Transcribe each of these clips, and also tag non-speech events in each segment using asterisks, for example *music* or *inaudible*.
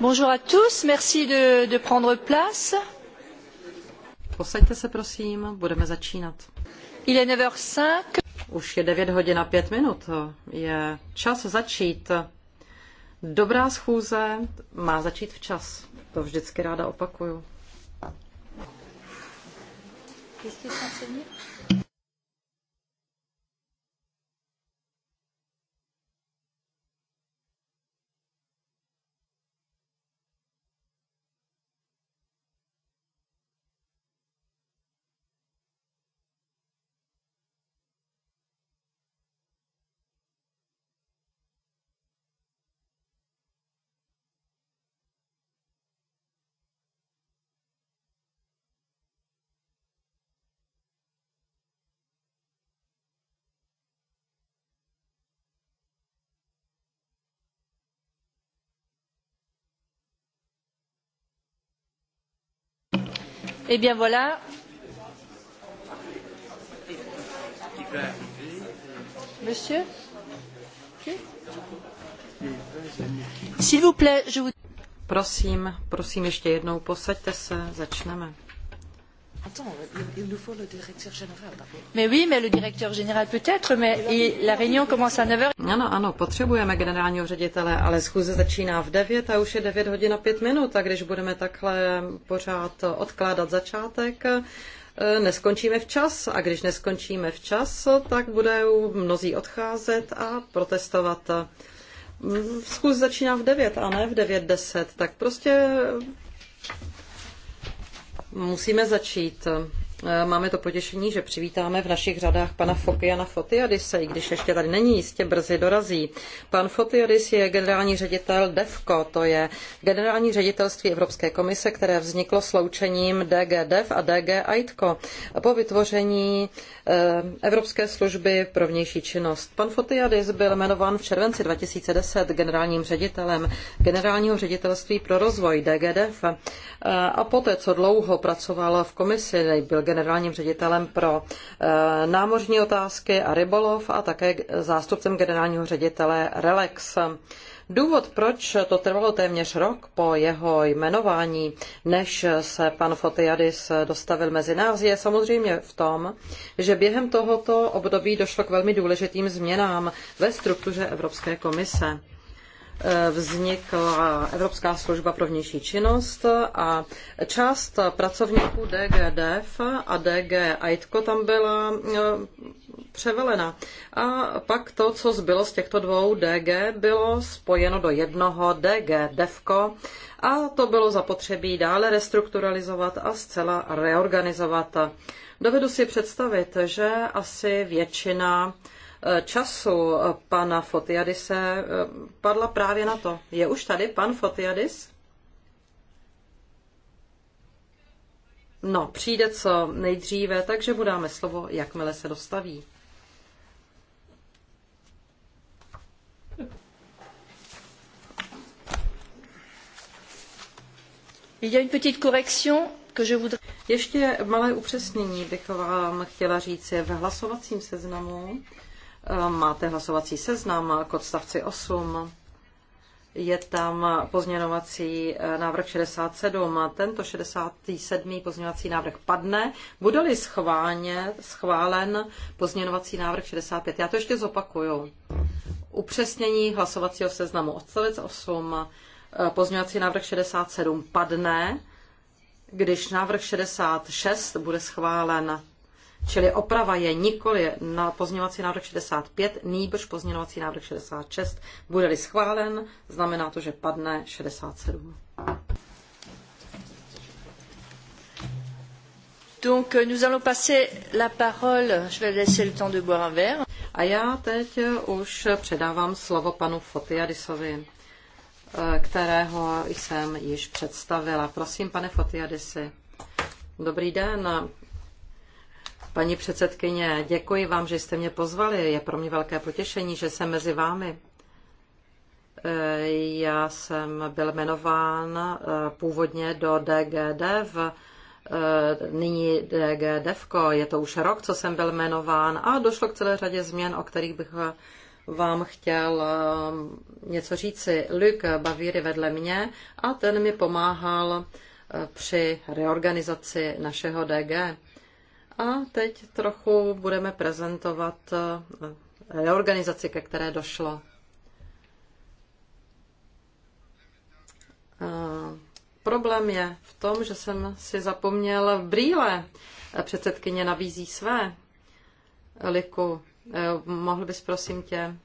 Bonjour à tous, merci de, de prendre place. Posaďte se prosím, budeme začínat. Il est 9h05. Už je 9 hodin a 5 minut. Je čas začít. Dobrá schůze má začít včas. To vždycky ráda opakuju. Qu'est-ce qui est Eh bien voilà. Monsieur S'il vous plaît, je vous... Prosím, prosím ještě jednou, posaďte se, začneme. Attends, il nous faut le directeur général. Mais oui, mais le directeur général peut-être, mais il, la réunion commence à 9h. Ano, ano, potřebujeme generálního ředitele, ale schůze začíná v 9 a už je 9 hodin a 5 minut a když budeme takhle pořád odkládat začátek, eh, neskončíme včas a když neskončíme včas, tak budou mnozí odcházet a protestovat. Mm, Schůz začíná v 9 a ne v 9.10, tak prostě Musíme začít. Eh, máme to potěšení, že přivítáme v našich řadách pana Fokiana Fotiadise, i když ještě tady není, jistě brzy dorazí. Pan Fotiadis je generální ředitel DEVCO, to je generální ředitelství Evropské komise, které vzniklo sloučením DG DEV a DG AITCO po vytvoření eh, Evropské služby pro vnější činnost. Pan Fotiadis byl jmenován v červenci 2010 generálním ředitelem generálního ředitelství pro rozvoj DG DEV eh, a poté, co dlouho pracoval v komisi, byl generálním ředitelem pro eh, námořní otázky a rybolov a také zástupcem generálního ředitele Relex. Důvod, proč to trvalo téměř rok po jeho jmenování, než se pan Fotiadis dostavil mezi nás, je samozřejmě v tom, že během tohoto období došlo k velmi důležitým změnám ve struktuře Evropské komise vznikla Evropská služba pro vnější činnost a část pracovníků DGDF a DG AITCO tam byla eh, převelena. A pak to, co zbylo z těchto dvou DG, bylo spojeno do jednoho DG DEFCO a to bylo zapotřebí dále restrukturalizovat a zcela reorganizovat. Dovedu si představit, že asi většina času pana Fotiadise eh, padla právě na to. Je už tady pan Fotiadis? No, přijde co nejdříve, takže mu dáme slovo, jakmile se dostaví. Ještě malé upřesnění bych vám chtěla říct. V hlasovacím seznamu Máte hlasovací seznam k odstavci 8. Je tam pozměňovací eh, návrh 67. Tento 67. pozměňovací návrh padne. Bude-li schválen pozměňovací návrh 65. Já to ještě zopakuju. Upřesnění hlasovacího seznamu odstavec 8. Eh, pozměňovací návrh 67 padne, když návrh 66 bude schválen. Čili oprava je nikoli na pozměňovací návrh 65, nýbrž pozměňovací návrh 66. Bude-li schválen, znamená to, že padne 67. Donc euh, nous allons passer la parole, je vais laisser le temps de boire un verre. A já teď už předávám slovo panu Fotiadisovi, eh, kterého jsem již představila. Prosím, pane Fotiadisi. Dobrý den. Paní předsedkyně, děkuji vám, že jste mě pozvali. Je pro mě velké potěšení, že jsem mezi vámi. Eh, já jsem byl jmenován eh, původně do DGDEV. Eh, nyní DG Je to už rok, co jsem byl jmenován a došlo k celé řadě změn, o kterých bych vám chtěl něco říci. Luc Bavíry vedle mě a ten mi pomáhal při reorganizaci našeho DG. A teď trochu budeme prezentovat eh, reorganizaci, ke které došlo. Eh, problém je v tom, že jsem si zapomněl brýle. Eh, předsedkyně nabízí své. Liku, mohl bys prosím tě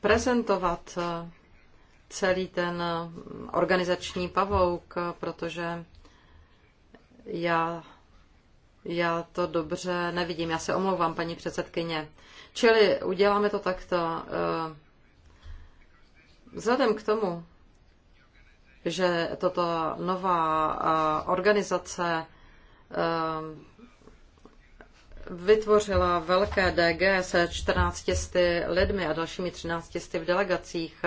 prezentovat celý ten organizační pavouk, protože já, já to dobře nevidím. Já se omlouvám, paní předsedkyně. Čili uděláme to takto. Eh, vzhledem k tomu, že toto nová eh, organizace eh, vytvořila velké DG se 14 lidmi a dalšími 13 v delegacích,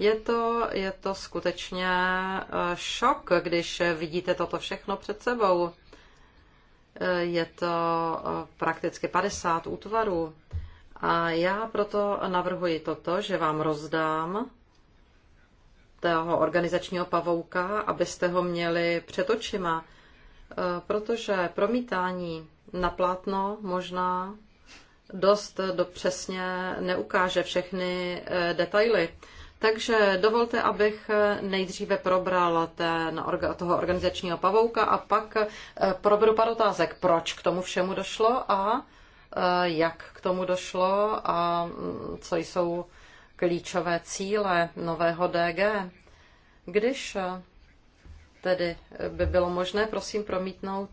je to, je to skutečně eh, šok, když vidíte toto všechno před sebou. Eh, je to eh, prakticky 50 útvarů. A já proto navrhuji toto, že vám rozdám toho organizačního pavouka, abyste ho měli před očima, protože promítání na plátno možná dost do přesně neukáže všechny detaily. Takže dovolte, abych nejdříve probral ten, toho organizačního pavouka a pak eh, proberu pár otázek, proč k tomu všemu došlo a eh, jak k tomu došlo a mm, co jsou klíčové cíle nového DG. Když eh, tedy by bylo možné, prosím, promítnout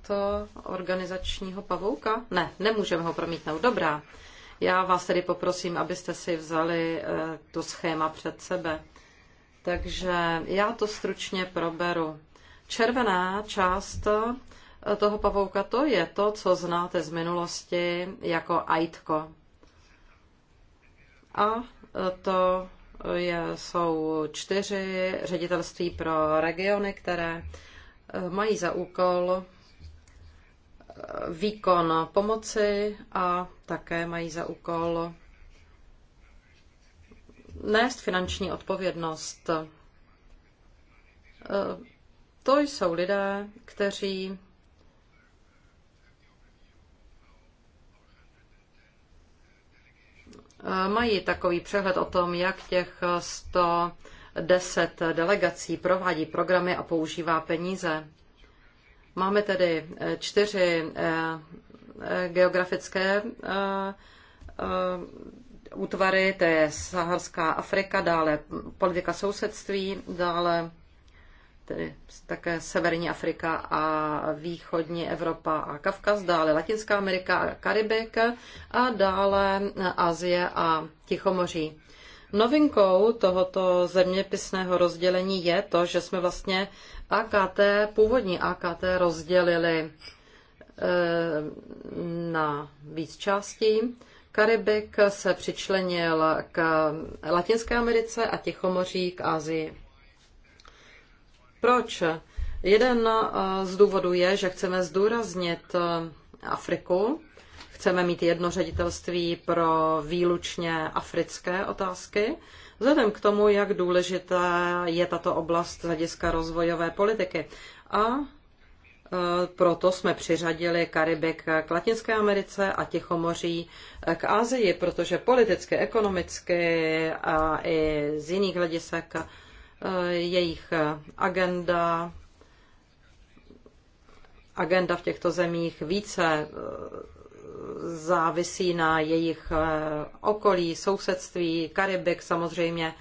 organizačního pavouka? Ne, nemůžeme ho promítnout. Dobrá. Já vás tedy poprosím, abyste si vzali eh, to schéma před sebe. Takže já to stručně proberu. Červená část eh, toho pavouka, to je to, co znáte z minulosti jako ajtko. A eh, to je, jsou čtyři ředitelství pro regiony, které mají za úkol výkon pomoci a také mají za úkol nést finanční odpovědnost. E, to jsou lidé, kteří mají takový přehled o tom, jak těch 110 delegací provádí programy a používá peníze. Máme tedy eh, čtyři eh, eh, geografické útvary, to je Saharská Afrika, dále politika sousedství, dále tedy také Severní Afrika a východní Evropa a Kavkaz, dále Latinská Amerika a Karibik a dále Asie a Tichomoří. Novinkou tohoto zeměpisného rozdělení je to, že jsme vlastně AKT, původní AKT rozdělili eh, na víc částí. Karibik se přičlenil k Latinské Americe a Tichomoří k Asii. Proč? Jeden eh, z důvodů je, že chceme zdůraznit eh, Afriku Chceme mít jedno ředitelství pro výlučně africké otázky. Vzhledem k tomu, jak důležitá je tato oblast z hlediska rozvojové politiky. A e, proto jsme přiřadili Karibik k Latinské Americe a Tichomoří k Asii, protože politicky, ekonomicky a i z jiných hledisek e, jejich agenda, agenda v těchto zemích více e, závisí na jejich eh, okolí, sousedství. Karibik samozřejmě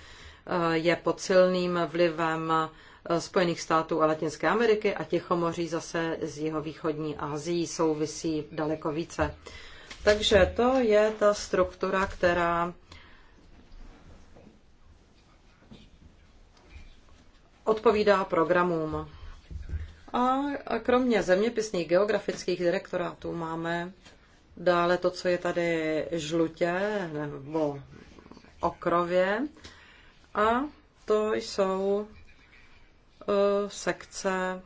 eh, je pod silným vlivem eh, Spojených států a Latinské Ameriky a Tichomoří zase z jeho východní Asií souvisí daleko více. Takže to je ta struktura, která odpovídá programům. A kromě zeměpisných geografických direktorátů máme Dále to, co je tady žlutě nebo okrově. A to jsou e, sekce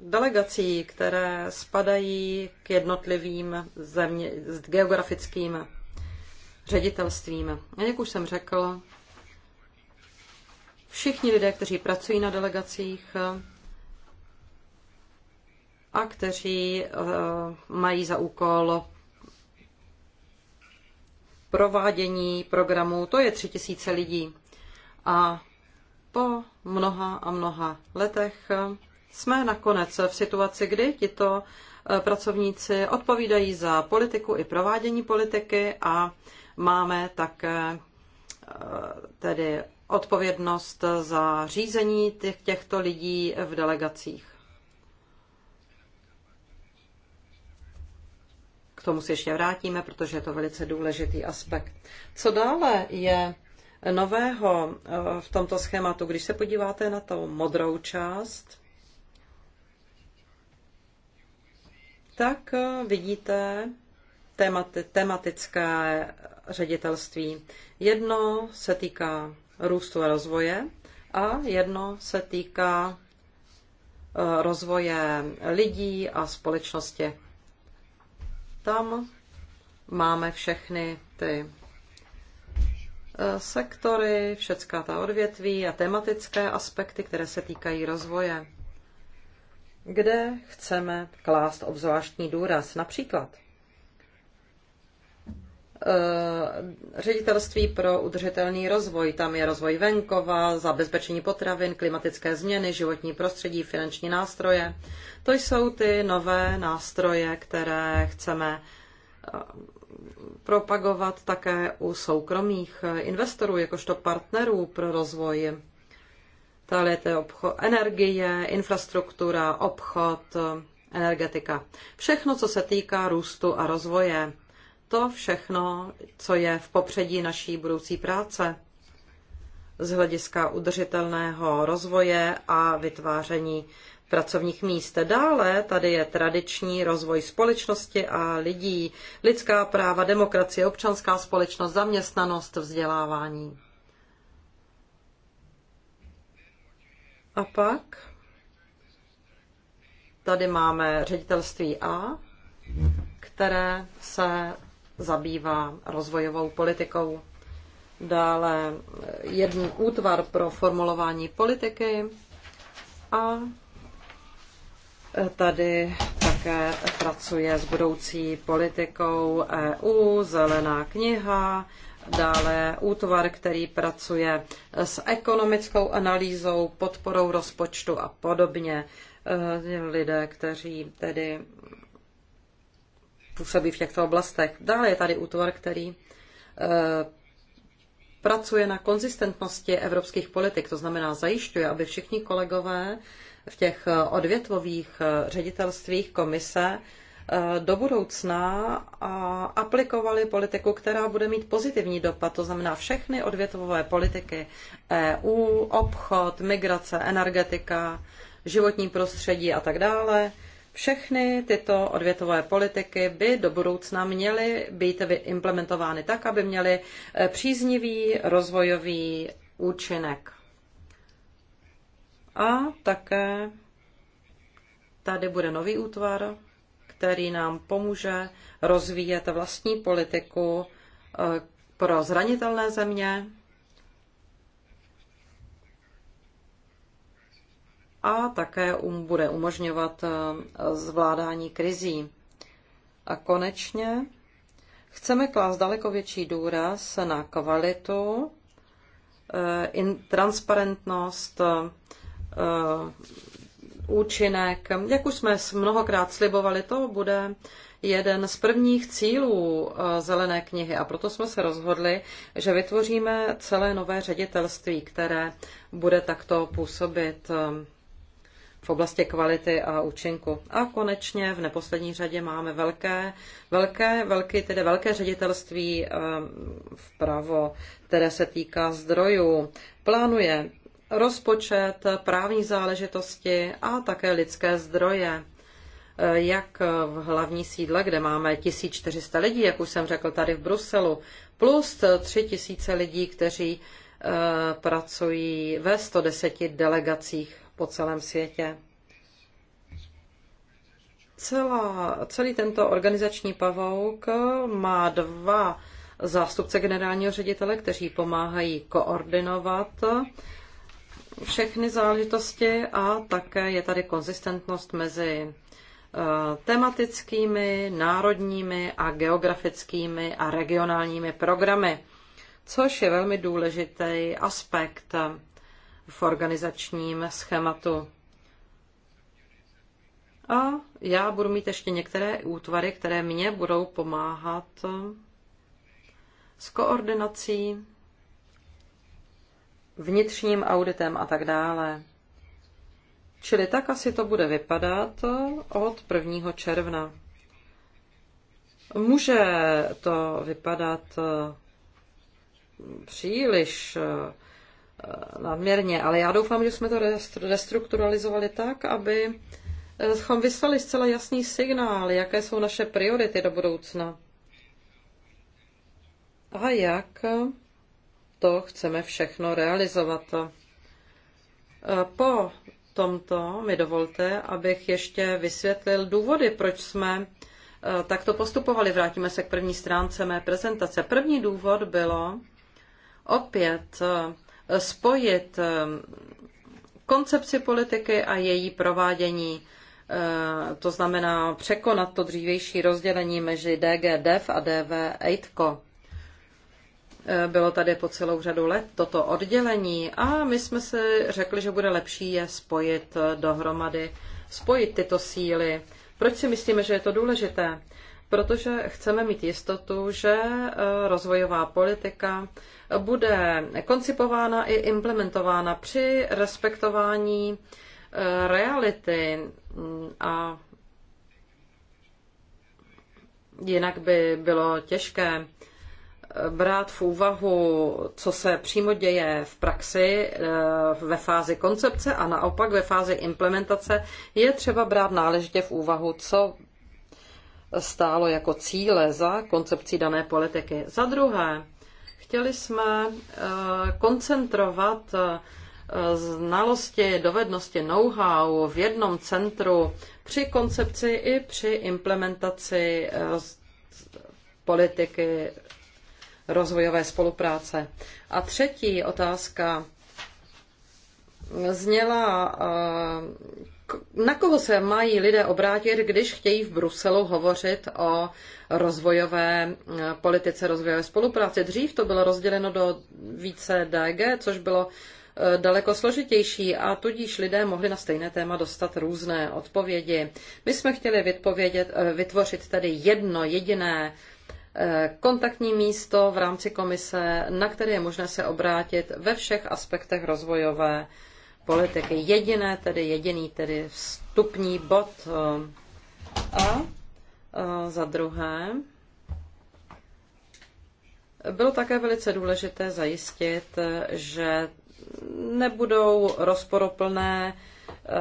delegací, které spadají k jednotlivým země, geografickým ředitelstvím. A jak už jsem řekl, všichni lidé, kteří pracují na delegacích a kteří e, mají za úkol provádění programů, to je tisíce lidí. A po mnoha a mnoha letech jsme nakonec v situaci, kdy tito eh, pracovníci odpovídají za politiku i provádění politiky a máme také eh, tedy odpovědnost za řízení těch, těchto lidí v delegacích. K tomu se ještě vrátíme, protože je to velice důležitý aspekt. Co dále je nového eh, v tomto schématu, když se podíváte na tu modrou část, tak eh, vidíte témati, tematické ředitelství. Jedno se týká růstu a rozvoje a jedno se týká eh, rozvoje lidí a společnosti. Tam máme všechny ty eh, sektory, všecká ta odvětví a tematické aspekty, které se týkají rozvoje. Kde chceme klást obzvláštní důraz? Například Eh, ředitelství pro udržitelný rozvoj. Tam je rozvoj venkova, zabezpečení potravin, klimatické změny, životní prostředí, finanční nástroje. To jsou ty nové nástroje, které chceme eh, propagovat také u soukromých eh, investorů, jakožto partnerů pro rozvoj. Tady je obchod, energie, infrastruktura, obchod, energetika. Všechno, co se týká růstu a rozvoje to všechno, co je v popředí naší budoucí práce z hlediska udržitelného rozvoje a vytváření pracovních míst. Dále tady je tradiční rozvoj společnosti a lidí, lidská práva, demokracie, občanská společnost, zaměstnanost, vzdělávání. A pak tady máme ředitelství A, které se zabývá rozvojovou politikou. Dále jeden útvar pro formulování politiky a tady také pracuje s budoucí politikou EU, zelená kniha, dále útvar, který pracuje s ekonomickou analýzou, podporou rozpočtu a podobně. Eh, lidé, kteří tedy působí v těchto oblastech. Dále je tady útvar, který eh, pracuje na konzistentnosti evropských politik, to znamená zajišťuje, aby všichni kolegové v těch eh, odvětvových eh, ředitelstvích komise do budoucna aplikovali politiku, která bude mít pozitivní dopad, to znamená všechny odvětvové politiky EU, obchod, migrace, energetika, životní prostředí a tak dále, všechny tyto odvětové politiky by do budoucna měly být implementovány tak, aby měly eh, příznivý rozvojový účinek. A také tady bude nový útvar, který nám pomůže rozvíjet vlastní politiku eh, pro zranitelné země a také um, bude umožňovat eh, zvládání krizí. A konečně chceme klást daleko větší důraz na kvalitu, eh, transparentnost, eh, účinek. Jak už jsme mnohokrát slibovali, to bude jeden z prvních cílů zelené knihy a proto jsme se rozhodli, že vytvoříme celé nové ředitelství, které bude takto působit v oblasti kvality a účinku. A konečně v neposlední řadě máme velké, velké, velké, tedy velké ředitelství ehm, vpravo, které se týká zdrojů. Plánuje rozpočet, právní záležitosti a také lidské zdroje eh, jak v hlavní sídle, kde máme 1400 lidí, jak už jsem řekl tady v Bruselu, plus 3000 lidí, kteří eh, pracují ve 110 delegacích po celém světě. Celá, celý tento organizační pavouk má dva zástupce generálního ředitele, kteří pomáhají koordinovat všechny záležitosti a také je tady konzistentnost mezi eh, tematickými, národními a geografickými a regionálními programy, což je velmi důležitý aspekt v organizačním schématu. A já budu mít ještě některé útvary, které mě budou pomáhat s koordinací, vnitřním auditem a tak dále. Čili tak asi to bude vypadat od 1. června. Může to vypadat příliš Eh, nadměrně, ale já doufám, že jsme to restrukturalizovali tak, aby eh, abychom vyslali zcela jasný signál, jaké jsou naše priority do budoucna a jak to chceme všechno realizovat. Eh, po tomto mi dovolte, abych ještě vysvětlil důvody, proč jsme takto postupovali. Vrátíme se k první stránce mé prezentace. První důvod bylo opět spojit ehm, koncepci politiky a její provádění. Eh, to znamená překonat to dřívější rozdělení mezi DGDEF a DV EITCO. Eh, bylo tady po celou řadu let toto oddělení a my jsme si řekli, že bude lepší je spojit eh, dohromady, spojit tyto síly. Proč si myslíme, že je to důležité? Protože chceme mít jistotu, že rozvojová politika bude koncipována i implementována při respektování eh, reality a jinak by bylo těžké eh, brát v úvahu, co se přímo děje v praxi eh, ve fázi koncepce a naopak ve fázi implementace je třeba brát náležitě v úvahu, co stálo jako cíle za koncepcí dané politiky. Za druhé, Chtěli jsme eh, koncentrovat eh, znalosti, dovednosti, know-how v jednom centru při koncepci i při implementaci eh, politiky rozvojové spolupráce. A třetí otázka zněla, na koho se mají lidé obrátit, když chtějí v Bruselu hovořit o rozvojové eh, politice, rozvojové spolupráci? Dřív to bylo rozděleno do více DG, což bylo eh, daleko složitější a tudíž lidé mohli na stejné téma dostat různé odpovědi. My jsme chtěli eh, vytvořit tedy jedno jediné kontaktní místo v rámci komise, na které je možné se obrátit ve všech aspektech rozvojové politiky. Jediné tedy, jediný tedy vstupní bod. Eh, A eh, za druhé, bylo také velice důležité zajistit, že nebudou rozporoplné eh,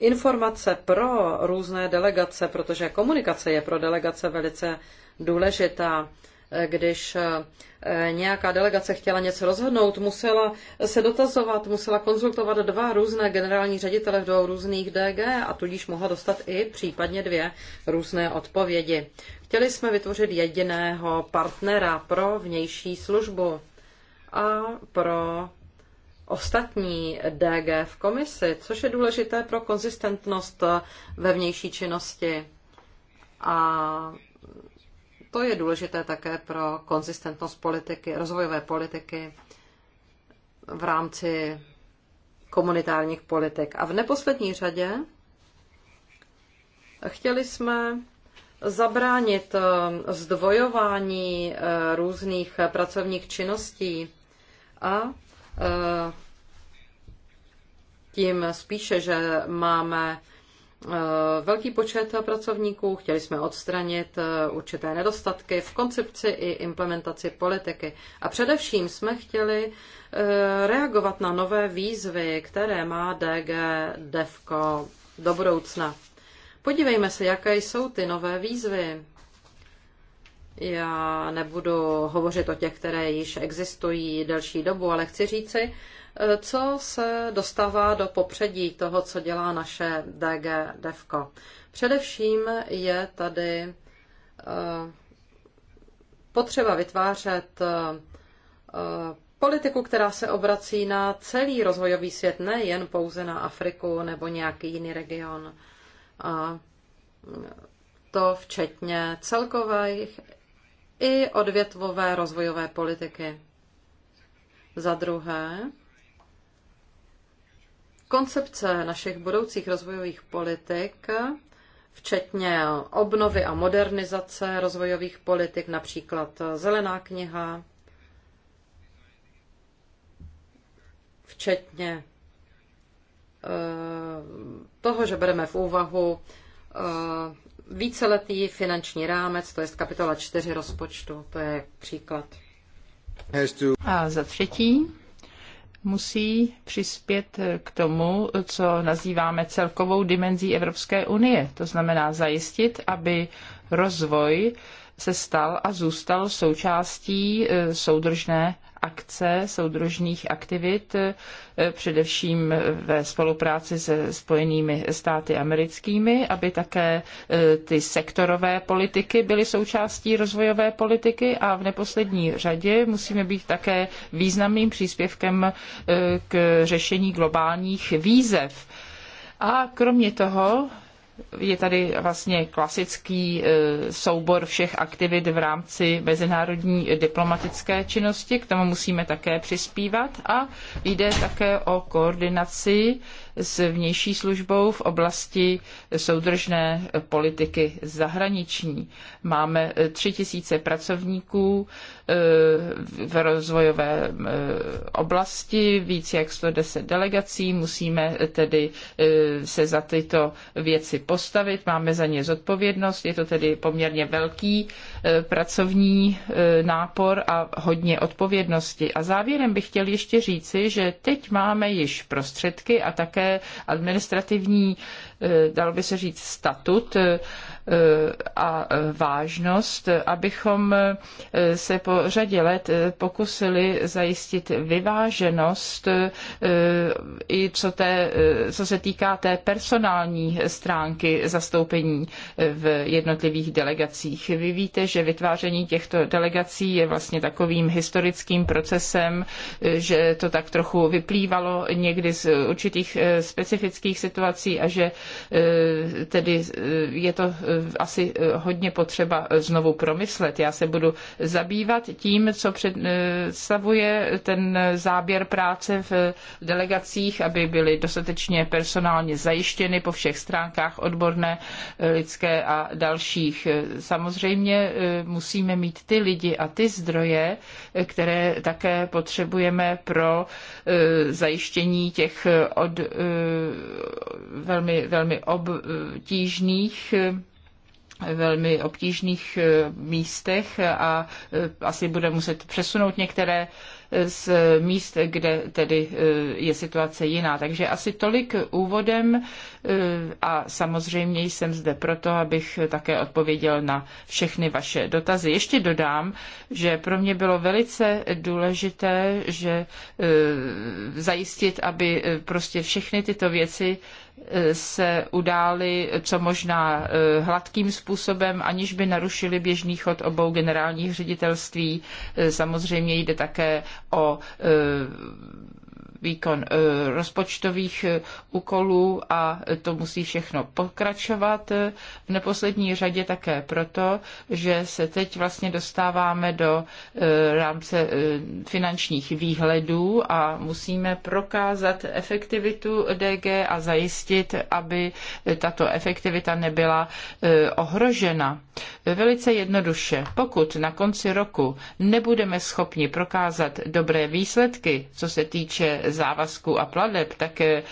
informace pro různé delegace, protože komunikace je pro delegace velice důležitá když eh, nějaká delegace chtěla něco rozhodnout, musela se dotazovat, musela konzultovat dva různé generální ředitele do různých DG a tudíž mohla dostat i případně dvě různé odpovědi. Chtěli jsme vytvořit jediného partnera pro vnější službu a pro ostatní DG v komisi, což je důležité pro konzistentnost ve vnější činnosti. A to je důležité také pro konzistentnost politiky, rozvojové politiky v rámci komunitárních politik. A v neposlední řadě chtěli jsme zabránit eh, zdvojování eh, různých pracovních činností a eh, tím spíše, že máme Eh, velký počet pracovníků, chtěli jsme odstranit eh, určité nedostatky v koncepci i implementaci politiky. A především jsme chtěli eh, reagovat na nové výzvy, které má DG DEVCO do budoucna. Podívejme se, jaké jsou ty nové výzvy. Já nebudu hovořit o těch, které již existují delší dobu, ale chci říci, co se dostává do popředí toho, co dělá naše DG DEVKO. Především je tady eh, potřeba vytvářet eh, politiku, která se obrací na celý rozvojový svět, ne jen pouze na Afriku nebo nějaký jiný region. A to včetně celkové i odvětvové rozvojové politiky. Za druhé, Koncepce našich budoucích rozvojových politik, včetně obnovy a modernizace rozvojových politik, například Zelená kniha, včetně eh, toho, že bereme v úvahu eh, víceletý finanční rámec, to je kapitola 4 rozpočtu, to je příklad. A za třetí, musí přispět k tomu, co nazýváme celkovou dimenzí Evropské unie. To znamená zajistit, aby rozvoj se stal a zůstal součástí eh, soudržné akce soudružných aktivit, eh, především ve spolupráci se Spojenými státy americkými, aby také eh, ty sektorové politiky byly součástí rozvojové politiky a v neposlední řadě musíme být také významným příspěvkem eh, k řešení globálních výzev. A kromě toho je tady vlastně klasický e, soubor všech aktivit v rámci mezinárodní diplomatické činnosti, k tomu musíme také přispívat a jde také o koordinaci s vnější službou v oblasti soudržné politiky zahraniční. Máme eh, tři tisíce pracovníků eh, v rozvojové eh, oblasti, víc jak 110 delegací, musíme tedy se za tyto věci postavit, máme za ně zodpovědnost, je to tedy poměrně velký pracovní nápor a hodně odpovědnosti. A závěrem bych chtěl ještě říci, že teď máme již prostředky a také administrativní Eh, dal by se říct, statut eh, a eh, vážnost, abychom se po řadě let pokusili zajistit vyváženost i co, té, co se týká té personální stránky zastoupení v jednotlivých delegacích. Vy víte, že vytváření těchto delegací je vlastně takovým historickým procesem, že to tak trochu vyplývalo někdy z určitých specifických situací a že Eh, tedy eh, je to eh, asi hodně potřeba znovu promyslet. Já se budu zabývat tím, co představuje ten záběr práce v delegacích, aby byly dostatečně personálně zajištěny po všech stránkách odborné, lidské a dalších. Samozřejmě musíme mít ty lidi a ty zdroje, které také potřebujeme pro zajištění těch od, velmi, velmi velmi obtížných velmi obtížných místech a asi bude muset přesunout některé z míst, kde tedy eh, je situace jiná. Takže asi tolik úvodem eh, a samozřejmě jsem zde proto, abych také odpověděl na všechny vaše dotazy. Ještě dodám, že pro mě bylo velice důležité, že eh, zajistit, aby prostě všechny tyto věci se udály co možná eh, hladkým způsobem, aniž by narušili běžný chod obou generálních ředitelství. Eh, samozřejmě jde také o eh, výkon eh, rozpočtových eh, úkolů a to musí všechno pokračovat. V neposlední řadě také proto, že se teď vlastně dostáváme do eh, rámce finančních výhledů a musíme prokázat efektivitu DG a zajistit, aby tato efektivita nebyla ohrožena. Velice jednoduše, pokud na konci roku nebudeme schopni prokázat dobré výsledky, co se týče závazků a pladeb, tak eh,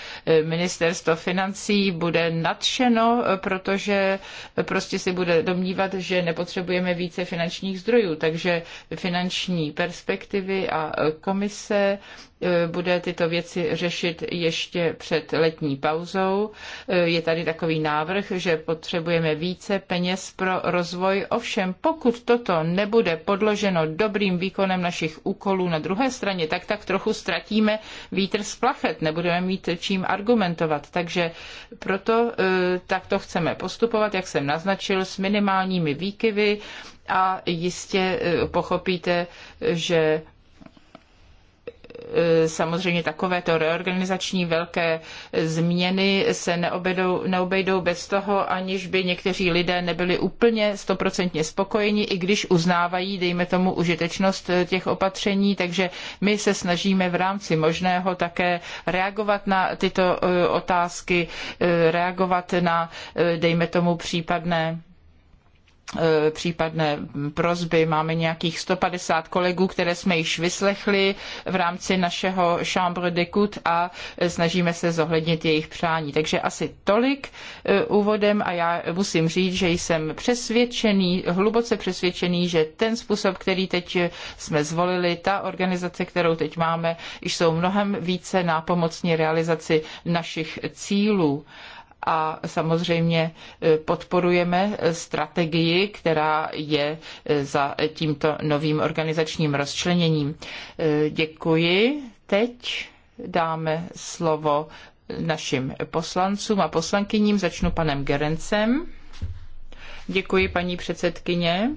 ministerstvo financí bude nadšeno, protože prostě si bude domnívat, že nepotřebujeme více finančních zdrojů. Takže finanční perspektivy a eh, komise E, bude tyto věci řešit ještě před letní pauzou. E, je tady takový návrh, že potřebujeme více peněz pro rozvoj. Ovšem, pokud toto nebude podloženo dobrým výkonem našich úkolů na druhé straně, tak tak trochu ztratíme vítr z plachet, nebudeme mít čím argumentovat. Takže proto e, takto chceme postupovat, jak jsem naznačil, s minimálními výkyvy a jistě pochopíte, že E, samozřejmě takovéto reorganizační velké změny se neobejdou, neobejdou bez toho, aniž by někteří lidé nebyli úplně stoprocentně spokojeni, i když uznávají, dejme tomu, užitečnost e, těch opatření, takže my se snažíme v rámci možného také reagovat na tyto e, otázky, reagovat na, dejme tomu, případné E, případné prozby. Máme nějakých 150 kolegů, které jsme již vyslechli v rámci našeho Chambre d'écoute a snažíme se zohlednit jejich přání. Takže asi tolik e, úvodem a já musím říct, že jsem přesvědčený, hluboce přesvědčený, že ten způsob, který teď jsme zvolili, ta organizace, kterou teď máme, jsou mnohem více nápomocní realizaci našich cílů a samozřejmě e, podporujeme e, strategii, která je e, za tímto novým organizačním rozčleněním. Děkuji. Teď dáme slovo našim poslancům a poslankyním. Začnu panem Gerencem. Děkuji, paní předsedkyně.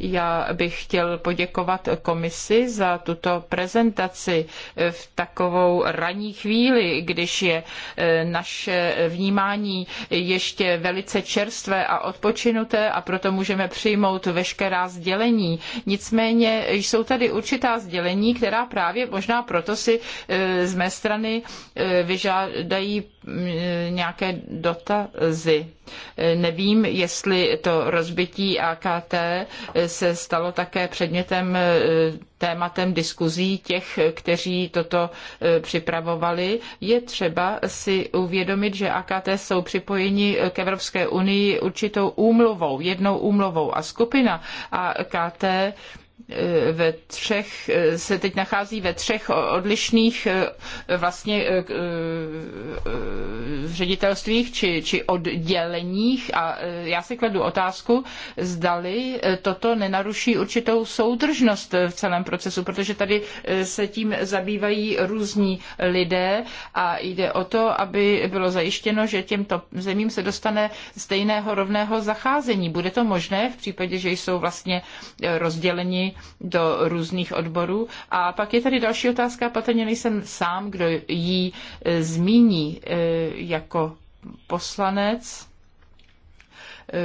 Já bych chtěl poděkovat komisi za tuto prezentaci v takovou ranní chvíli, když je e, naše vnímání ještě velice čerstvé a odpočinuté a proto můžeme přijmout veškerá sdělení. Nicméně jsou tady určitá sdělení, která právě možná proto si e, z mé strany e, vyžádají nějaké dotazy. Nevím, jestli to rozbití AKT se stalo také předmětem e, tématem diskuzí těch, kteří toto e, připravovali. Je třeba si uvědomit, že AKT jsou připojeni k Evropské unii určitou úmluvou, jednou úmluvou a skupina AKT ve třech, se teď nachází ve třech odlišných vlastně eh, ředitelstvích či, či odděleních a eh, já si kladu otázku, zdali eh, toto nenaruší určitou soudržnost v celém procesu, protože tady se tím zabývají různí lidé a jde o to, aby bylo zajištěno, že těmto zemím se dostane stejného rovného zacházení. Bude to možné v případě, že jsou vlastně rozděleni do různých odborů. A pak je tady další otázka, patrně nejsem sám, kdo ji e, zmíní e, jako poslanec. E,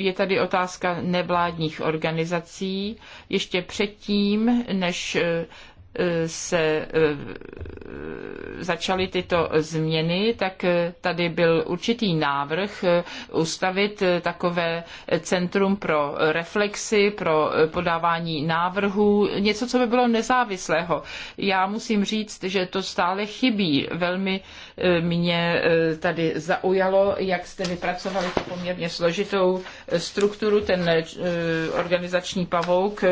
je tady otázka nevládních organizací. Ještě předtím, než se eh, začaly tyto změny, tak eh, tady byl určitý návrh eh, ustavit takové centrum pro reflexy, pro podávání návrhů, něco, co by bylo nezávislého. Já musím říct, že to stále chybí. Velmi mě tady zaujalo, jak jste vypracovali tu poměrně složitou strukturu, ten organizační pavouk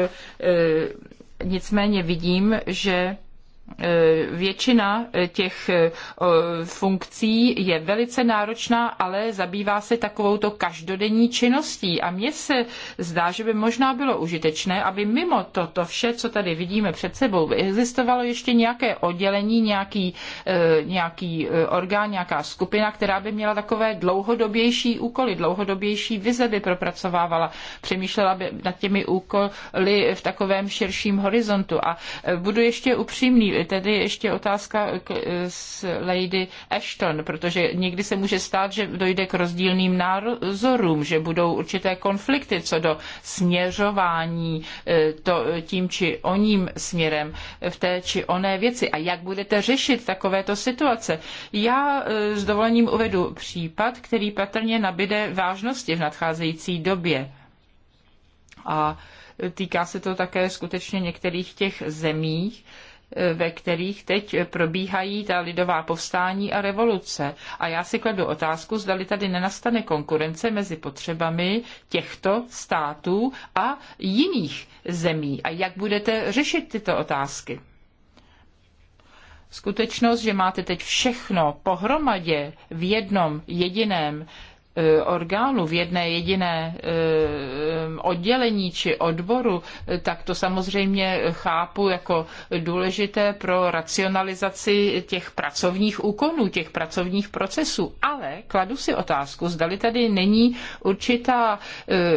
Nicméně vidím, že Eh, většina eh, těch eh, funkcí je velice náročná, ale zabývá se takovouto každodenní činností. A mně se zdá, že by možná bylo užitečné, aby mimo toto vše, co tady vidíme před sebou, existovalo ještě nějaké oddělení, nějaký, nějaký orgán, nějaká skupina, která by měla takové dlouhodobější úkoly, dlouhodobější vize by propracovávala, přemýšlela by nad těmi úkoly v takovém širším horizontu. A budu ještě upřímný, tedy ještě otázka k, s Lady Ashton, protože někdy se může stát, že dojde k rozdílným názorům, že budou určité konflikty co do směřování e, to, tím či oním směrem v té či oné věci. A jak budete řešit takovéto situace? Já e, s dovolením uvedu případ, který patrně nabide vážnosti v nadcházející době. A týká se to také skutečně některých těch zemích, ve kterých teď probíhají ta lidová povstání a revoluce. A já si kladu otázku, zdali tady nenastane konkurence mezi potřebami těchto států a jiných zemí. A jak budete řešit tyto otázky? Skutečnost, že máte teď všechno pohromadě v jednom jediném E, orgánu, v jedné jediné e, oddělení či odboru, e, tak to samozřejmě chápu jako důležité pro racionalizaci těch pracovních úkonů, těch pracovních procesů. Ale kladu si otázku, zdali tady není určitá,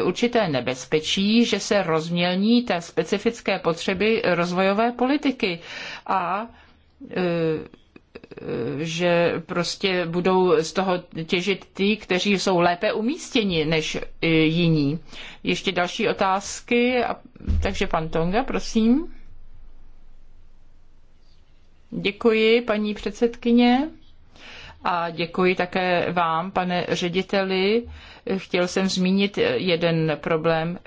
určité nebezpečí, že se rozmělní té specifické potřeby rozvojové politiky a že prostě budou z toho těžit ty, kteří jsou lépe umístěni než e, jiní. Ještě další otázky, takže pan Tonga, prosím. Děkuji, paní předsedkyně. A děkuji také vám, pane řediteli. Chtěl jsem zmínit jeden problém,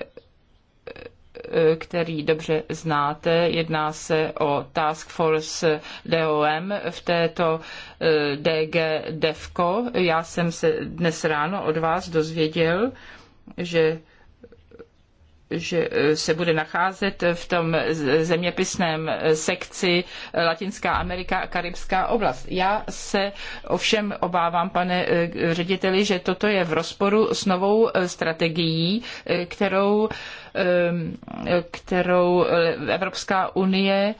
který dobře znáte. Jedná se o Task Force DOM v této eh, DG DEVCO. Já jsem se dnes ráno od vás dozvěděl, že že e, se bude nacházet v tom zeměpisném e, sekci e, Latinská Amerika a Karibská oblast. Já se ovšem obávám, pane řediteli, že toto je v rozporu s novou strategií, kterou, kterou Evropská unie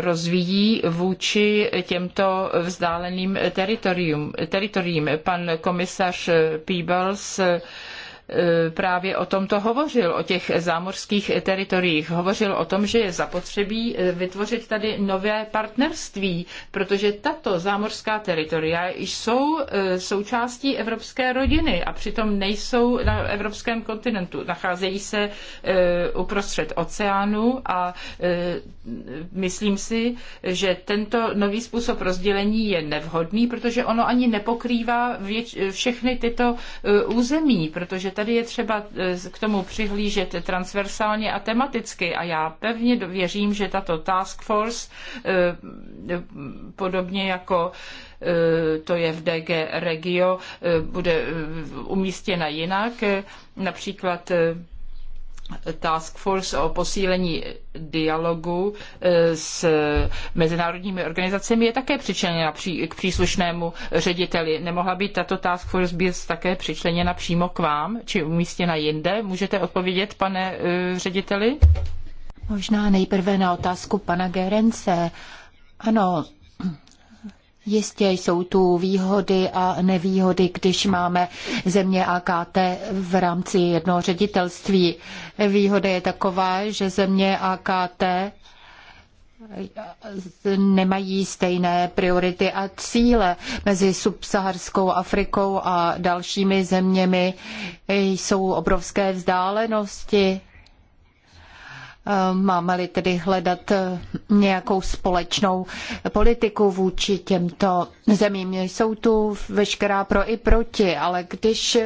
rozvíjí vůči těmto vzdáleným teritorium, teritoriím. Pan komisař Peebles E, právě o tomto hovořil, o těch zámořských teritoriích. Hovořil o tom, že je zapotřebí e, vytvořit tady nové partnerství, protože tato zámořská teritoria jsou e, součástí evropské rodiny a přitom nejsou na evropském kontinentu. Nacházejí se uprostřed oceánu a myslím si, že tento nový způsob rozdělení je nevhodný, protože ono ani nepokrývá všechny tyto území, protože tady je třeba eh, k tomu přihlížet transversálně a tematicky a já pevně věřím, že tato task force, eh, podobně jako eh, to je v DG Regio, bude umístěna jinak, například Task Force o posílení dialogu e, s mezinárodními organizacemi je také přičleněna k příslušnému řediteli. Nemohla být tato Task Force být také přičleněna přímo k vám, či umístěna jinde? Můžete odpovědět, pane e, řediteli? Možná nejprve na otázku pana Gerence. Ano, Jistě jsou tu výhody a nevýhody, když máme země AKT v rámci jednoho ředitelství. Výhoda je taková, že země AKT nemají stejné priority a cíle mezi subsaharskou Afrikou a dalšími zeměmi. Jsou obrovské vzdálenosti Eh, máme-li tedy hledat eh, nějakou společnou politiku vůči těmto zemím. Jsou tu veškerá pro i proti, ale když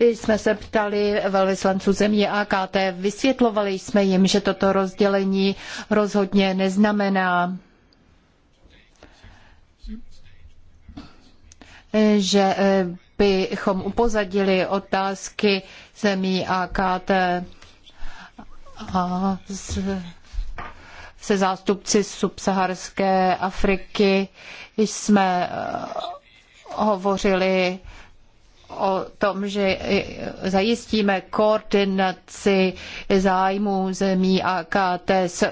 jsme se ptali velvyslanců zemí AKT, vysvětlovali jsme jim, že toto rozdělení rozhodně neznamená že eh, bychom upozadili otázky zemí AKT a z, se zástupci subsaharské Afriky jsme eh, hovořili o tom, že eh, zajistíme koordinaci zájmů zemí AKT s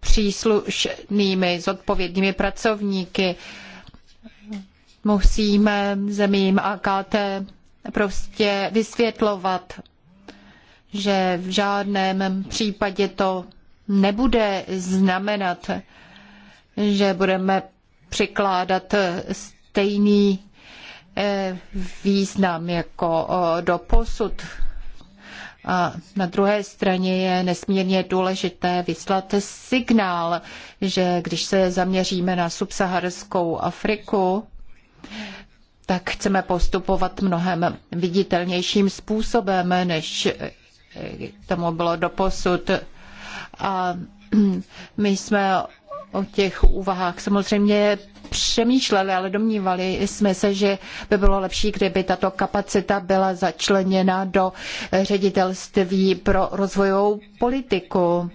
příslušnými zodpovědnými pracovníky. Musíme zemím AKT prostě vysvětlovat že v žádném případě to nebude znamenat, že budeme přikládat stejný eh, význam jako do posud. A na druhé straně je nesmírně důležité vyslat signál, že když se zaměříme na subsaharskou Afriku, tak chceme postupovat mnohem viditelnějším způsobem, než tomu bylo doposud. A my jsme o těch úvahách samozřejmě přemýšleli, ale domnívali jsme se, že by bylo lepší, kdyby tato kapacita byla začleněna do ředitelství pro rozvojovou politiku.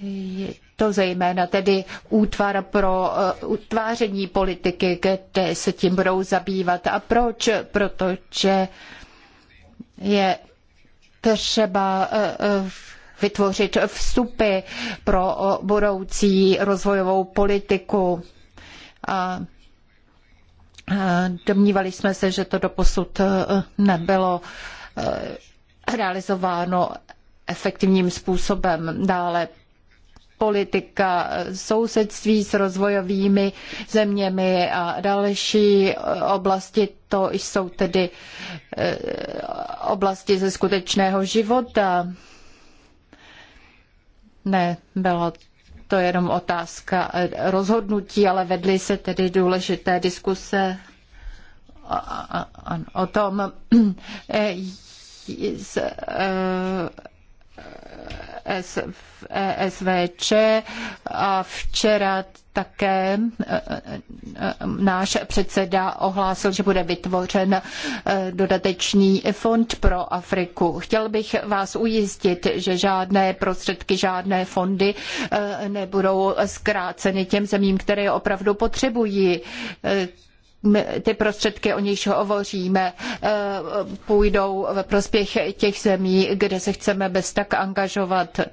Je to zejména tedy útvar pro eh, utváření politiky, kde se tím budou zabývat. A proč? Protože je třeba eh, eh, vytvořit vstupy pro eh, budoucí rozvojovou politiku. A domnívali jsme se, že to doposud nebylo realizováno efektivním způsobem. Dále politika sousedství s rozvojovými zeměmi a další oblasti. To jsou tedy eh, oblasti ze skutečného života. Ne, byla to jenom otázka rozhodnutí, ale vedly se tedy důležité diskuse o tom, z *clears throat* eh, SVČ e a včera také e, e, náš předseda ohlásil, že bude vytvořen dodatečný fond pro Afriku. Chtěl bych vás ujistit, že žádné prostředky, žádné fondy nebudou zkráceny těm zemím, které je opravdu potřebují ty prostředky, o nichž hovoříme, eh, půjdou ve prospěch těch zemí, kde se chceme bez tak angažovat, eh,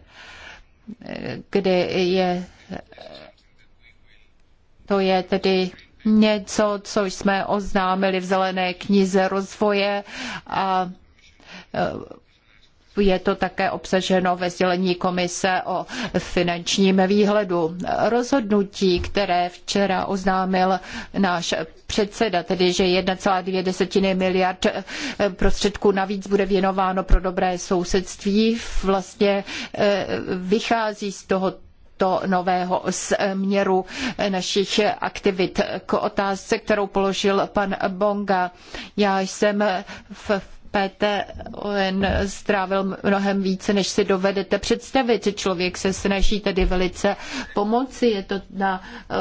kde je to je tedy něco, co jsme oznámili v zelené knize rozvoje a eh, je to také obsaženo ve sdělení komise o finančním výhledu. Rozhodnutí, které včera oznámil náš předseda, tedy že 1,2 miliard prostředků navíc bude věnováno pro dobré sousedství, vlastně eh, vychází z toho tohoto nového směru našich aktivit. K otázce, kterou položil pan Bonga. Já jsem v PTON strávil mnohem více, než si dovedete představit. Člověk se snaží tedy velice pomoci. Je to na eh,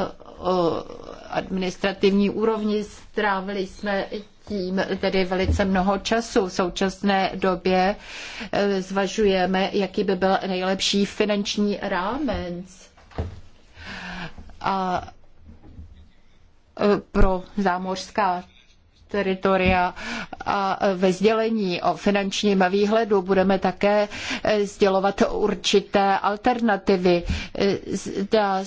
administrativní úrovni. Strávili jsme tím tedy velice mnoho času. V současné době eh, zvažujeme, jaký by byl nejlepší finanční rámec. A eh, pro zámořská teritoria a ve sdělení o finančním výhledu budeme také sdělovat určité alternativy. Zdá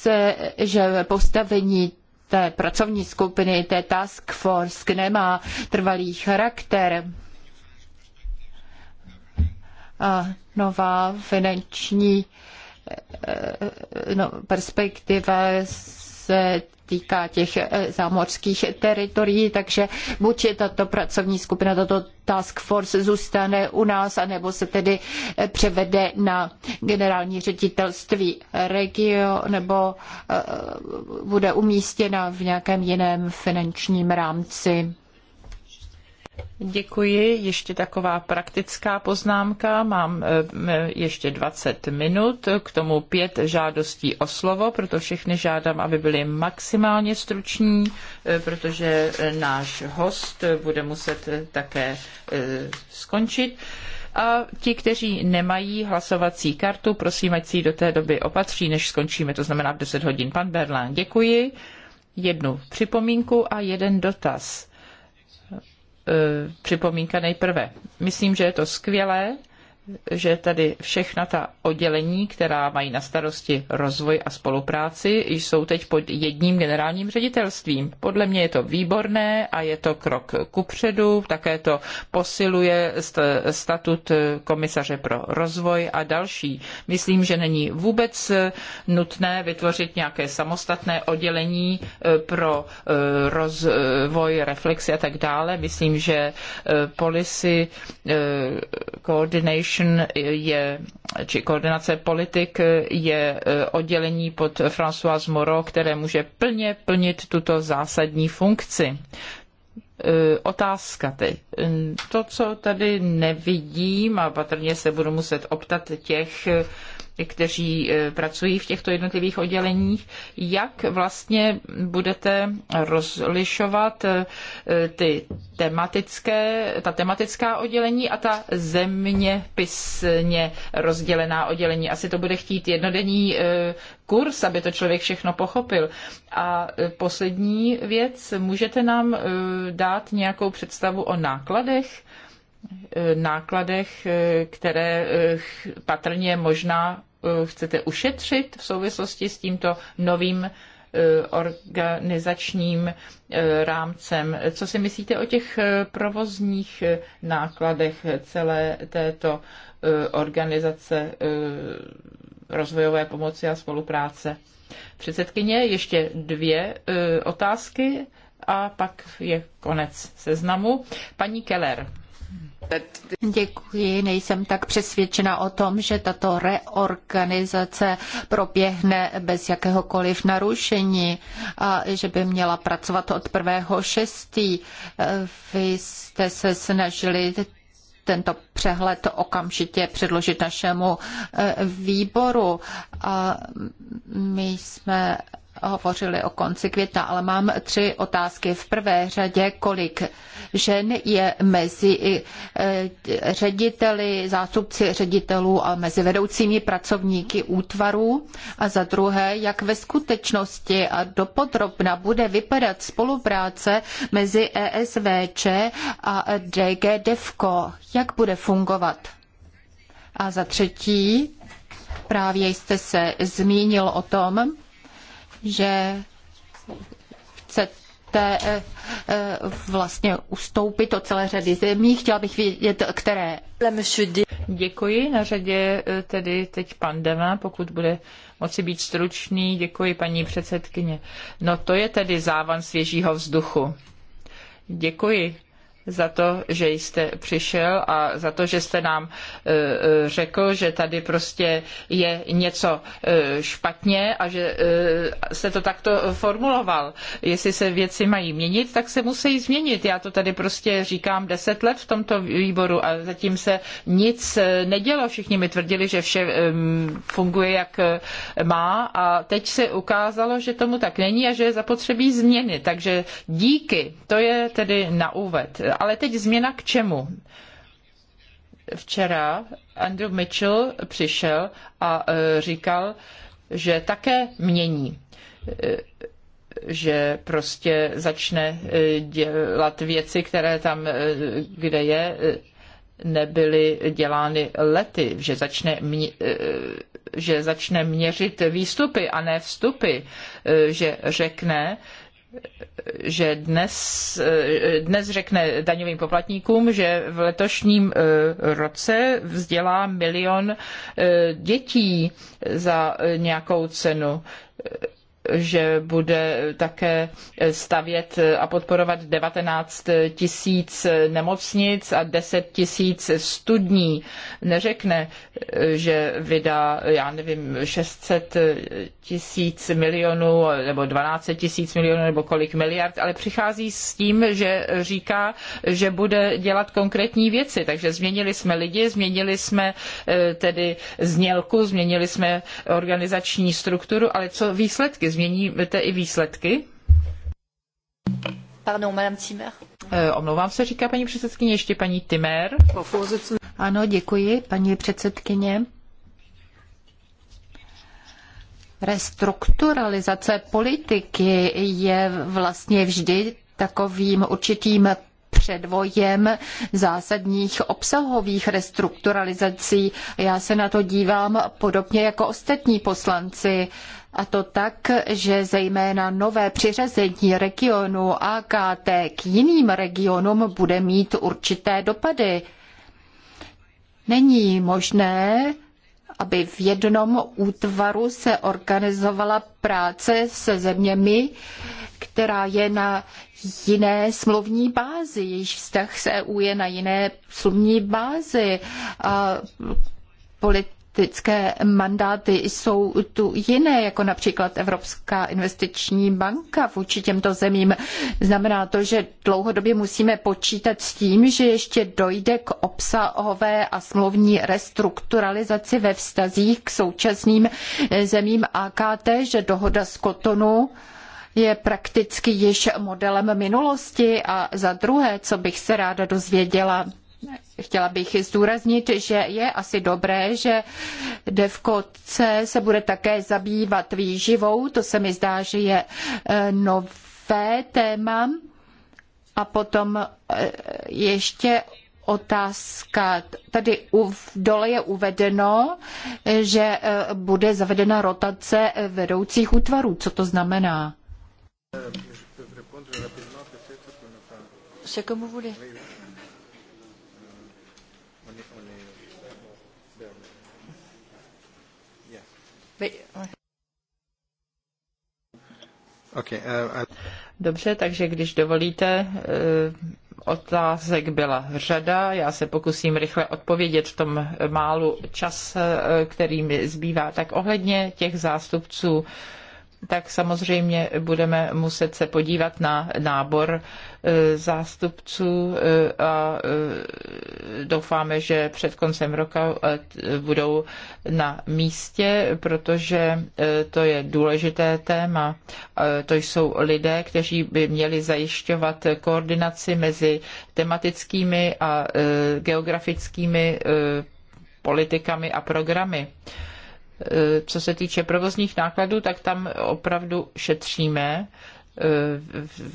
se, že postavení té pracovní skupiny, té task force nemá trvalý charakter. A nová finanční eh, no, perspektiva se týká těch eh, zámořských teritorií, takže buď tato pracovní skupina, tato task force zůstane u nás, anebo se tedy eh, převede na generální ředitelství regio, nebo eh, bude umístěna v nějakém jiném finančním rámci. Děkuji. Ještě taková praktická poznámka. Mám eh, ještě 20 minut, k tomu pět žádostí o slovo, proto všechny žádám, aby byli maximálně struční, eh, protože eh, náš host bude muset také skončit. A ti, kteří nemají hlasovací kartu, prosím, ať si ji do té doby opatří, než skončíme, to znamená v 10 hodin. Pan Berlán, děkuji. Jednu připomínku a jeden dotaz Eh, připomínka nejprve. Myslím, že je to skvělé, že tady všechna ta oddělení, která mají na starosti rozvoj a spolupráci, jsou teď pod jedním generálním ředitelstvím. Podle mě je to výborné a je to krok kupředu, také to posiluje statut komisaře pro rozvoj a další. Myslím, že není vůbec nutné vytvořit nějaké samostatné oddělení eh, pro eh, rozvoj, reflexy a tak dále. Myslím, že eh, policy coordination Action je, či koordinace politik je e, oddělení pod François Moreau, které může plně plnit tuto zásadní funkci. E, otázka teď. E, to, co tady nevidím, a patrně se budu muset optat těch, kteří e, pracují v těchto jednotlivých odděleních, jak vlastně budete rozlišovat e, ty tematické, ta tematická oddělení a ta zeměpisně rozdělená oddělení. Asi to bude chtít jednodenní e, kurz, aby to člověk všechno pochopil. A poslední věc, můžete nám dát nějakou představu o nákladech? nákladech, které patrně možná Eh, chcete ušetřit v souvislosti s tímto novým eh, organizačním eh, rámcem. Co si myslíte o těch provozních nákladech celé této organizace rozvojové pomoci a spolupráce? Předsedkyně, ještě dvě otázky a pak je konec seznamu. Paní Keller. Děkuji, nejsem tak přesvědčena o tom, že tato reorganizace proběhne bez jakéhokoliv narušení a že by měla pracovat od 1.6. Vy jste se snažili tento přehled okamžitě předložit našemu eh, výboru. A my jsme hovořili o konci května, ale mám tři otázky. V prvé řadě, kolik žen je mezi eh, řediteli, zástupci ředitelů a mezi vedoucími pracovníky útvarů? A za druhé, jak ve skutečnosti a dopodrobna bude vypadat spolupráce mezi ESVČ a DG DEVCO? Jak bude fungovat? A za třetí, právě jste se zmínil o tom, že chcete eh, eh, vlastně ustoupit od celé řady zemí. Chtěla bych vědět, které. Děkuji. Na řadě eh, tedy teď pan Deva, pokud bude moci být stručný. Děkuji, paní předsedkyně. No to je tedy závan svěžího vzduchu. Děkuji za to, že jste přišel a za to, že jste nám eh, eh, řekl, že tady prostě je něco eh, špatně a že jste to takto formuloval. Jestli se věci mají měnit, tak se musí změnit. Já to tady prostě říkám deset let v tomto výboru a zatím se nic nedělo. Všichni mi tvrdili, že vše funguje, jak má a teď se ukázalo, že tomu tak není a že je zapotřebí změny. Takže díky, to je tedy na úvod. Ale teď změna k čemu? Včera Andrew Mitchell přišel a e, říkal, že také mění e, že prostě začne e, dělat věci, které tam, kde je, nebyly dělány lety, že začne, mě, že začne měřit výstupy a ne vstupy, že řekne, že dnes, eh, dnes řekne daňovým poplatníkům, že v letošním eh, roce vzdělá milion eh, dětí za nějakou cenu že bude také stavět a podporovat 19 tisíc nemocnic a 10 tisíc studní. Neřekne, že vydá, já nevím, 600 tisíc milionů nebo 12 tisíc milionů nebo kolik miliard, ale přichází s tím, že říká, že bude dělat konkrétní věci. Takže změnili jsme lidi, změnili jsme eh, tedy znělku, změnili jsme organizační strukturu, ale co výsledky? výsledky. Změníte i výsledky? Pardon, Madame Zimmer. Eh, omlouvám se, říká paní předsedkyně, ještě paní Timer. Ano, děkuji, paní předsedkyně. Restrukturalizace politiky je vlastně vždy takovým určitým předvojem zásadních obsahových restrukturalizací. Já se na to dívám podobně jako ostatní poslanci. A to tak, že zejména nové přiřazení regionu AKT k jiným regionům bude mít určité dopady. Není možné, aby v jednom útvaru se organizovala práce se zeměmi, která je na jiné smluvní bázi, jejíž vztah s EU je na jiné smluvní bázi. A polit politické mandáty jsou tu jiné, jako například Evropská investiční banka vůči těmto zemím. Znamená to, že dlouhodobě musíme počítat s tím, že ještě dojde k obsahové a smluvní restrukturalizaci ve vztazích k současným eh, zemím AKT, že dohoda z Kotonu je prakticky již modelem minulosti a za druhé, co bych se ráda dozvěděla Chtěla bych zdůraznit, že je asi dobré, že Devkoce se bude také zabývat výživou. To se mi zdá, že je eh, nové téma. A potom eh, ještě otázka. Tady dole je uvedeno, eh, že bude zavedena rotace vedoucích útvarů. Co to znamená? C'est comme vous Okay, uh, uh, Dobře, takže když dovolíte, eh, otázek byla řada. Já se pokusím rychle odpovědět v tom málu čas, eh, který mi zbývá. Tak ohledně těch zástupců tak samozřejmě budeme muset se podívat na nábor E, zástupců e, a e, doufáme, že před koncem roka budou na místě, protože to je důležité téma. To jsou lidé, kteří by měli zajišťovat koordinaci mezi tematickými a geografickými politikami a programy co se týče provozních nákladů, tak tam opravdu šetříme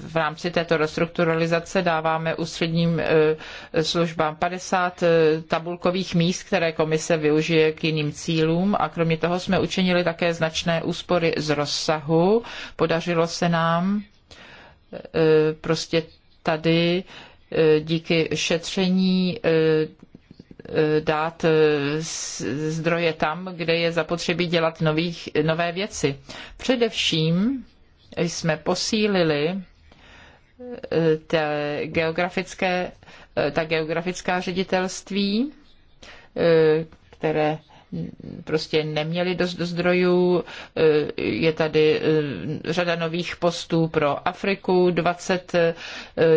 v rámci této restrukturalizace dáváme ústředním eh, službám 50 eh, tabulkových míst, které komise využije k jiným cílům a kromě toho jsme učinili také značné úspory z rozsahu. Podařilo se nám eh, prostě tady díky šetření dát zdroje tam, kde je zapotřebí dělat nových, nové věci. Především jsme posílili eh, geografické, eh, ta geografická ředitelství, eh, které prostě neměli dost zdrojů. Je tady eh, řada nových postů pro Afriku, 20 eh,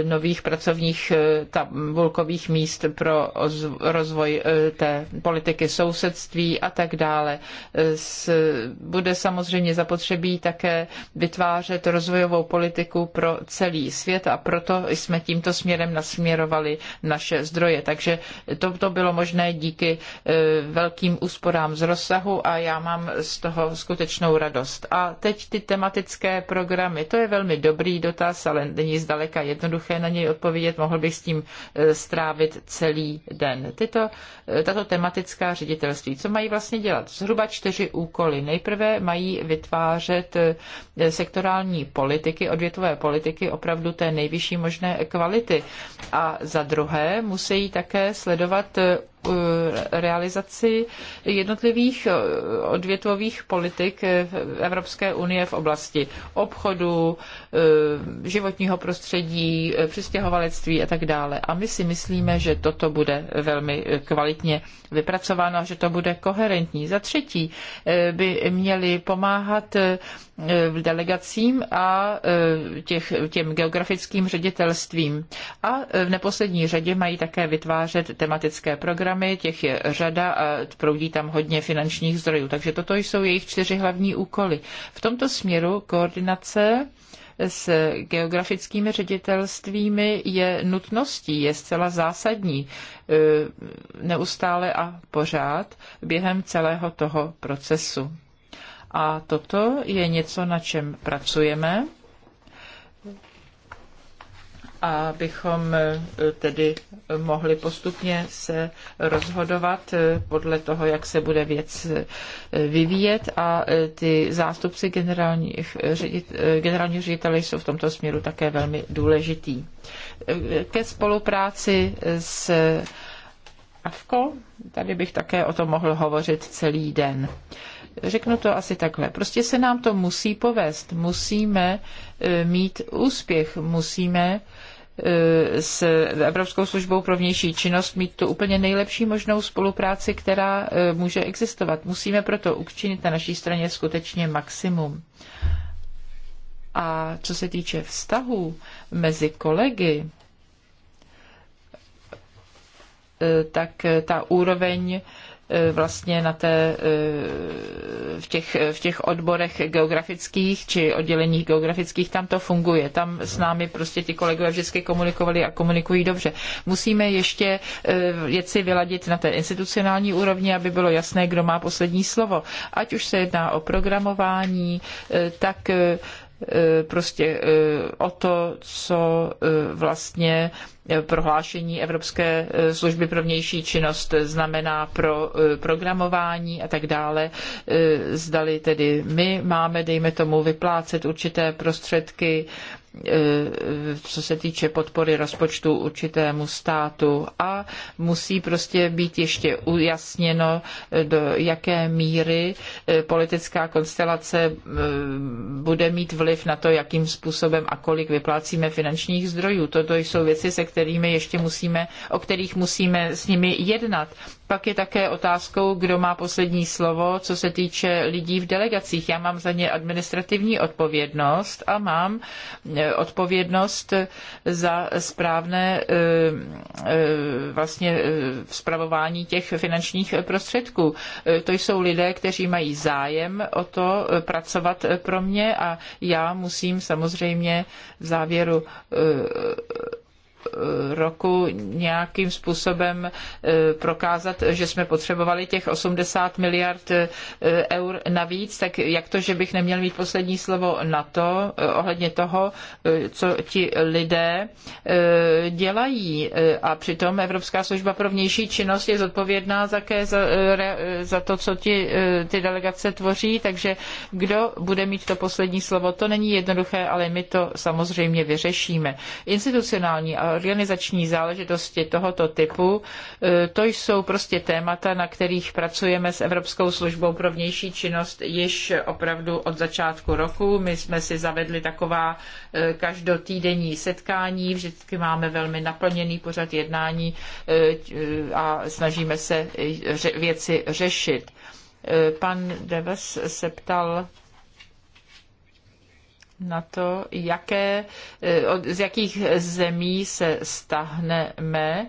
nových pracovních eh, tabulkových míst pro rozvoj té politiky sousedství a tak dále. Bude samozřejmě zapotřebí také vytvářet rozvojovou politiku pro celý svět a proto jsme tímto směrem nasměrovali naše zdroje. Takže to, to bylo možné díky velkým úsporám úsporám z rozsahu a já mám z toho skutečnou radost. A teď ty tematické programy, to je velmi dobrý dotaz, ale není zdaleka jednoduché na něj odpovědět, mohl bych s tím e, strávit celý den. Tyto, e, tato tematická ředitelství, co mají vlastně dělat? Zhruba čtyři úkoly. Nejprve mají vytvářet e, sektorální politiky, odvětové politiky opravdu té nejvyšší možné kvality. A za druhé musí také sledovat Eh, realizaci jednotlivých eh, odvětvových politik eh, Evropské unie v oblasti obchodu, Eh, životního prostředí, eh, přistěhovalectví a tak dále. A my si myslíme, že toto bude velmi eh, kvalitně vypracováno a že to bude koherentní. Za třetí by měli pomáhat v delegacím a těch, těm geografickým ředitelstvím. A v neposlední řadě mají také vytvářet tematické programy, těch je řada a proudí tam hodně finančních zdrojů. Takže toto jsou jejich čtyři hlavní úkoly. V tomto směru koordinace s geografickými ředitelstvími je nutností, je zcela zásadní e, neustále a pořád během celého toho procesu. A toto je něco, na čem pracujeme abychom e, tedy mohli postupně se rozhodovat e, podle toho, jak se bude věc e, vyvíjet a ty zástupci generálních ředit, generálního ředitele jsou v tomto směru také velmi důležitý. Ke spolupráci s AFKO, tady bych také o tom mohl hovořit celý den. Řeknu to asi takhle. Prostě se nám to musí povést. Musíme mít úspěch. Musíme Eh, s Evropskou službou pro vnější činnost mít tu úplně nejlepší možnou spolupráci, která eh, může existovat. Musíme proto učinit na naší straně skutečně maximum. A co se týče vztahů mezi kolegy, eh, tak ta úroveň E, vlastně na té, e, v, těch, v těch odborech geografických či odděleních geografických, tam to funguje. Tam s námi prostě ti kolegové vždycky komunikovali a komunikují dobře. Musíme ještě e, věci vyladit na té institucionální úrovni, aby bylo jasné, kdo má poslední slovo. Ať už se jedná o programování, tak E, prostě e, o to, co e, vlastně prohlášení Evropské služby pro vnější činnost znamená pro programování a tak dále. Zdali tedy my máme, dejme tomu, vyplácet určité prostředky Eh, co se týče podpory rozpočtu určitému státu a musí prostě být ještě ujasněno, eh, do jaké míry eh, politická konstelace bude mít vliv na to, jakým způsobem a kolik vyplácíme finančních zdrojů. Toto jsou věci, se kterými ještě musíme, o kterých musíme s nimi jednat pak je také otázkou, kdo má poslední slovo, co se týče lidí v delegacích. Já mám za ně administrativní odpovědnost a mám e, odpovědnost za správné e, e, vlastně spravování těch finančních prostředků. To jsou lidé, kteří mají zájem o to pracovat pro mě a já musím samozřejmě v závěru roku nějakým způsobem eh, prokázat, že jsme potřebovali těch 80 miliard eh, eur navíc, tak jak to, že bych neměl mít poslední slovo na to, eh, ohledně toho, co ti lidé dělají. A přitom Evropská služba pro vnější činnost je zodpovědná také za, za to, co ti, ty delegace tvoří, takže kdo bude mít to poslední slovo, to není jednoduché, ale my to samozřejmě vyřešíme. Institucionální a organizační záležitosti tohoto typu, e, to jsou prostě témata, na kterých pracujeme s Evropskou službou pro vnější činnost již opravdu od začátku roku. My jsme si zavedli taková e, každotýdenní setkání, vždycky máme velmi naplněný pořad jednání e, a snažíme se věci řešit. Pan Deves se ptal na to, jaké, eh, z jakých zemí se stahneme.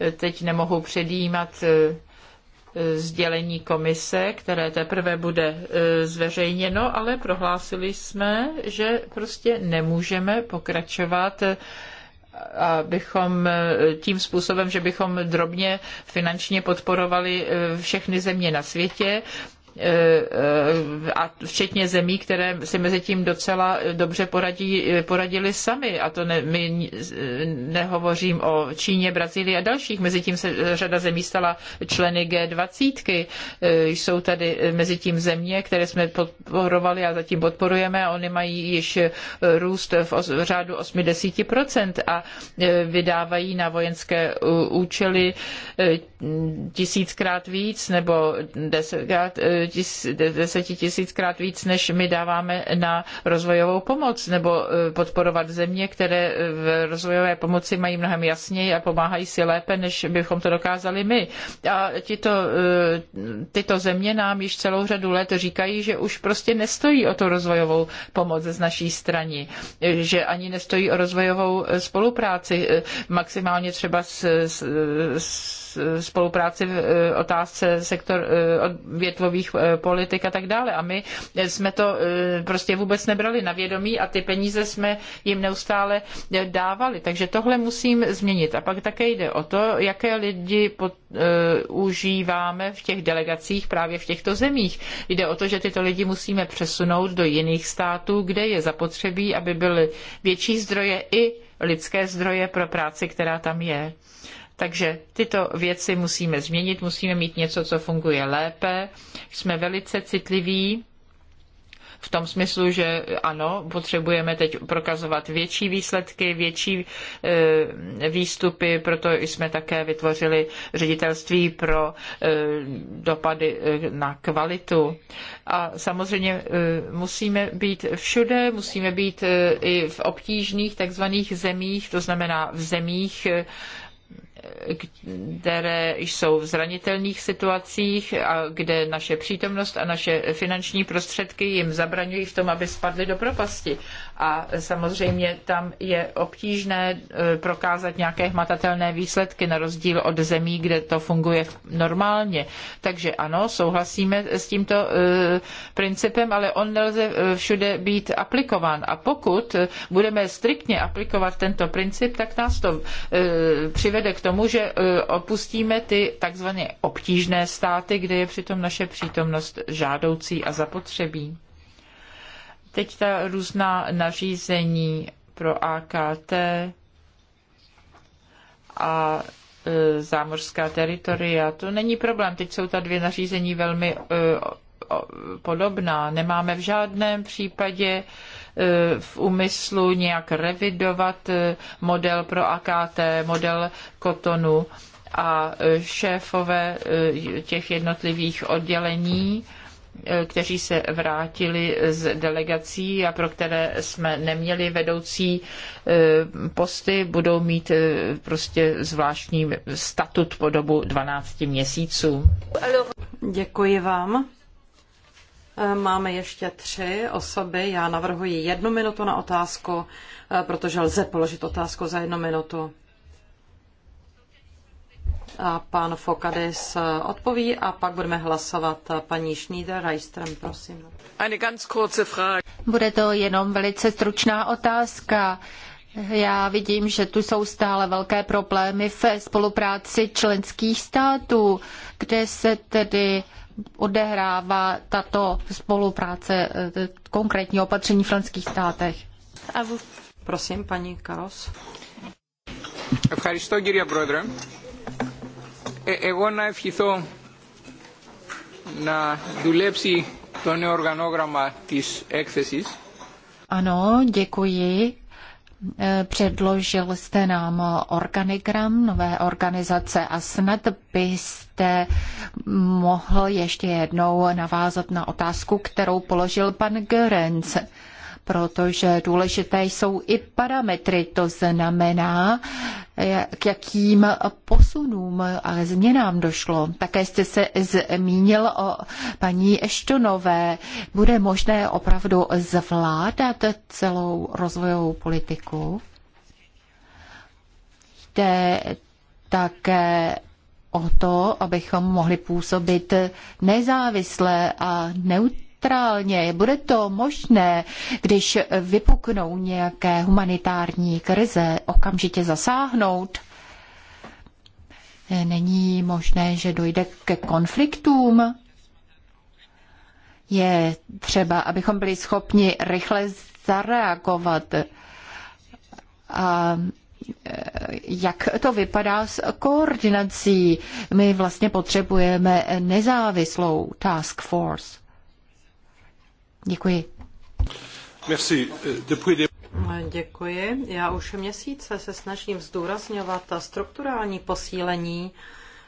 Eh, teď nemohu předjímat eh, sdělení komise, které teprve bude zveřejněno, ale prohlásili jsme, že prostě nemůžeme pokračovat abychom tím způsobem, že bychom drobně finančně podporovali všechny země na světě, E, e, a včetně zemí, které si mezi tím docela dobře poradí, e, poradili sami. A to ne, my nehovořím o Číně, Brazílii a dalších. Mezi tím se řada zemí stala členy G20. Jsou tady mezi tím země, které jsme podporovali a zatím podporujeme. Oni mají již růst v, os, v řádu 80% a vydávají na vojenské účely tisíckrát víc nebo desetkrát desetitisíckrát víc, než my dáváme na rozvojovou pomoc, nebo eh, podporovat země, které eh, v rozvojové pomoci mají mnohem jasněji a pomáhají si lépe, než bychom to dokázali my. A tyto eh, tyto země nám již celou řadu let říkají, že už prostě nestojí o to rozvojovou pomoc z naší strany, že ani nestojí o rozvojovou spolupráci, maximálně třeba s, s, s spolupráci v eh, otázce sektor eh, větvových eh, politik a tak dále. A my jsme to prostě vůbec nebrali na vědomí a ty peníze jsme jim neustále dávali. Takže tohle musím změnit. A pak také jde o to, jaké lidi používáme v těch delegacích právě v těchto zemích. Jde o to, že tyto lidi musíme přesunout do jiných států, kde je zapotřebí, aby byly větší zdroje i lidské zdroje pro práci, která tam je. Takže tyto věci musíme změnit, musíme mít něco, co funguje lépe. Jsme velice citliví v tom smyslu, že ano, potřebujeme teď prokazovat větší výsledky, větší e, výstupy, proto jsme také vytvořili ředitelství pro e, dopady e, na kvalitu. A samozřejmě musíme být všude, musíme být i v obtížných takzvaných zemích, to znamená v zemích, které jsou v zranitelných situacích a kde naše přítomnost a naše finanční prostředky jim zabraňují v tom, aby spadly do propasti a samozřejmě tam je obtížné eh, prokázat nějaké hmatatelné výsledky na rozdíl od zemí, kde to funguje normálně. Takže ano, souhlasíme s tímto eh, principem, ale on nelze eh, všude být aplikován. A pokud budeme striktně aplikovat tento princip, tak nás to přivede k tomu, že opustíme ty takzvaně obtížné státy, kde je přitom naše přítomnost žádoucí a zapotřebí. Teď ta různá nařízení pro AKT a e, zámořská teritoria, to není problém. Teď jsou ta dvě nařízení velmi e, podobná. Nemáme v žádném případě e, v úmyslu nějak revidovat model pro AKT, model kotonu a šéfové těch jednotlivých oddělení Eh, kteří se vrátili z delegací a pro které jsme neměli vedoucí eh, posty, budou mít eh, prostě zvláštní statut po dobu 12 měsíců. Děkuji vám. Máme ještě tři osoby. Já navrhuji jednu minutu na otázku, protože lze položit otázku za jednu minutu. A pan Fokadis eh, odpoví a pak budeme hlasovat. Paní Schneider, Reistrem, prosím. Bude to jenom velice stručná otázka. Já vidím, že tu jsou stále velké problémy ve spolupráci členských států, kde se tedy odehrává tato spolupráce, eh, konkrétní opatření v členských státech. Prosím, paní Karos. Ευχαριστώ, κύριε Πρόεδρε εγώ να ευχηθώ να δουλέψει το νέο οργανόγραμμα της έκθεσης. Ano, děkuji. Předložil jste nám organigram nové organizace a snad byste mohl ještě jednou navázat na otázku, kterou položil pan Görenc protože důležité jsou i parametry. To znamená, k jakým posunům a změnám došlo. Také jste se zmínil o paní Eštonové. Bude možné opravdu zvládat celou rozvojovou politiku? Jde také o to, abychom mohli působit nezávisle a neutrálně neutrálně, Bude to možné, když vypuknou nějaké humanitární krize, okamžitě zasáhnout? Není možné, že dojde ke konfliktům? Je třeba, abychom byli schopni rychle zareagovat. A eh, jak to vypadá s koordinací? My vlastně potřebujeme nezávislou task force. Děkuji. Merci. Depuis Děkuji. Já už měsíce se snažím zdůrazňovat strukturální posílení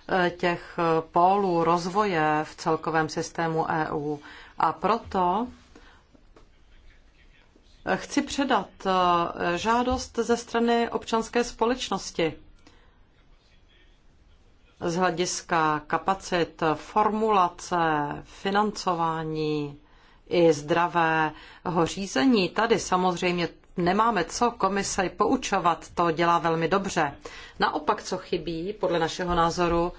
eh, těch eh, pólů rozvoje v celkovém systému EU. A proto eh, chci předat žádost ze strany občanské společnosti z hlediska kapacit, formulace, financování, i zdravého řízení. Tady samozřejmě nemáme co komise poučovat, to dělá velmi dobře. Naopak, co chybí, podle našeho názoru,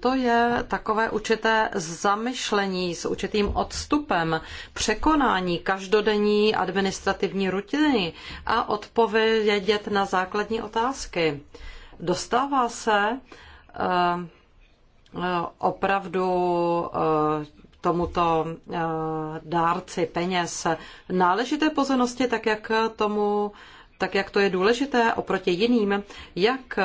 to je takové určité zamyšlení s určitým odstupem, překonání každodenní administrativní rutiny a odpovědět na základní otázky. Dostává se eh, eh, opravdu eh, tomuto eh, dárci peněz náležité pozornosti, tak jak tomu tak jak to je důležité oproti jiným, jak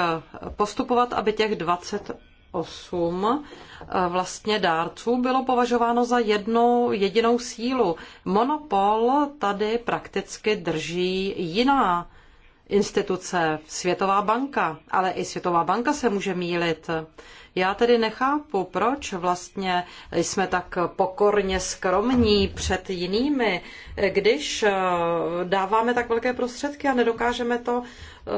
postupovat, aby těch 28 eh, vlastně dárců bylo považováno za jednu jedinou sílu. Monopol tady prakticky drží jiná instituce, Světová banka, ale i Světová banka se může mílit. Já tedy nechápu, proč vlastně jsme tak pokorně skromní před jinými, když eh, dáváme tak velké prostředky a nedokážeme to eh,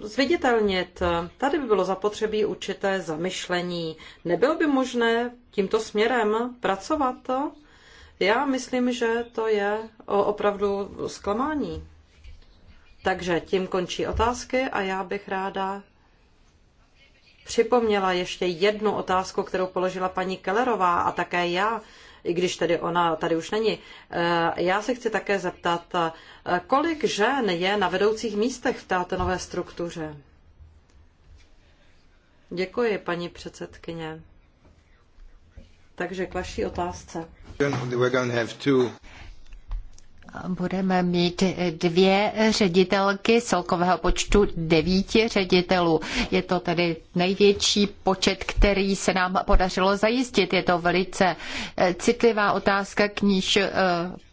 zviditelnit. Tady by bylo zapotřebí určité zamyšlení. Nebylo by možné tímto směrem pracovat? Já myslím, že to je opravdu zklamání. Takže tím končí otázky a já bych ráda připomněla ještě jednu otázku, kterou položila paní Kellerová a také já, i když tedy ona tady už není. Eh, já se chci také zeptat, eh, kolik žen je na vedoucích místech v této nové struktuře? Děkuji, paní předsedkyně. Takže k vaší otázce budeme mít dvě ředitelky z celkového počtu devíti ředitelů. Je to tedy největší počet, který se nám podařilo zajistit. Je to velice eh, citlivá otázka, k níž eh,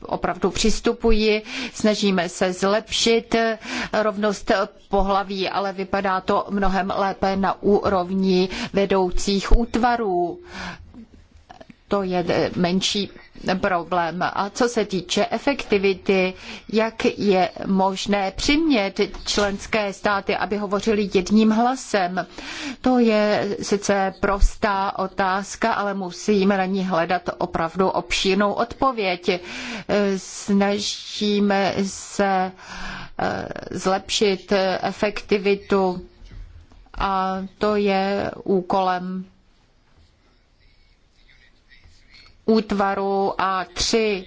opravdu přistupuji. Snažíme se zlepšit eh, rovnost pohlaví, ale vypadá to mnohem lépe na úrovni vedoucích útvarů to je menší problém. A co se týče efektivity, jak je možné přimět členské státy, aby hovořili jedním hlasem? To je sice prostá otázka, ale musíme na ní hledat opravdu obšírnou odpověď. Snažíme se eh, zlepšit efektivitu a to je úkolem útvaru A3.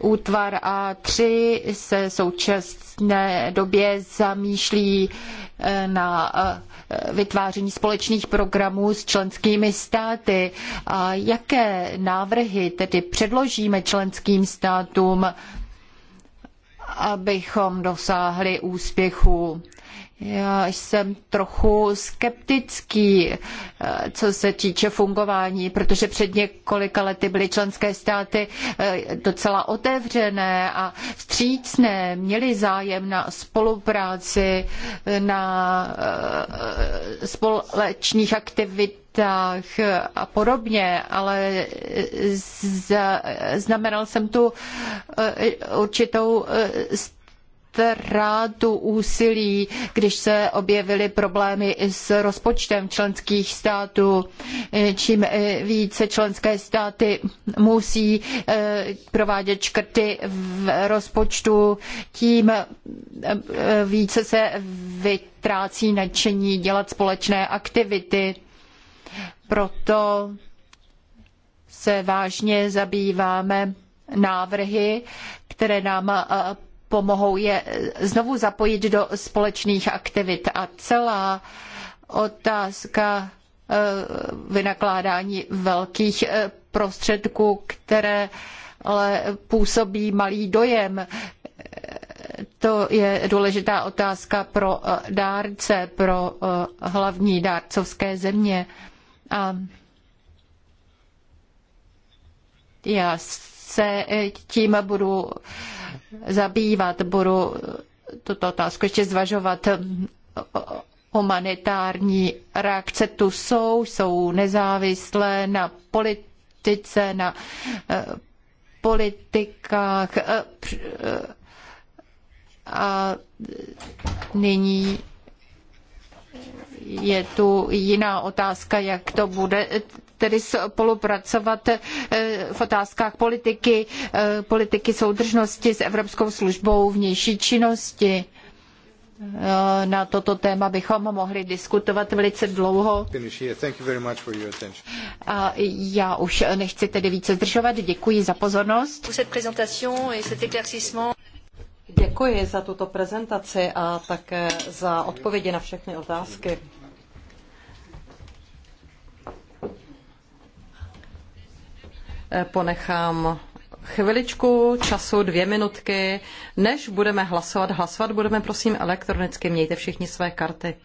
Útvar A3 se současné době zamýšlí eh, na eh, vytváření společných programů s členskými státy. A jaké návrhy tedy předložíme členským státům, abychom dosáhli úspěchu? Já jsem trochu skeptický, eh, co se týče fungování, protože před několika lety byly členské státy eh, docela otevřené a vstřícné, měly zájem na spolupráci, na eh, společných aktivitách a podobně, ale znamenal jsem tu určitou ztrátu úsilí, když se objevily problémy s rozpočtem členských států. Čím eh, více členské státy musí eh, provádět škrty v rozpočtu, tím eh, více se vytrácí nadšení dělat společné aktivity. Proto se vážně zabýváme návrhy, které nám pomohou je znovu zapojit do společných aktivit. A celá otázka eh, vynakládání velkých eh, prostředků, které ale působí malý dojem. Eh, to je důležitá otázka pro dárce, pro hlavní dárcovské země. A já se tím budu zabývat, budu tuto otázku ještě zvažovat humanitární reakce tu jsou, jsou nezávislé na politice, na eh, politikách eh, eh, a nyní je tu jiná otázka, jak to bude tedy spolupracovat eh, v otázkách politiky, eh, politiky soudržnosti s Evropskou službou vnější činnosti. Eh, na toto téma bychom mohli diskutovat velice dlouho. A já už nechci tedy více zdržovat. Děkuji za pozornost. Děkuji za tuto prezentaci a také za odpovědi na všechny otázky. ponechám chviličku času, dvě minutky, než budeme hlasovat. Hlasovat budeme, prosím, elektronicky. Mějte všichni své karty.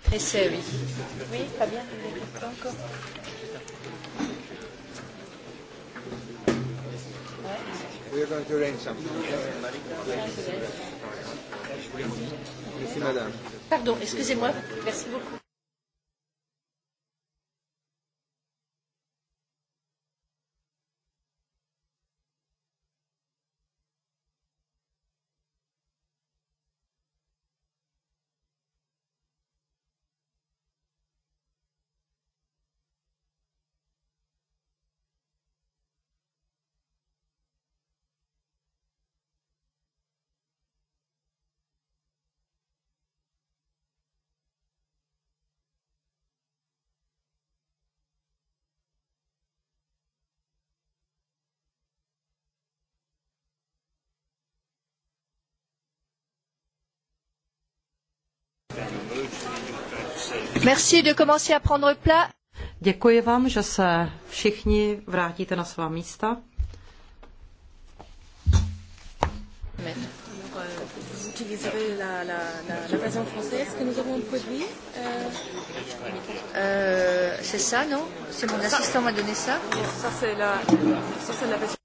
Pardon, excusez-moi. Merci beaucoup. Merci de commencer à prendre Děkuji vám, že se všichni vrátíte na svá místa. utiliserez la, la, la, la version française que nous avons produit. Euh, euh, c'est ça, non C'est mon assistant m'a donné ça. Ça, c'est la, la version.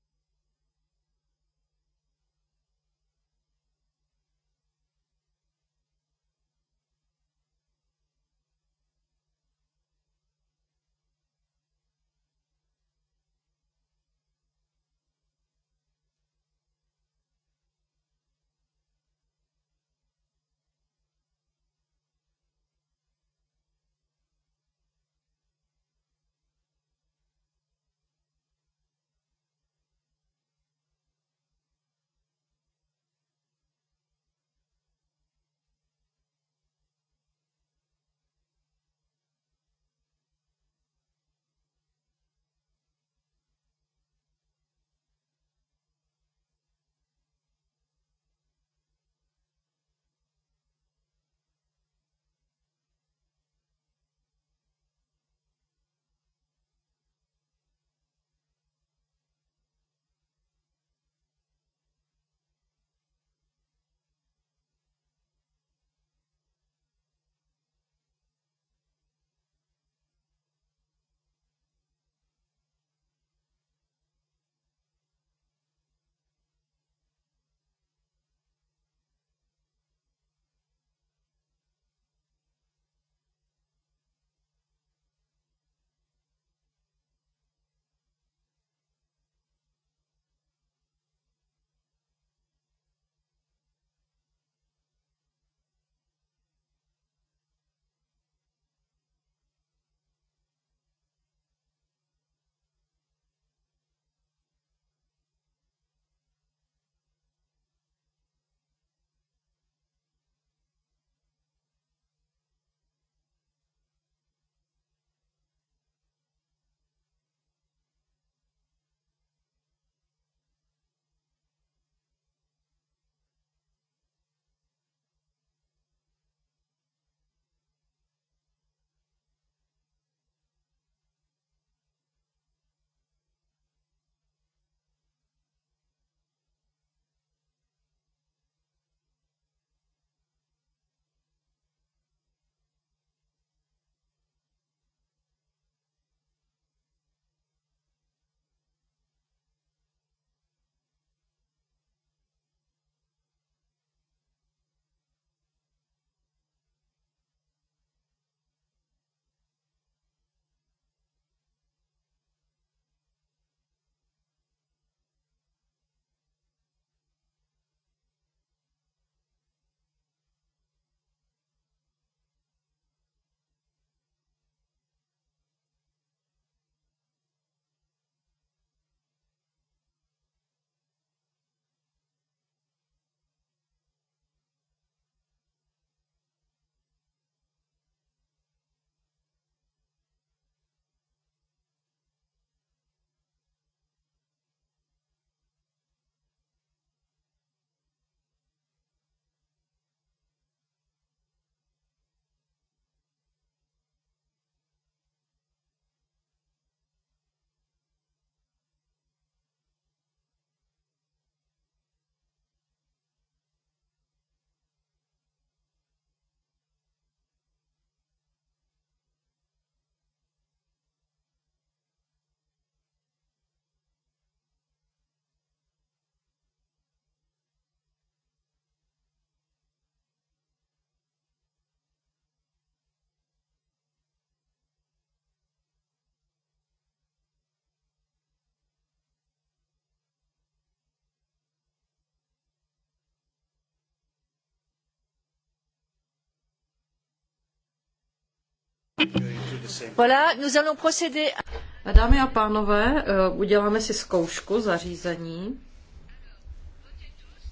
Dámy a pánové, eh, uděláme si zkoušku zařízení.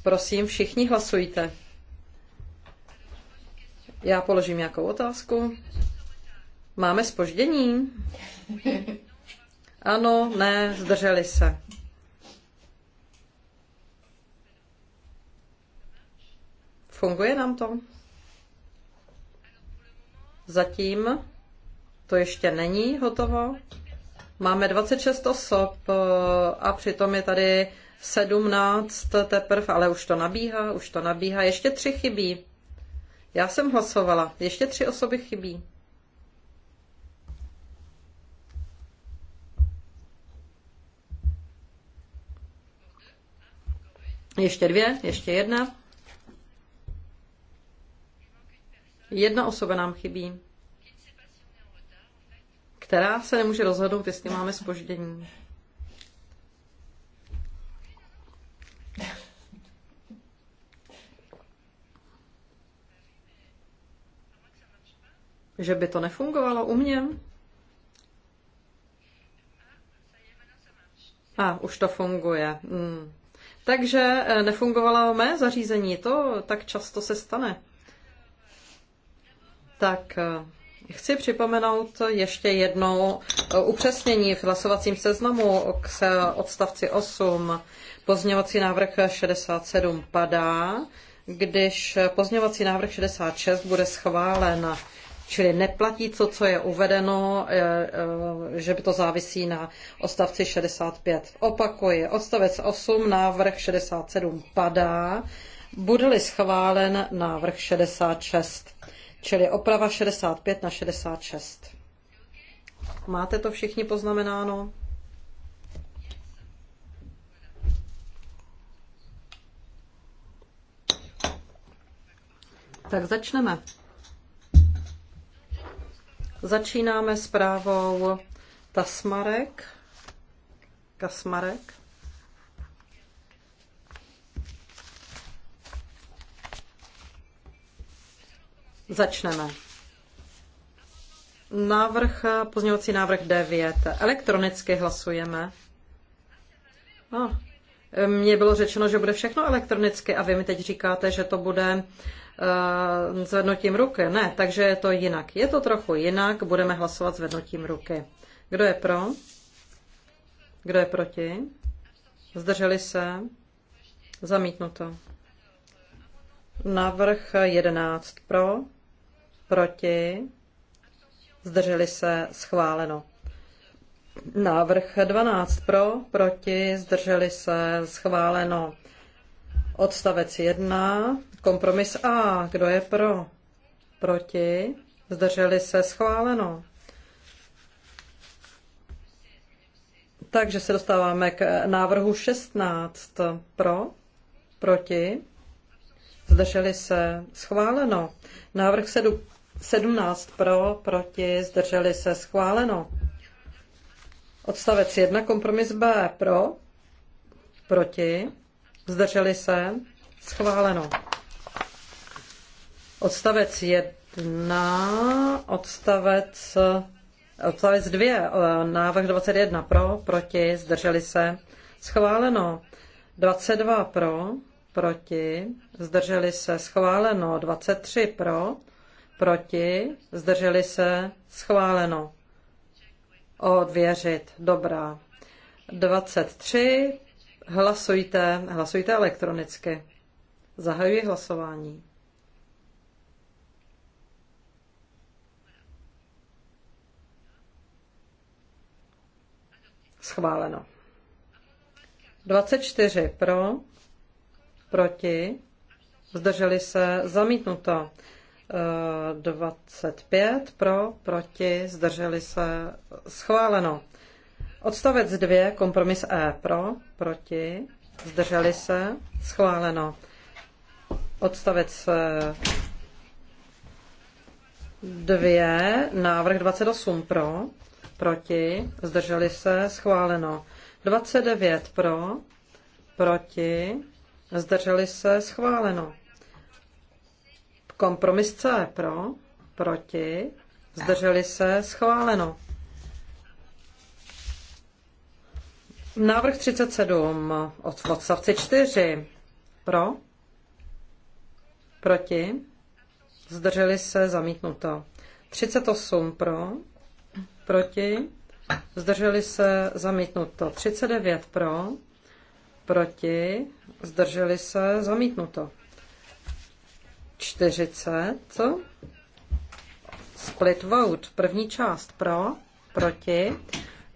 Prosím, všichni hlasujte. Já položím nějakou otázku. Máme spoždění? Ano, ne, zdrželi se. Funguje nám to? Zatím to ještě není hotovo. Máme 26 osob eh, a přitom je tady 17 teprv, ale už to nabíhá, už to nabíhá. Ještě tři chybí. Já jsem hlasovala. Ještě tři osoby chybí. Ještě dvě, ještě jedna. Jedna osoba nám chybí která se nemůže rozhodnout, jestli máme spoždění. Že by to nefungovalo u mě? A, ah, už to funguje. Hmm. Takže eh, nefungovalo mé zařízení, to tak často se stane. Tak eh, Chci připomenout ještě jednou e, upřesnění v hlasovacím seznamu k odstavci 8. Pozměňovací návrh 67 padá, když pozměňovací návrh 66 bude schválen. Čili neplatí to, co je uvedeno, e, e, že by to závisí na odstavci 65. Opakuji, odstavec 8, návrh 67 padá, bude-li schválen návrh 66. Čili oprava 65 na 66. Máte to všichni poznamenáno? Tak začneme. Začínáme zprávou Tasmarek. Kasmarek. Začneme. Návrh, pozměňovací návrh 9. Elektronicky hlasujeme. No, mně bylo řečeno, že bude všechno elektronicky a vy mi teď říkáte, že to bude uh, zvednutím ruky. Ne, takže je to jinak. Je to trochu jinak, budeme hlasovat zvednutím ruky. Kdo je pro? Kdo je proti? Zdrželi se? Zamítnuto. Návrh 11 pro proti, zdrželi se, schváleno. Návrh 12 pro, proti, zdrželi se, schváleno. Odstavec 1, kompromis A, kdo je pro, proti, zdrželi se, schváleno. Takže se dostáváme k návrhu 16 pro, proti, zdrželi se, schváleno. Návrh 7 17 pro, proti, zdrželi se, schváleno. Odstavec 1, kompromis B pro, proti, zdrželi se, schváleno. Odstavec 1, odstavec, odstavec 2, eh, návrh 21 pro, proti, zdrželi se, schváleno. 22 pro, proti, zdrželi se, schváleno. 23 pro, proti, zdrželi se, schváleno. Odvěřit, dobrá. 23, hlasujte, hlasujte elektronicky. Zahajuji hlasování. Schváleno. 24 pro, proti, zdrželi se, zamítnuto. 25 pro, proti, zdrželi se, schváleno. Odstavec 2, kompromis E pro, proti, zdrželi se, schváleno. Odstavec 2, eh, návrh 28 pro, proti, zdrželi se, schváleno. 29 pro, proti, zdrželi se, schváleno. Kompromis C pro, proti, zdrželi se, schváleno. Návrh 37 od odstavce 4 pro, proti, zdrželi se, zamítnuto. 38 pro, proti, zdrželi se, zamítnuto. 39 pro, proti, zdrželi se, zamítnuto. 40. Split vote. První část pro, proti,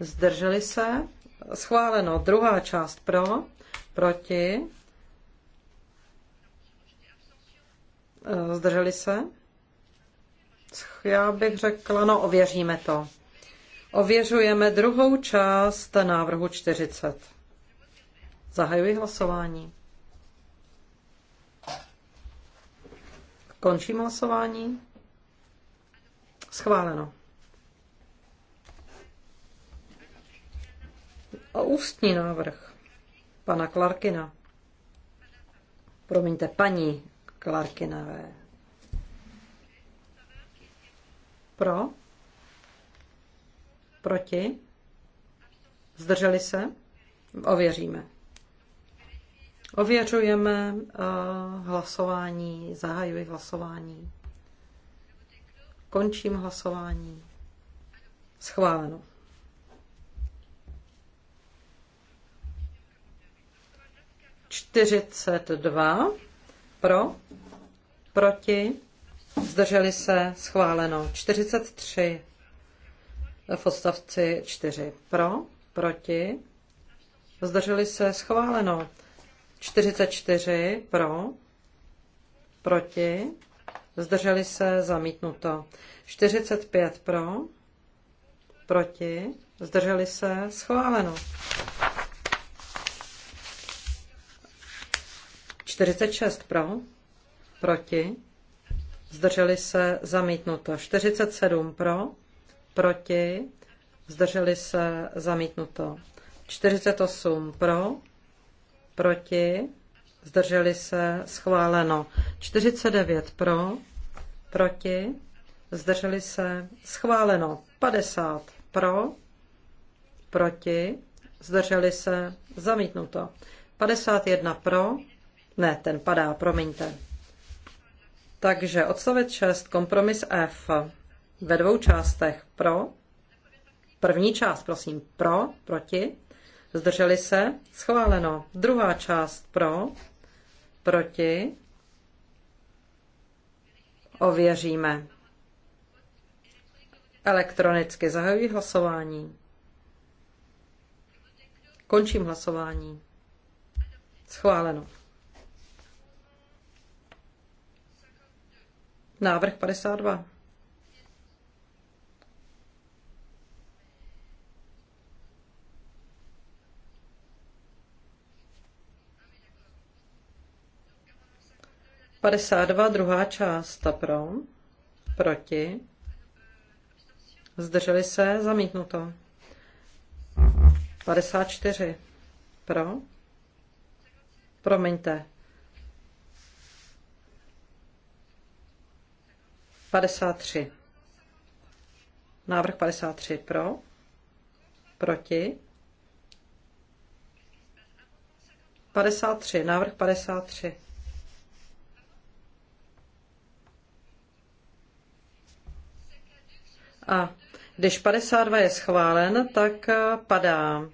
zdrželi se, schváleno. Druhá část pro, proti, eh, zdrželi se. Já bych řekla, no ověříme to. Ověřujeme druhou část návrhu 40. Zahajuji hlasování. Končím hlasování. Schváleno. A ústní návrh pana Clarkina. Promiňte, paní Clarkinové. Pro? Proti? Zdrželi se? Ověříme. Ověřujeme eh, hlasování, zahajuji hlasování. Končím hlasování. Schváleno. Čtyřicet dva pro, proti, zdrželi se, schváleno. Čtyřicet tři v odstavci čtyři pro, proti, zdrželi se, schváleno. 44 pro, proti, zdrželi se, zamítnuto. 45 pro, proti, zdrželi se, schváleno. 46 pro, proti, zdrželi se, zamítnuto. 47 pro, proti, zdrželi se, zamítnuto. 48 pro, proti, zdrželi se, schváleno. 49 pro, proti, zdrželi se, schváleno. 50 pro, proti, zdrželi se, zamítnuto. 51 pro, ne, ten padá, promiňte. Takže odstavec 6, kompromis F ve dvou částech pro, první část, prosím, pro, proti, Zdrželi se? Schváleno. Druhá část pro, proti. Ověříme. Elektronicky zahajuji hlasování. Končím hlasování. Schváleno. Návrh 52. 52, druhá část pro, proti, zdrželi se, zamítnuto. 54 pro, promiňte, 53. Návrh 53 pro, proti, 53, návrh 53. A když 52 je schválen, tak eh, padá.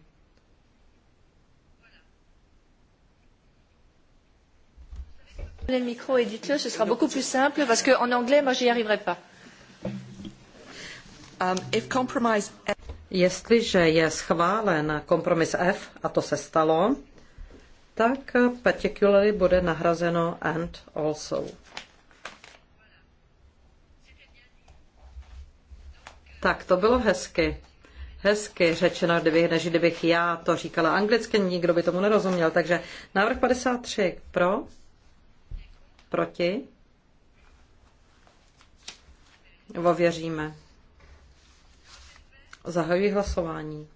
Le micro et dites-le, ce sera beaucoup plus simple parce qu'en anglais, moi, j'y arriverai pas. Um, if compromise... Jestliže je schválen kompromis F, a to se stalo, tak eh, particularly bude nahrazeno and also. Tak to bylo hezky. Hezky řečeno, kdybych, než kdybych já to říkala anglicky, nikdo by tomu nerozuměl. Takže návrh 53 pro, proti, ověříme. Zahajuji hlasování.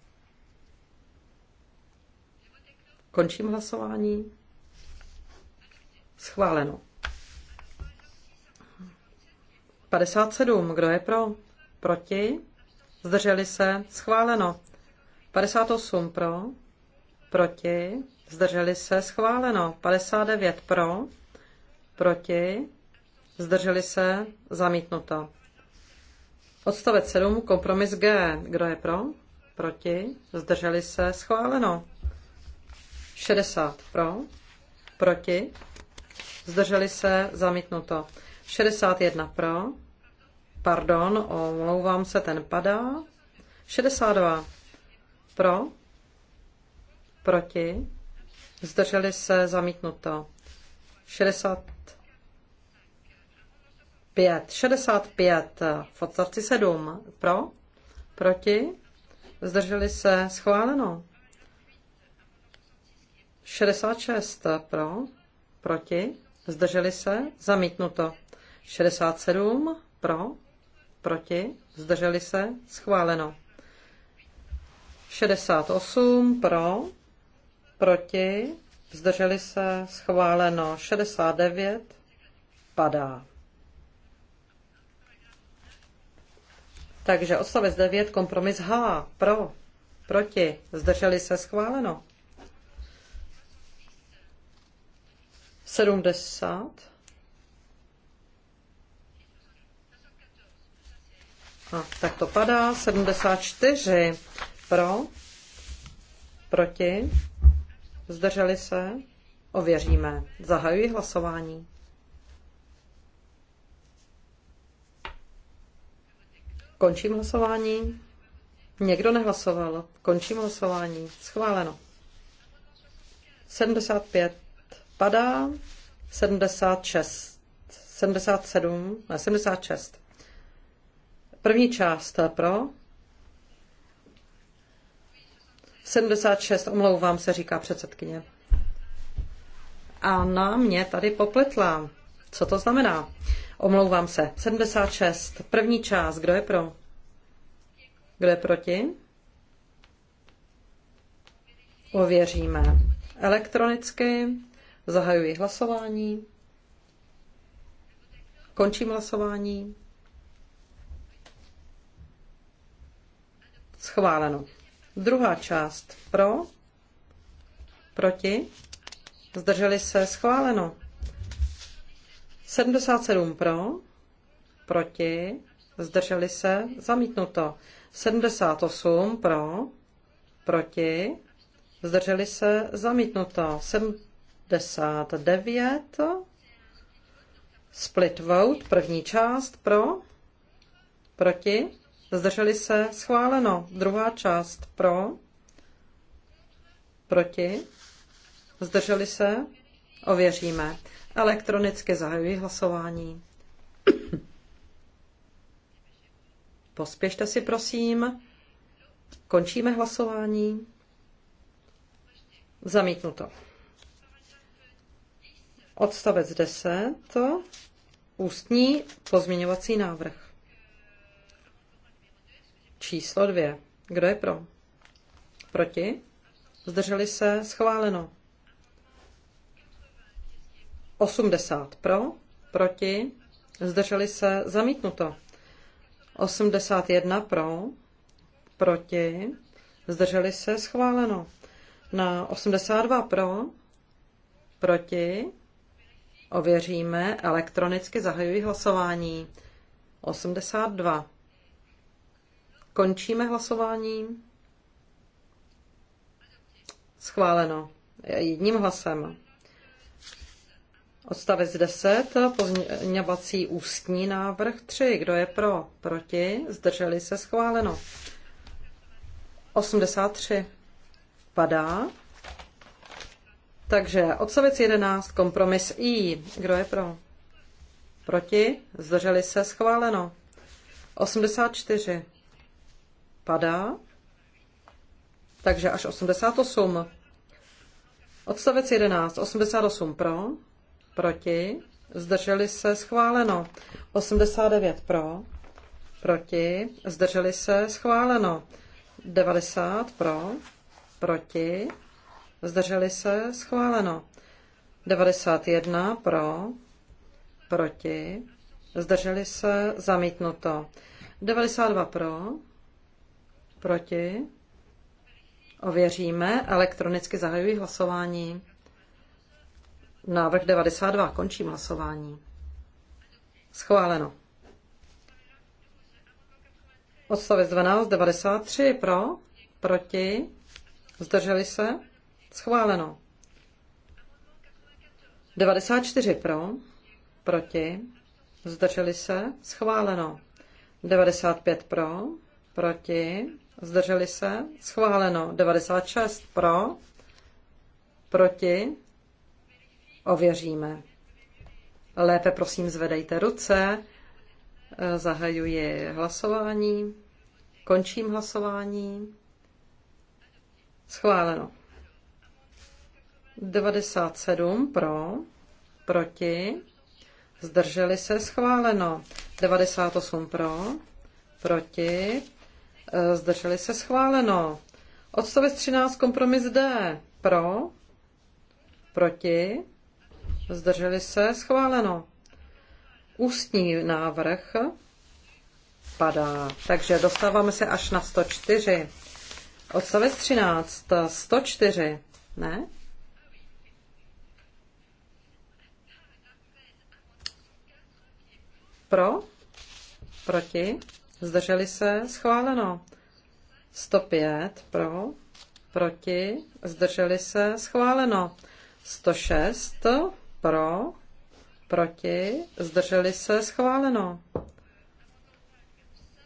Končím hlasování. Schváleno. 57. Kdo je pro? Proti? Zdrželi se? Schváleno. 58 pro? Proti? Zdrželi se? Schváleno. 59 pro? Proti? Zdrželi se? Zamítnuto. Odstavec 7, kompromis G. Kdo je pro? Proti? Zdrželi se? Schváleno. 60 pro? Proti? Zdrželi se? Zamítnuto. 61 pro? Pardon, omlouvám se, ten padá. 62. Pro? Proti? Zdrželi se zamítnuto. 65. 65. V odstavci 7. Pro? Proti? Zdrželi se schváleno. 66 pro, proti, zdrželi se, zamítnuto. 67 pro, Proti? Zdrželi se? Schváleno. 68 pro, proti, zdrželi se, schváleno 69, padá. Takže odstavec 9, kompromis H, pro, proti, zdrželi se, schváleno. 70 A tak to padá. 74 pro, proti, zdrželi se, ověříme. Zahajuji hlasování. Končím hlasování. Někdo nehlasoval. Končím hlasování. Schváleno. 75 padá, 76, 77, ne, 76 První část eh, pro. 76, omlouvám se, říká předsedkyně. A na mě tady popletla. Co to znamená? Omlouvám se. 76, první část, kdo je pro? Kdo je proti? Ověříme elektronicky. Zahajuji hlasování. Končím hlasování. Schváleno. Druhá část pro, proti, zdrželi se, schváleno. 77 pro, proti, zdrželi se, zamítnuto. 78 pro, proti, zdrželi se, zamítnuto. 79 split vote, první část pro, proti, Zdrželi se? Schváleno. Druhá část pro? Proti? Zdrželi se? Ověříme. Elektronicky zahajují hlasování. Pospěšte si, prosím. Končíme hlasování. Zamítnuto. Odstavec 10. Ústní pozměňovací návrh číslo dvě. Kdo je pro? Proti? Zdrželi se? Schváleno. 80 pro, proti, zdrželi se, zamítnuto. 81 pro, proti, zdrželi se, schváleno. Na 82 pro, proti, ověříme, elektronicky zahajují hlasování. 82. Končíme hlasování. Schváleno. Jedním hlasem. Odstavec 10, pozměňovací ústní návrh 3. Kdo je pro? Proti? Zdrželi se? Schváleno. 83 padá. Takže odstavec 11, kompromis I. Kdo je pro? Proti? Zdrželi se? Schváleno. 84 padá, takže až 88. Odstavec 11, 88 pro, proti, zdrželi se, schváleno. 89 pro, proti, zdrželi se, schváleno. 90 pro, proti, zdrželi se, schváleno. 91 pro, proti, zdrželi se, zamítnuto. 92 pro, Proti? Ověříme. Elektronicky zahajuji hlasování. Návrh 92. Končím hlasování. Schváleno. Odstavec 12, 93 pro, proti, zdrželi se, schváleno. 94 pro, proti, zdrželi se, schváleno. 95 pro, proti, zdrželi se, schváleno 96 pro, proti, ověříme. Lépe prosím zvedejte ruce, zahajuji hlasování, končím hlasování, schváleno. 97 pro, proti, zdrželi se, schváleno. 98 pro, proti, Eh, zdrželi se schváleno. Odstavec 13, kompromis D. Pro, proti, zdrželi se schváleno. Ústní návrh padá. Takže dostáváme se až na 104. Odstavec 13, 104, ne? Pro, proti, zdrželi se, schváleno. 105 pro, proti, zdrželi se, schváleno. 106 pro, proti, zdrželi se, schváleno.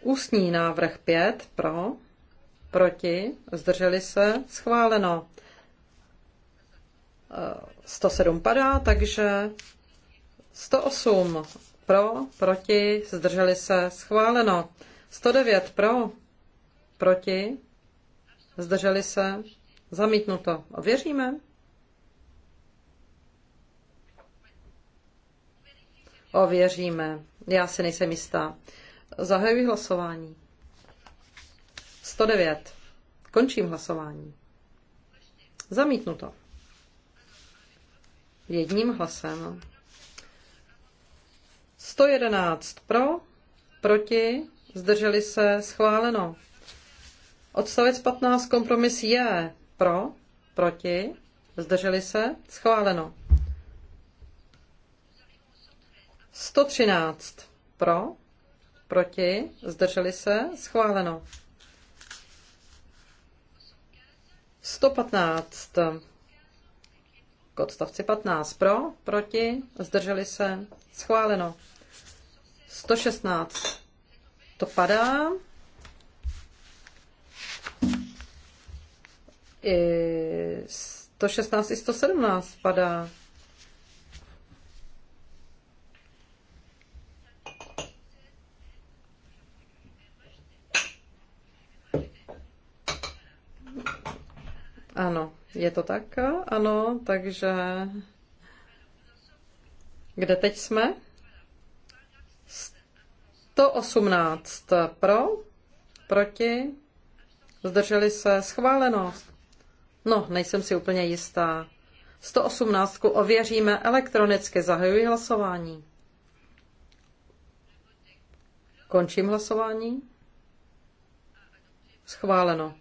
Ústní návrh 5 pro, proti, zdrželi se, schváleno. 107 padá, takže 108 pro, proti, zdrželi se, schváleno. 109 pro, proti, zdrželi se, zamítnuto. Věříme? Ověříme. Já si nejsem jistá. Zahajuji hlasování. 109. Končím hlasování. Zamítnuto. Jedním hlasem. 111 pro, proti, zdrželi se, schváleno. Odstavec 15, kompromis je pro, proti, zdrželi se, schváleno. 113 pro, proti, zdrželi se, schváleno. 115 k odstavci 15 pro, proti, zdrželi se, schváleno. 116 to padá. I 116 i 117 padá. Ano, je to tak? Ano, takže kde teď jsme? 118 pro, proti, zdrželi se, schváleno. No, nejsem si úplně jistá. 118 ověříme elektronicky, zahajuji hlasování. Končím hlasování. Schváleno.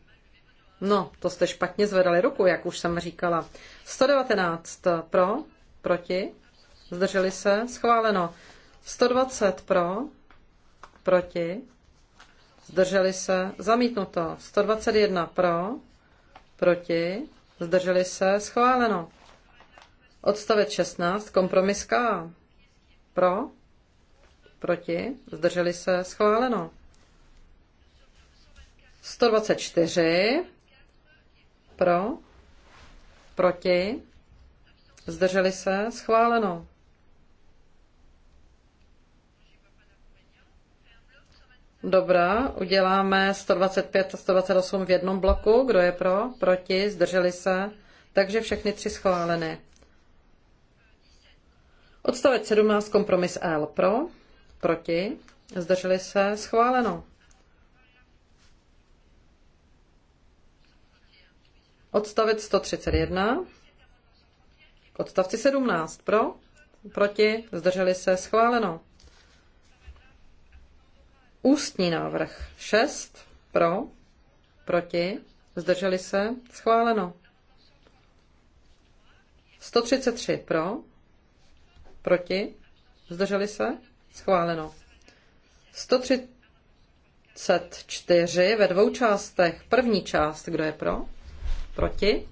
No, to jste špatně zvedali ruku, jak už jsem říkala. 119 pro, proti, zdrželi se, schváleno. 120 pro, proti, zdrželi se, zamítnuto. 121 pro, proti, zdrželi se, schváleno. Odstavec 16, kompromis K. Pro, proti, zdrželi se, schváleno. 124 pro, proti, zdrželi se, schváleno. Dobrá, uděláme 125 a 128 v jednom bloku. Kdo je pro? Proti? Zdrželi se? Takže všechny tři schváleny. Odstavec 17, kompromis L. Pro? Proti? Zdrželi se? Schváleno. Odstavec 131. odstavci 17. Pro? Proti? Zdrželi se? Schváleno. Ústní návrh 6 pro, proti, zdrželi se, schváleno. 133 pro, proti, zdrželi se, schváleno. 134 ve dvou částech. První část, kdo je pro, proti,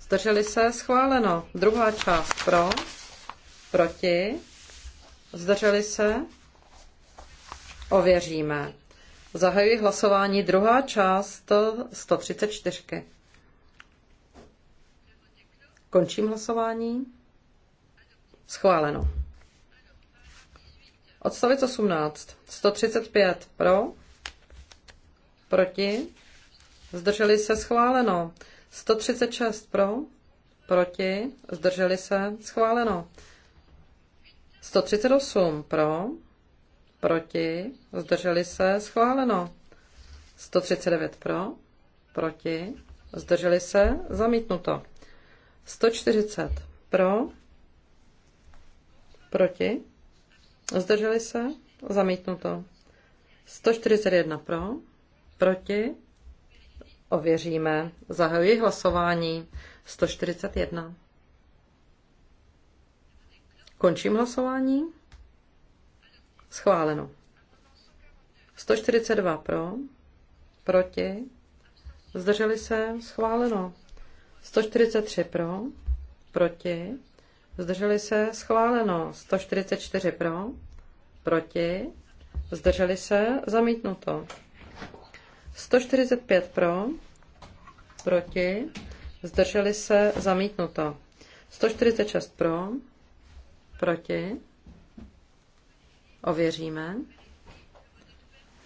zdrželi se, schváleno. Druhá část pro, proti, zdrželi se, Ověříme. Zahajuji hlasování druhá část 134. Končím hlasování. Schváleno. Odstavec 18. 135 pro. Proti. Zdrželi se schváleno. 136 pro. Proti. Zdrželi se schváleno. 138 pro proti, zdrželi se, schváleno. 139 pro, proti, zdrželi se, zamítnuto. 140 pro, proti, zdrželi se, zamítnuto. 141 pro, proti, ověříme. Zahajuji hlasování 141. Končím hlasování. Schváleno. 142 pro, proti, zdrželi se, schváleno. 143 pro, proti, zdrželi se, schváleno. 144 pro, proti, zdrželi se, zamítnuto. 145 pro, proti, zdrželi se, zamítnuto. 146 pro, proti, Ověříme.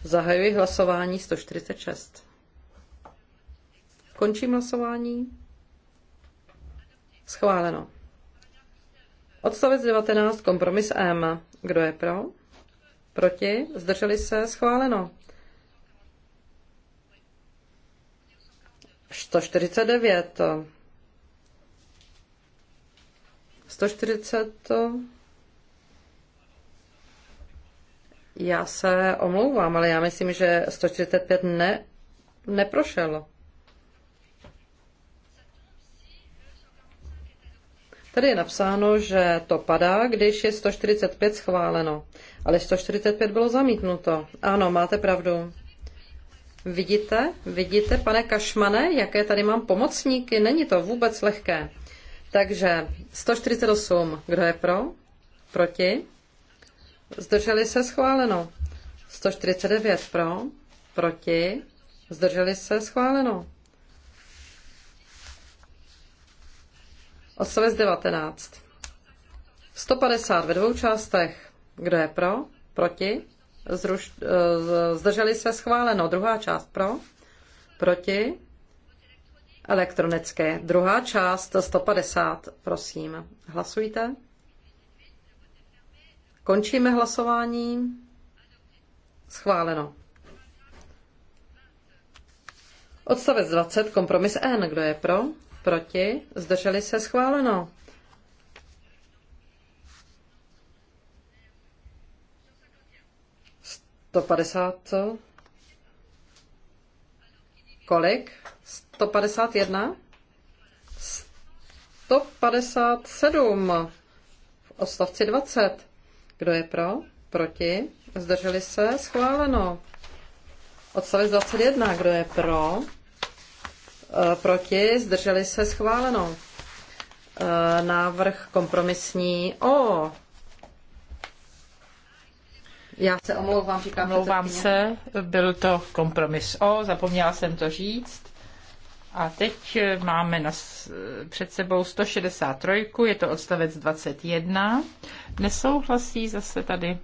Zahajuji hlasování 146. Končím hlasování. Schváleno. Odstavec 19, kompromis M. Kdo je pro? Proti? Zdrželi se? Schváleno. 149. 140. Já se omlouvám, ale já myslím, že 145 ne, neprošel. Tady je napsáno, že to padá, když je 145 schváleno. Ale 145 bylo zamítnuto. Ano, máte pravdu. Vidíte, vidíte, pane Kašmane, jaké tady mám pomocníky, není to vůbec lehké. Takže 148, kdo je pro? Proti? zdrželi se schváleno. 149 pro, proti, zdrželi se schváleno. Odstavec 19. 150 ve dvou částech. Kdo je pro? Proti? Zruš, eh, zdrželi se schváleno. Druhá část pro? Proti? Elektronické. Druhá část 150. Prosím, hlasujte. Končíme hlasování. Schváleno. Odstavec 20, kompromis N. Kdo je pro? Proti? Zdrželi se? Schváleno. To 50. Kolik? 151? 157 v odstavci 20. Kdo je pro? Proti? Zdrželi se? Schváleno. Odstavec 21. Kdo je pro? E, proti? Zdrželi se? Schváleno. E, návrh kompromisní O. Já se omlouvám, říkám. Omlouvám se, byl to kompromis O, zapomněla jsem to říct. A teď eh, máme na, před sebou 163, je to odstavec 21. Nesouhlasí zase tady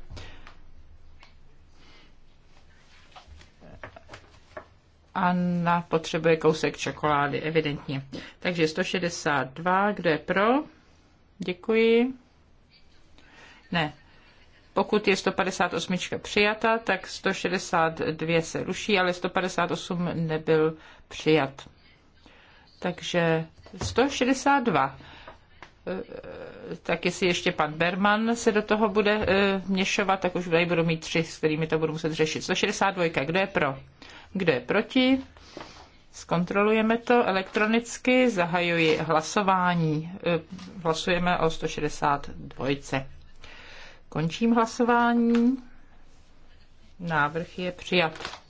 Anna potřebuje kousek čokolády, evidentně. Takže 162, kdo je pro? Děkuji. Ne. Pokud je 158 přijata, tak 162 se ruší, ale 158 nebyl přijat. Takže 162. Eh, eh, tak jestli ještě pan Berman se do toho bude eh, měšovat, tak už tady budu mít tři, s kterými to budu muset řešit. 162. Kdo je pro? Kdo je proti? Zkontrolujeme to elektronicky, zahajuji hlasování. Hlasujeme o 162. Končím hlasování. Návrh je přijat.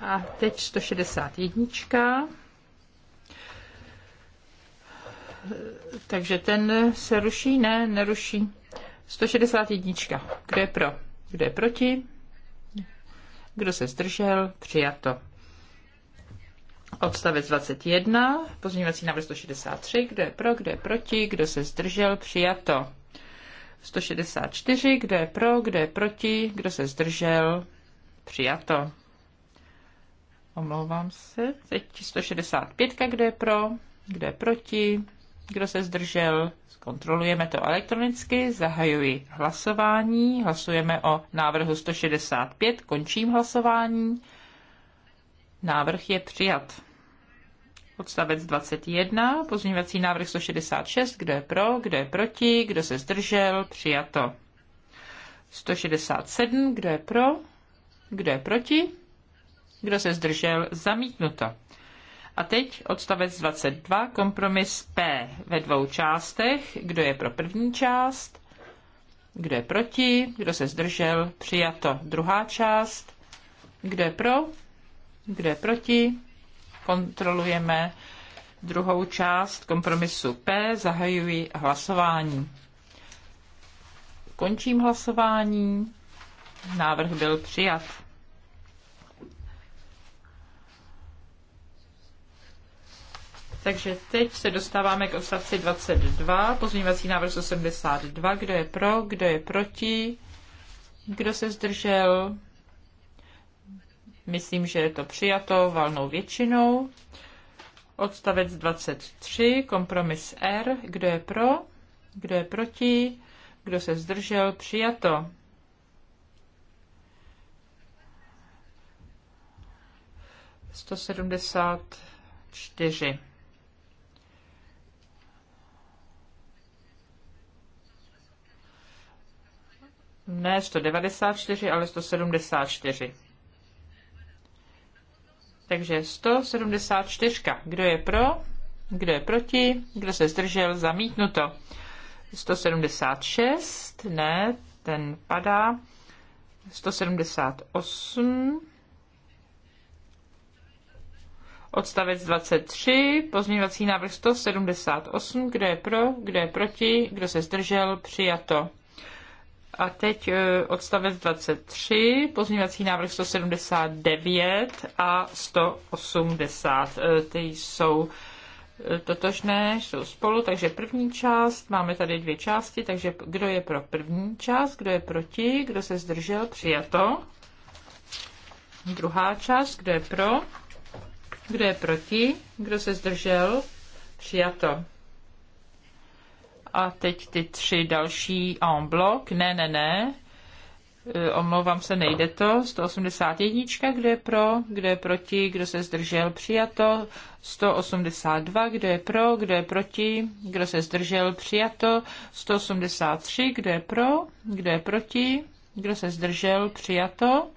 A teď 161 takže ten se ruší? Ne, neruší. 161. Kdo je pro? Kdo je proti? Kdo se zdržel? Přijato. Odstavec 21, pozměňovací návrh 163, kdo je pro, kdo je proti, kdo se zdržel, přijato. 164, kdo je pro, kdo je proti, kdo se zdržel, přijato. Omlouvám se. Teď 165, kdo je pro, kdo je proti, kdo se zdržel? Zkontrolujeme to elektronicky. Zahajuji hlasování. Hlasujeme o návrhu 165. Končím hlasování. Návrh je přijat. Odstavec 21, pozměňovací návrh 166, kdo je pro, kdo je proti, kdo se zdržel, přijato. 167, kdo je pro, kdo je proti, kdo se zdržel, zamítnuto. A teď odstavec 22, kompromis P ve dvou částech. Kdo je pro první část? Kdo je proti? Kdo se zdržel? Přijato. Druhá část. Kdo je pro? Kdo je proti? Kontrolujeme druhou část kompromisu P. Zahajuji hlasování. Končím hlasování. Návrh byl přijat. Takže teď se dostáváme k odstavci 22, pozměňovací návrh 82. Kdo je pro, kdo je proti, kdo se zdržel? Myslím, že je to přijato valnou většinou. Odstavec 23, kompromis R. Kdo je pro, kdo je proti, kdo se zdržel? Přijato. Sto sedmdesát čtyři. Ne 194, ale 174. Takže 174. Kdo je pro? Kdo je proti? Kdo se zdržel? Zamítnuto. 176. Ne, ten padá. 178. Odstavec 23, pozměňovací návrh 178, kdo je pro, kdo je proti, kdo se zdržel, přijato. A teď e, odstavec 23, pozměňovací návrh 179 a 180. E, ty jsou e, totožné, jsou spolu, takže první část, máme tady dvě části, takže kdo je pro první část, kdo je proti, kdo se zdržel, přijato. Druhá část, kdo je pro, kdo je proti, kdo se zdržel, přijato a teď ty tři další en bloc. Ne, ne, ne. E, omlouvám se, nejde to. 181, kdo je pro, kdo je proti, kdo se zdržel, přijato. 182, kdo je pro, kdo je proti, kdo se zdržel, přijato. 183, kdo je pro, kdo je proti, kdo se zdržel, přijato.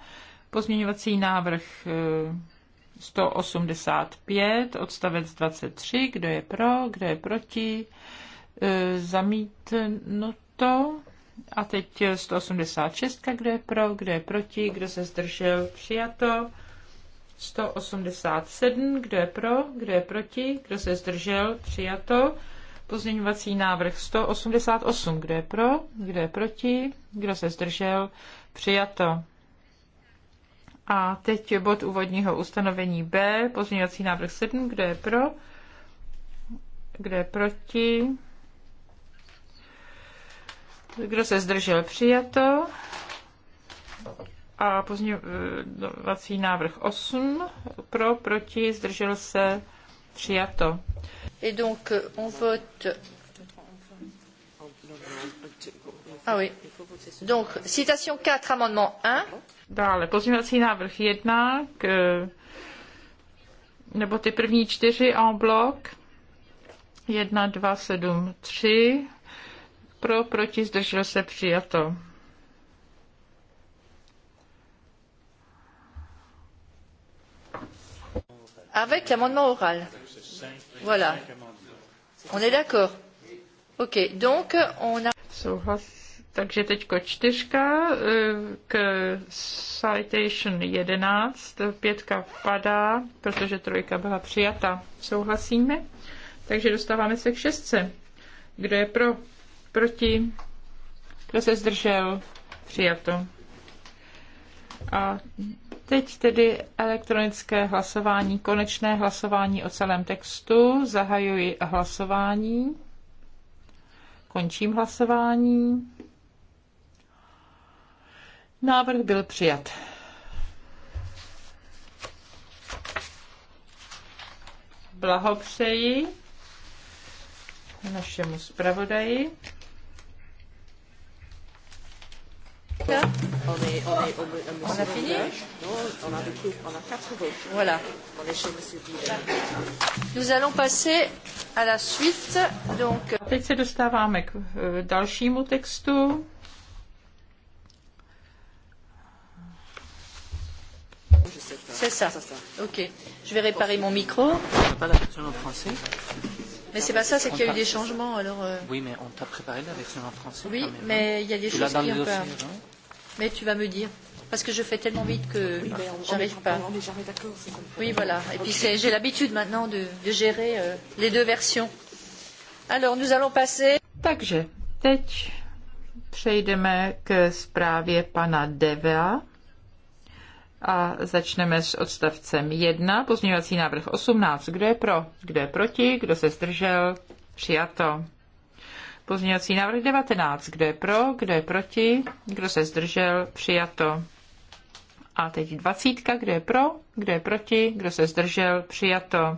Pozměňovací návrh 185, e, odstavec 23, kdo je pro, kdo je proti, zamítnuto. A teď 186, kdo je pro, kdo je proti, kdo se zdržel, přijato. 187, kdo je pro, kdo je proti, kdo se zdržel, přijato. Pozměňovací návrh 188, kdo je pro, kdo je proti, kdo se zdržel, přijato. A teď je bod úvodního ustanovení B, pozměňovací návrh 7, kdo je pro, kdo je proti, kdo se zdržel? Přijato. A pozměňovací návrh 8. Pro, proti, zdržel se. Přijato. Et donc, on vote... Ah oui. Donc, citation 4, amendement 1. Dále, pozměňovací návrh 1 k nebo ty první čtyři en bloc. 1, 2, 7, 3 pro, proti, zdržel se, přijato. Avec l'amendement oral. Voilà. On est d'accord. OK. Donc, on a... Souhlas. Takže teďko čtyřka eh, k citation 11, pětka padá, protože trojka byla přijata. Souhlasíme? Takže dostáváme se k šestce. Kdo je pro? Proti? Kdo se zdržel? Přijato. A teď tedy elektronické hlasování, konečné hlasování o celém textu. Zahajuji hlasování. Končím hlasování. Návrh byl přijat. Blahopřeji našemu zpravodaji. On, est, on, est, on, on, on, a fini non, on, a beaucoup, on a quatre votes. Voilà. On est chez Monsieur Nous allons passer à la suite. Donc... teď se dostáváme k eh, dalšímu textu. C'est ça. ça. Ok. Je vais réparer mon micro. je. n'a pas la version en français. Mais c'est pas ça, c'est qu'il y a eu des changements. Alors, euh... Oui, mais on t'a préparé la version en français. Oui, mais il y a des choses qui ont pas. Mais tu vas me dire. Parce que je fais tellement vite que oui, j'arrive pas. On n'est jamais d'accord. Oui, voilà. Et puis j'ai l'habitude maintenant de, de gérer euh, les deux versions. Alors, nous allons passer. Takže teď přejdeme ke zprávě pana Devea a začneme s odstavcem 1, pozměňovací návrh 18. Kdo je pro? Kdo je proti? Kdo se zdržel? Přijato. Pozměňovací návrh 19. Kdo je pro? Kdo je proti? Kdo se zdržel? Přijato. A teď 20. Kdo je pro? Kdo je proti? Kdo se zdržel? Přijato.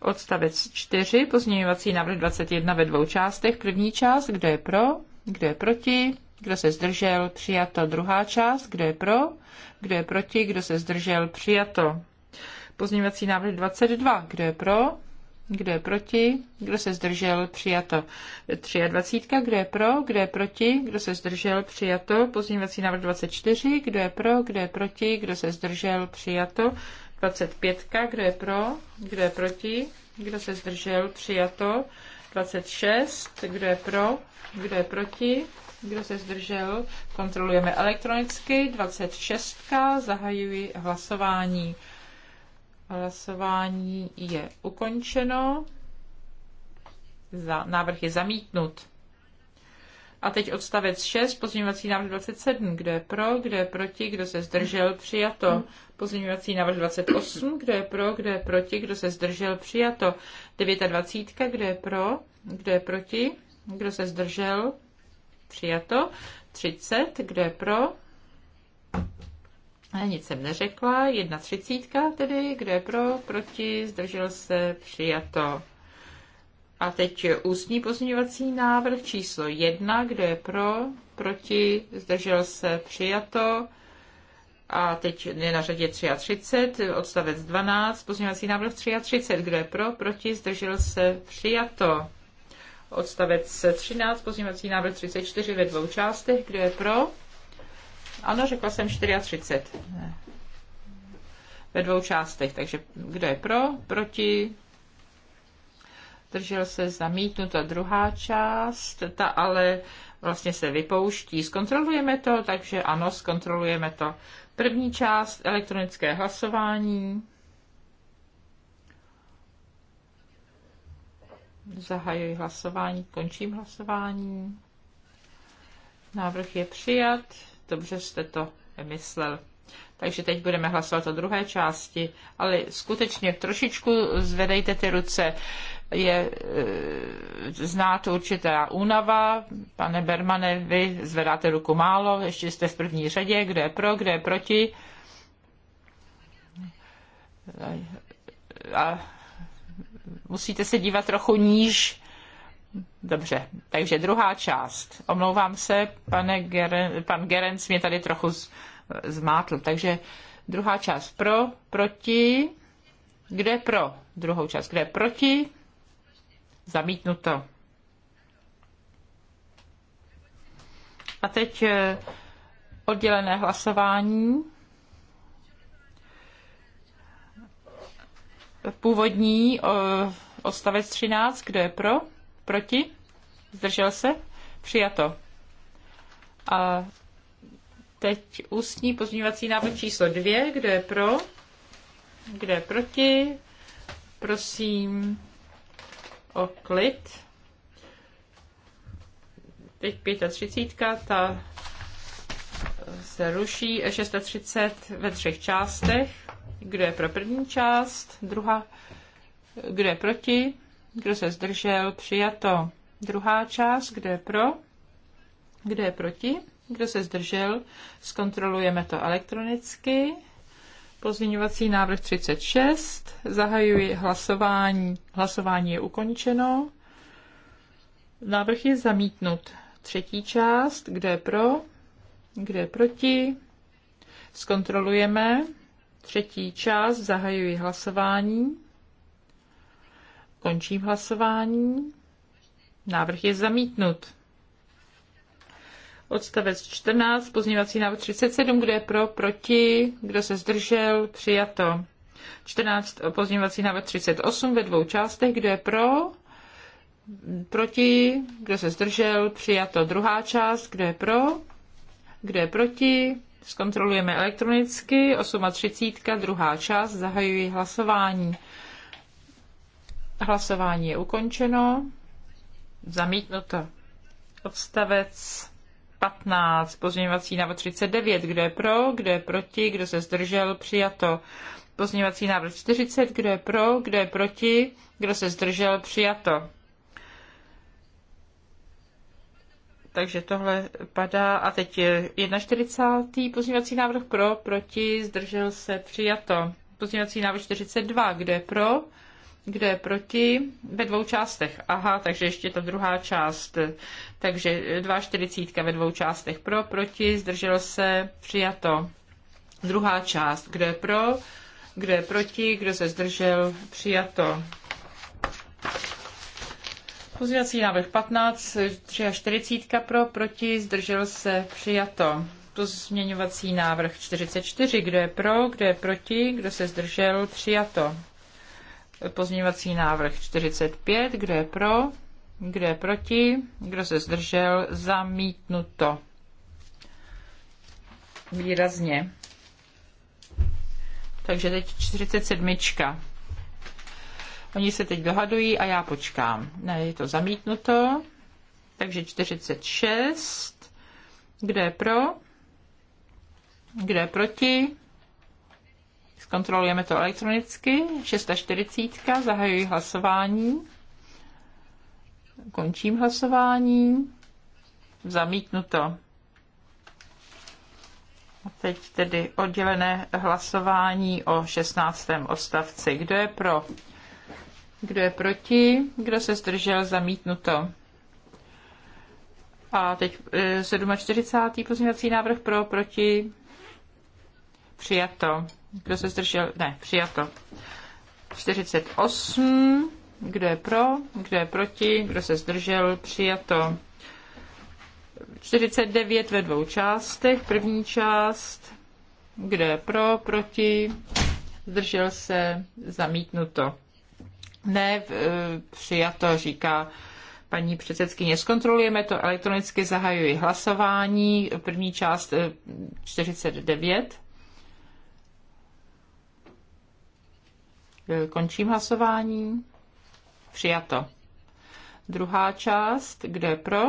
Odstavec 4, pozměňovací návrh 21 ve dvou částech. První část, kdo je pro, kdo je proti, kdo se zdržel, přijato. Druhá část, kdo je pro, kdo je proti, kdo se zdržel, přijato. Pozměňovací návrh 22, kdo je pro, kdo je proti, kdo se zdržel, přijato. 23, kdo je pro, kdo je proti, kdo se zdržel, přijato. Pozměňovací návrh 24, kdo je pro, kdo je proti, kdo se zdržel, přijato. 25, kdo je pro, kdo je proti, kdo se zdržel, přijato. 26, kdo je pro, kdo je proti, kdo se zdržel? Kontrolujeme elektronicky. 26. Zahajuji hlasování. Hlasování je ukončeno. Za, návrh je zamítnut. A teď odstavec 6, pozměňovací návrh 27. Kdo je pro, kdo je proti, kdo se zdržel, přijato. Pozměňovací návrh 28. Kdo je pro, kdo je proti, kdo se zdržel, přijato. 29. Kdo je pro, kdo je proti, kdo se zdržel, Přijato. 30. Kdo je pro? A nic jsem neřekla. 31, tedy. Kdo je pro? Proti? Zdržel se? Přijato. A teď ústní pozměňovací návrh číslo 1, Kdo je pro? Proti? Zdržel se? Přijato. A teď je na řadě 33, odstavec 12, pozměňovací návrh 33. Kdo je pro? Proti? Zdržel se? Přijato odstavec 13, pozměňovací návrh 34 ve dvou částech. Kdo je pro? Ano, řekla jsem 34. Ne. Ve dvou částech. Takže kdo je pro? Proti? Držel se zamítnuta druhá část, ta ale vlastně se vypouští. Zkontrolujeme to, takže ano, zkontrolujeme to. První část elektronické hlasování. Zahajuji hlasování, končím hlasování. Návrh je přijat, dobře jste to myslel. Takže teď budeme hlasovat o druhé části, ale skutečně trošičku zvedejte ty ruce. Je e, znát určitá únava. Pane Bermane, vy zvedáte ruku málo, ještě jste v první řadě, kde je pro, kde je proti. A musíte se dívat trochu níž. Dobře, takže druhá část. Omlouvám se, pane Geren, pan Gerenc mě tady trochu z, zmátl. Takže druhá část pro, proti. Kde pro? Druhou část. Kde proti? Zamítnuto. A teď eh, oddělené hlasování. původní odstavec 13. Kdo je pro? Proti? Zdržel se? Přijato. A teď ústní pozměňovací návrh číslo 2. Kdo je pro? Kdo je proti? Prosím o klid. Teď 35, ta e, se ruší, 630 ve třech částech. Kdo je pro první část? Druhá. Kdo je proti? Kdo se zdržel? Přijato. Druhá část. Kdo je pro? Kdo je proti? Kdo se zdržel? Zkontrolujeme to elektronicky. Pozměňovací návrh 36. Zahajuji hlasování. Hlasování je ukončeno. Návrh je zamítnut. Třetí část. Kdo je pro? Kdo je proti? Zkontrolujeme. Třetí část zahajuji hlasování. Končím hlasování. Návrh je zamítnut. Odstavec 14, pozměňovací návrh 37, kdo je pro, proti, kdo se zdržel, přijato. 14, pozměňovací návrh 38 ve dvou částech, kdo je pro, proti, kdo se zdržel, přijato. Druhá část, kdo je pro, kdo je proti, Zkontrolujeme elektronicky. 8.30. druhá část. Zahajuji hlasování. Hlasování je ukončeno. Zamítnuto. Odstavec 15. Pozměňovací návrh 39. Kdo je pro? Kdo je proti? Kdo se zdržel? Přijato. Pozměňovací návrh 40. Kdo je pro? Kdo je proti? Kdo se zdržel? Přijato. takže tohle padá. A teď je 41. pozměňovací návrh pro, proti, zdržel se, přijato. Pozměňovací návrh 42, kde je pro, kde je proti, ve dvou částech. Aha, takže ještě ta druhá část. Takže 2,40 ve dvou částech pro, proti, zdržel se, přijato. Druhá část, kde je pro, kde je proti, kdo se zdržel, přijato. Pozvědací návrh 15, 43 pro, proti, zdržel se, přijato. Pozměňovací návrh 44, kdo je pro, kdo je proti, kdo se zdržel, přijato. Pozměňovací návrh 45, kdo je pro, kdo je proti, kdo se zdržel, zamítnuto. Výrazně. Takže teď 47. Oni se teď dohadují a já počkám. Ne, je to zamítnuto. Takže 46. Kdo je pro? Kdo je proti? Zkontrolujeme to elektronicky. 640. Zahajuji hlasování. Končím hlasování. Zamítnuto. A teď tedy oddělené hlasování o 16. odstavci. Kdo je pro? Kdo je proti? Kdo se zdržel? Zamítnuto. A teď 47. E, pozměňovací návrh pro, proti, přijato. Kdo se zdržel? Ne, přijato. 48. Kdo je pro? Kdo je proti? Kdo se zdržel? Přijato. 49 ve dvou částech. První část. Kdo je pro? Proti? Zdržel se? Zamítnuto. Ne, e, přijato, říká paní předsedkyně. Zkontrolujeme to elektronicky, zahajuji hlasování, první část 49. E, e, končím hlasování. Přijato. Druhá část, kdo je pro,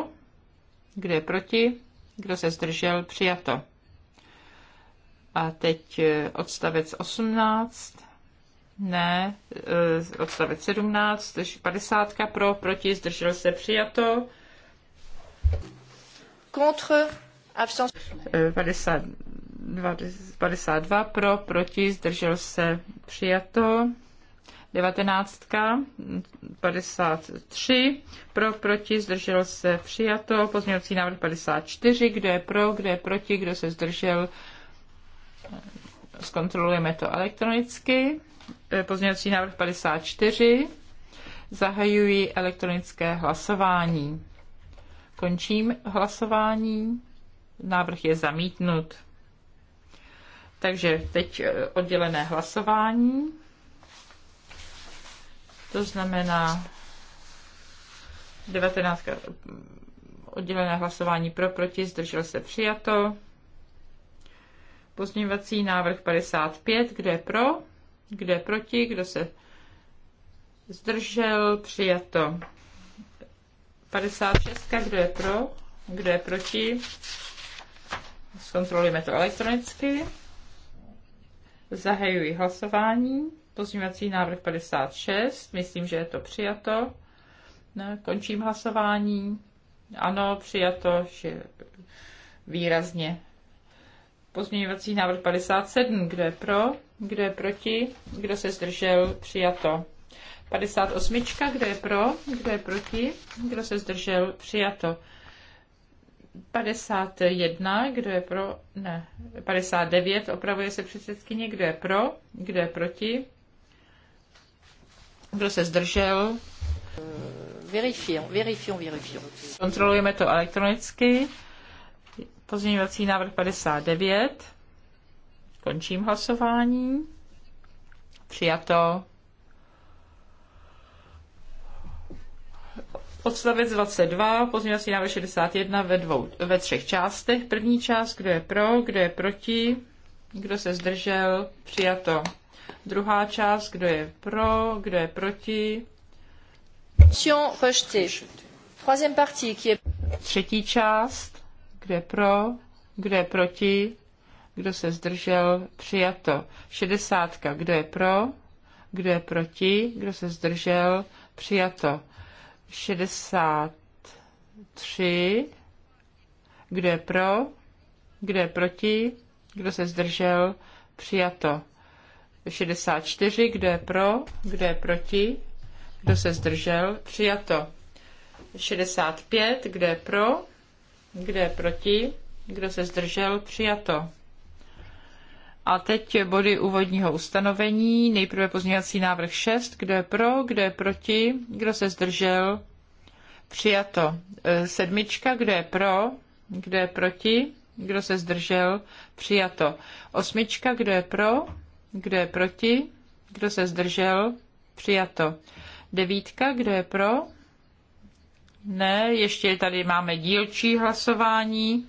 kdo je proti, kdo se zdržel, přijato. A teď odstavec 18 ne, eh, odstavec 17, 50 pro, proti, zdržel se přijato. Contre, absence. 50, 52 pro, proti, zdržel se přijato. 19, 53, pro, proti, zdržel se přijato. Pozměňovací návrh 54, kdo je pro, kdo je proti, kdo se zdržel. Eh, zkontrolujeme to elektronicky. Eh, pozměňovací návrh 54. Zahajuji elektronické hlasování. Končím hlasování. Návrh je zamítnut. Takže teď eh, oddělené hlasování. To znamená 19 eh, oddělené hlasování pro, proti, zdržel se přijato. Pozměňovací návrh 55, kde je pro? Kdo je proti? Kdo se zdržel? Přijato. 56. Kdo je pro? Kdo je proti? Zkontrolujeme to elektronicky. Zahajuji hlasování. Pozměňovací návrh 56. Myslím, že je to přijato. No, končím hlasování. Ano, přijato, že výrazně Pozměňovací návrh 57. Kdo je pro? Kdo je proti? Kdo se zdržel? Přijato. 58. Kdo je pro? Kdo je proti? Kdo se zdržel? Přijato. 51, kdo je pro, ne, 59, opravuje se předsedkyně, kdo je pro, kdo je proti, kdo se zdržel. Verifion, verifion, verifion. Kontrolujeme to elektronicky. Pozměňovací návrh 59. Končím hlasování. Přijato. Odstavec 22, pozměňovací návrh 61 ve, dvou, ve třech částech. První část, kdo je pro, kdo je proti, kdo se zdržel, přijato. Druhá část, kdo je pro, kdo je proti. Třetí část, kde pro, kde proti, kdo se zdržel, přijato. 60. Kdo je pro, kdo je proti, kdo se zdržel, přijato. 63. Kdo je pro, kdo je proti, kdo se zdržel, přijato. 64. Kdo je pro, kdo je proti, kdo se zdržel, přijato. 65. Kdo je pro, kdo je proti? Kdo se zdržel? Přijato. A teď body úvodního ustanovení. Nejprve pozměňovací návrh 6. Kdo je pro? Kdo je proti? Kdo se zdržel? Přijato. E, sedmička. Kdo je pro? Kdo je proti? Kdo se zdržel? Přijato. Osmička. Kdo je pro? Kdo je proti? Kdo se zdržel? Přijato. Devítka. Kdo je pro? Ne, ještě tady máme dílčí hlasování.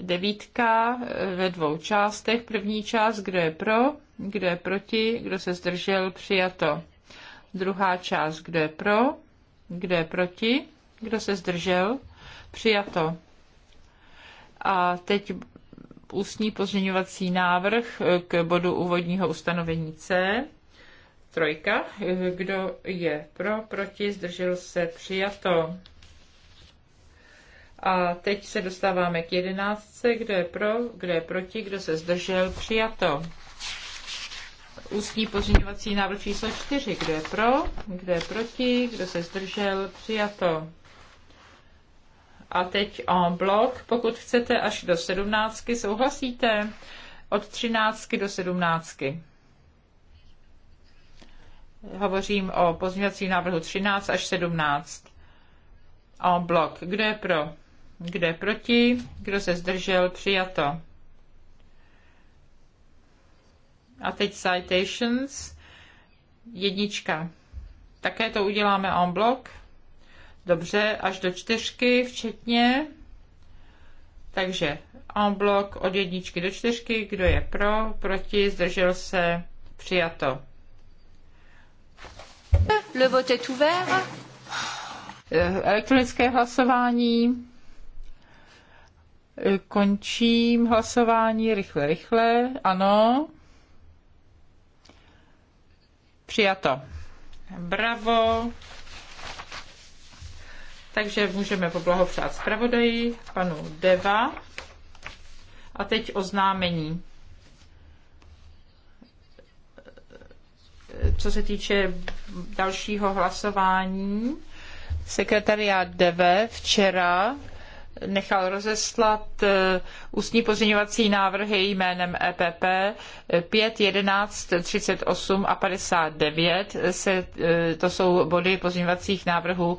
Devítka eh, ve dvou částech. První část, kdo je pro, kdo je proti, kdo se zdržel, přijato. Druhá část, kdo je pro, kdo je proti, kdo se zdržel, přijato. A teď ústní pozměňovací návrh eh, k bodu úvodního ustanovení C. Trojka, kdo je pro, proti, zdržel se, přijato. A teď se dostáváme k jedenáctce, kdo je pro, kdo je proti, kdo se zdržel, přijato. Ústní pozměňovací návrh číslo čtyři, Kdo je pro? Kdo je proti? Kdo se zdržel? Přijato. A teď en blok, pokud chcete až do sedmnáctky, souhlasíte? Od třináctky do sedmnáctky. Hovořím o pozměňovací návrhu 13 až 17. O blok. Kdo je pro? Kdo je proti? Kdo se zdržel? Přijato. A teď citations. Jednička. Také to uděláme on blok. Dobře, až do čtyřky včetně. Takže on blok od jedničky do čtyřky. Kdo je pro? Proti? Zdržel se? Přijato. Le vote est ouvert. Eh, elektronické hlasování. Eh, končím hlasování rychle, rychle. Ano. Přijato. Bravo. Takže můžeme poblahopřát zpravodaji panu Deva. A teď oznámení. Eh, co se týče dalšího hlasování. Sekretariát DV včera nechal rozeslat eh, ústní pozměňovací návrhy jménem EPP 5, 11, 38 a 59. Se, eh, to jsou body pozměňovacích návrhů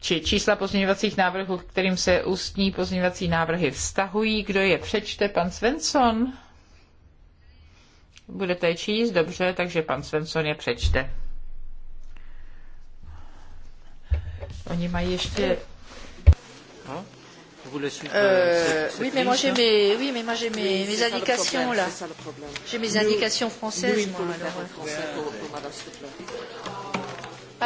či čísla pozměňovacích návrhů, kterým se ústní pozměňovací návrhy vztahují. Kdo je přečte? Pan Svensson? Budete je číst? Dobře, takže pan Svensson je přečte. Oni mají ještě... Euh, euh oui, mais moi j'ai mes, oui, mais moi j'ai mes, oui, mes indications là. J'ai mes indications françaises. Oui, moi, alors. Français pour,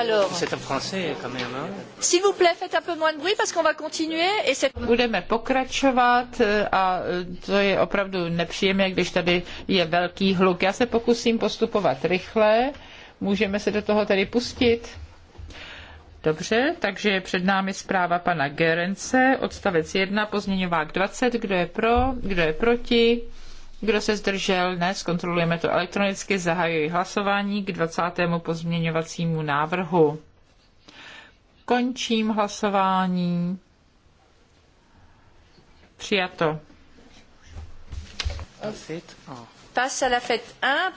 alors. C'est en français quand même. Hein? S'il vous plaît, faites un peu moins de bruit parce qu'on va continuer et c'est. Budeme pokračovat eh, a eh, to je opravdu nepříjemné, když tady je velký hluk. Já se pokusím postupovat rychle. Můžeme se do toho tedy pustit. Dobře, takže je před námi zpráva pana Gerence, odstavec 1, pozměňovák 20, kdo je pro, kdo je proti, kdo se zdržel, ne, zkontrolujeme to elektronicky, zahajuji hlasování k 20. pozměňovacímu návrhu. Končím hlasování. Přijato. Odstavec 1a,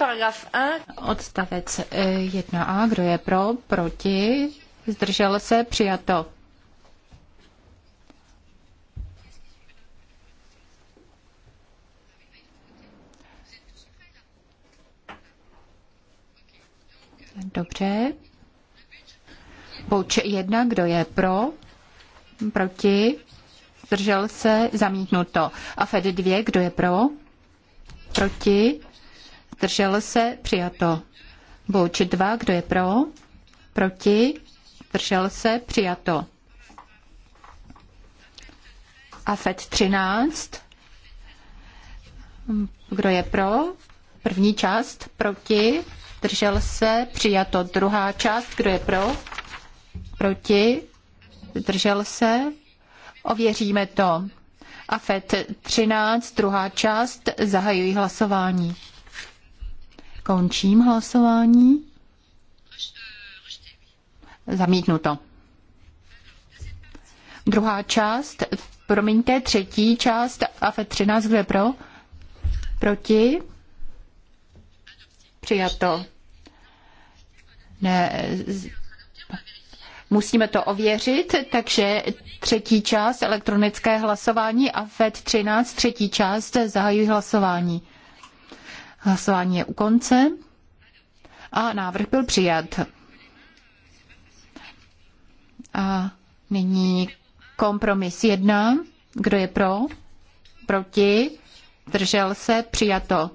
eh, kdo je pro, proti, zdržel se, přijato. Dobře. Buď jedna, kdo je pro, proti, zdržel se, zamítnuto. A Fed dvě, kdo je pro, proti, zdržel se, přijato. Buď dva, kdo je pro, proti, zdržel se, přijato. AFET 13. Kdo je pro? První část proti, zdržel se, přijato. Druhá část, kdo je pro? Proti, zdržel se. Ověříme to. AFET 13, druhá část, zahajují hlasování. Končím hlasování. Zamítnuto. Druhá část, promiňte, třetí část AFE 13, kde pro? Proti? Přijato. Ne, musíme to ověřit, takže třetí část elektronické hlasování a FED 13, třetí část zahajují hlasování. Hlasování je u konce a návrh byl přijat. A nyní kompromis jedna. Kdo je pro? Proti? Držel se? Přijato.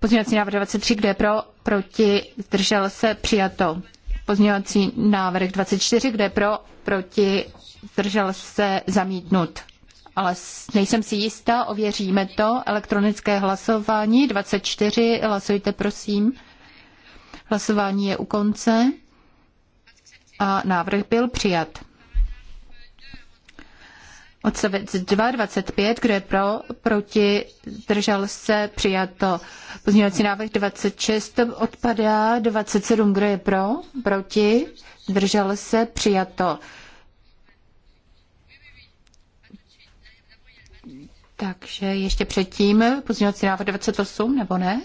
Pozměňovací návrh 23, kdo je pro? Proti? Držel se? Přijato. Pozměňovací návrh 24, kdo je pro? Proti? Držel se? Zamítnut. Ale nejsem si jistá, ověříme to. Elektronické hlasování 24, hlasujte prosím. Hlasování je u konce a návrh byl přijat. Odstavec 2, 25, kdo je pro, proti, držel se, přijato. Pozměňovací návrh 26 odpadá, 27, kdo je pro, proti, držel se, přijato. Takže ještě předtím pozměňovací návrh 28, nebo ne?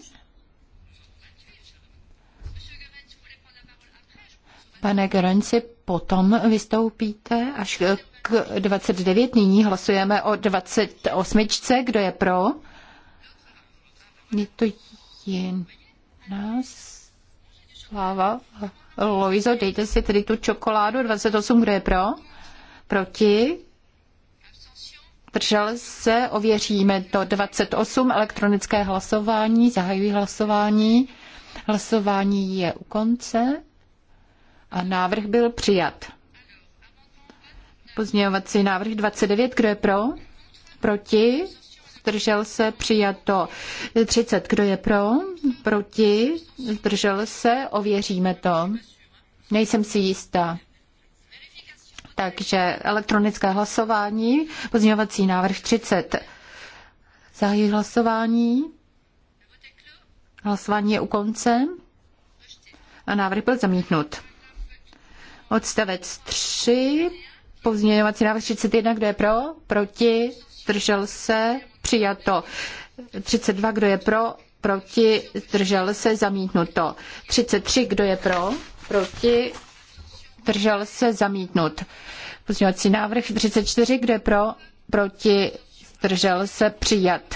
Pane Gerenci, potom vystoupíte až k 29. Nyní hlasujeme o 28. Kdo je pro? Je to Nás? sláva. Loizo, dejte si tedy tu čokoládu. 28. Kdo je pro? Proti? Držel se, ověříme to. 28. Elektronické hlasování. Zahajují hlasování. Hlasování je u konce. A návrh byl přijat. Pozměňovací návrh 29, kdo je pro? Proti? Zdržel se přijato 30, kdo je pro? Proti? Zdržel se? Ověříme to. Nejsem si jistá. Takže elektronické hlasování, pozměňovací návrh 30. Zahajuji hlasování. Hlasování je u konce. A návrh byl zamítnut. Odstavec 3, pozměňovací návrh 31, kdo je pro, proti, zdržel se, přijato. 32, kdo je pro, proti, zdržel se, zamítnuto. 33, kdo je pro, proti, zdržel se, zamítnut. Pozměňovací návrh 34, kdo je pro, proti, zdržel se, přijat.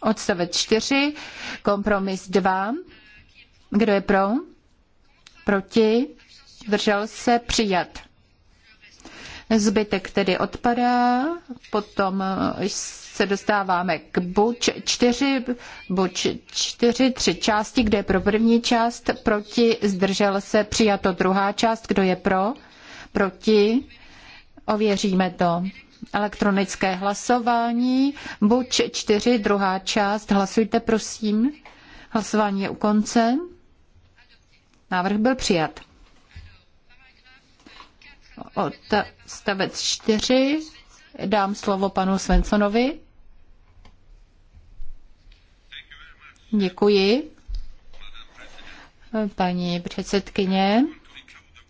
Odstavec 4, kompromis 2, kdo je pro, proti, zdržel se, přijat. Zbytek tedy odpadá, potom se dostáváme k buď čtyři, buď čtyři, tři části, kde je pro první část, proti, zdržel se, přijato druhá část, kdo je pro, proti, ověříme to. Elektronické hlasování, buď čtyři, druhá část, hlasujte prosím. Hlasování je u konce. Návrh byl přijat. Stavec 4. Dám slovo panu Svensonovi. Děkuji. Paní předsedkyně,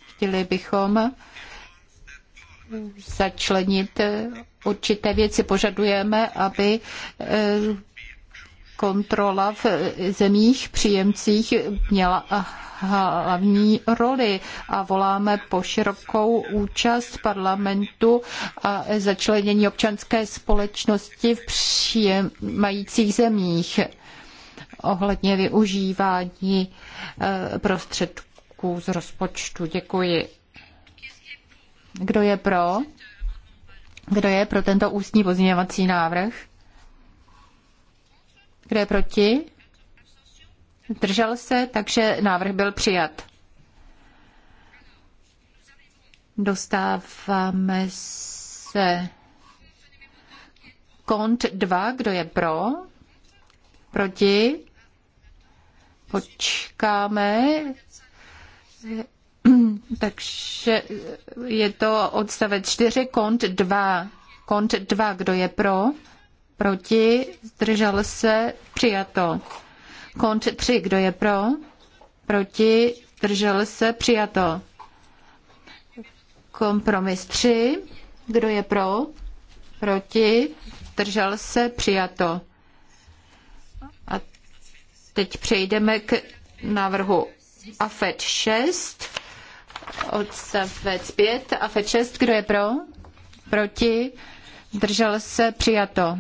chtěli bychom začlenit určité věci. Požadujeme, aby eh, kontrola v zemích příjemcích měla hlavní roli a voláme po širokou účast parlamentu a začlenění občanské společnosti v přijímajících zemích ohledně využívání eh, prostředků z rozpočtu. Děkuji. Kdo je pro? Kdo je pro tento ústní pozměňovací návrh? Kdo je proti? Držel se, takže návrh byl přijat. Dostáváme se kont 2, kdo je pro, proti, počkáme, takže je to odstavec 4, kont 2, kont 2, kdo je pro, proti, zdržel se, přijato. Kont 3, kdo je pro, proti, zdržel se, přijato. Kompromis 3, kdo je pro, proti, zdržel se, přijato. A teď přejdeme k návrhu AFET 6, odstavec 5, AFET 6, kdo je pro, proti, zdržel se, přijato.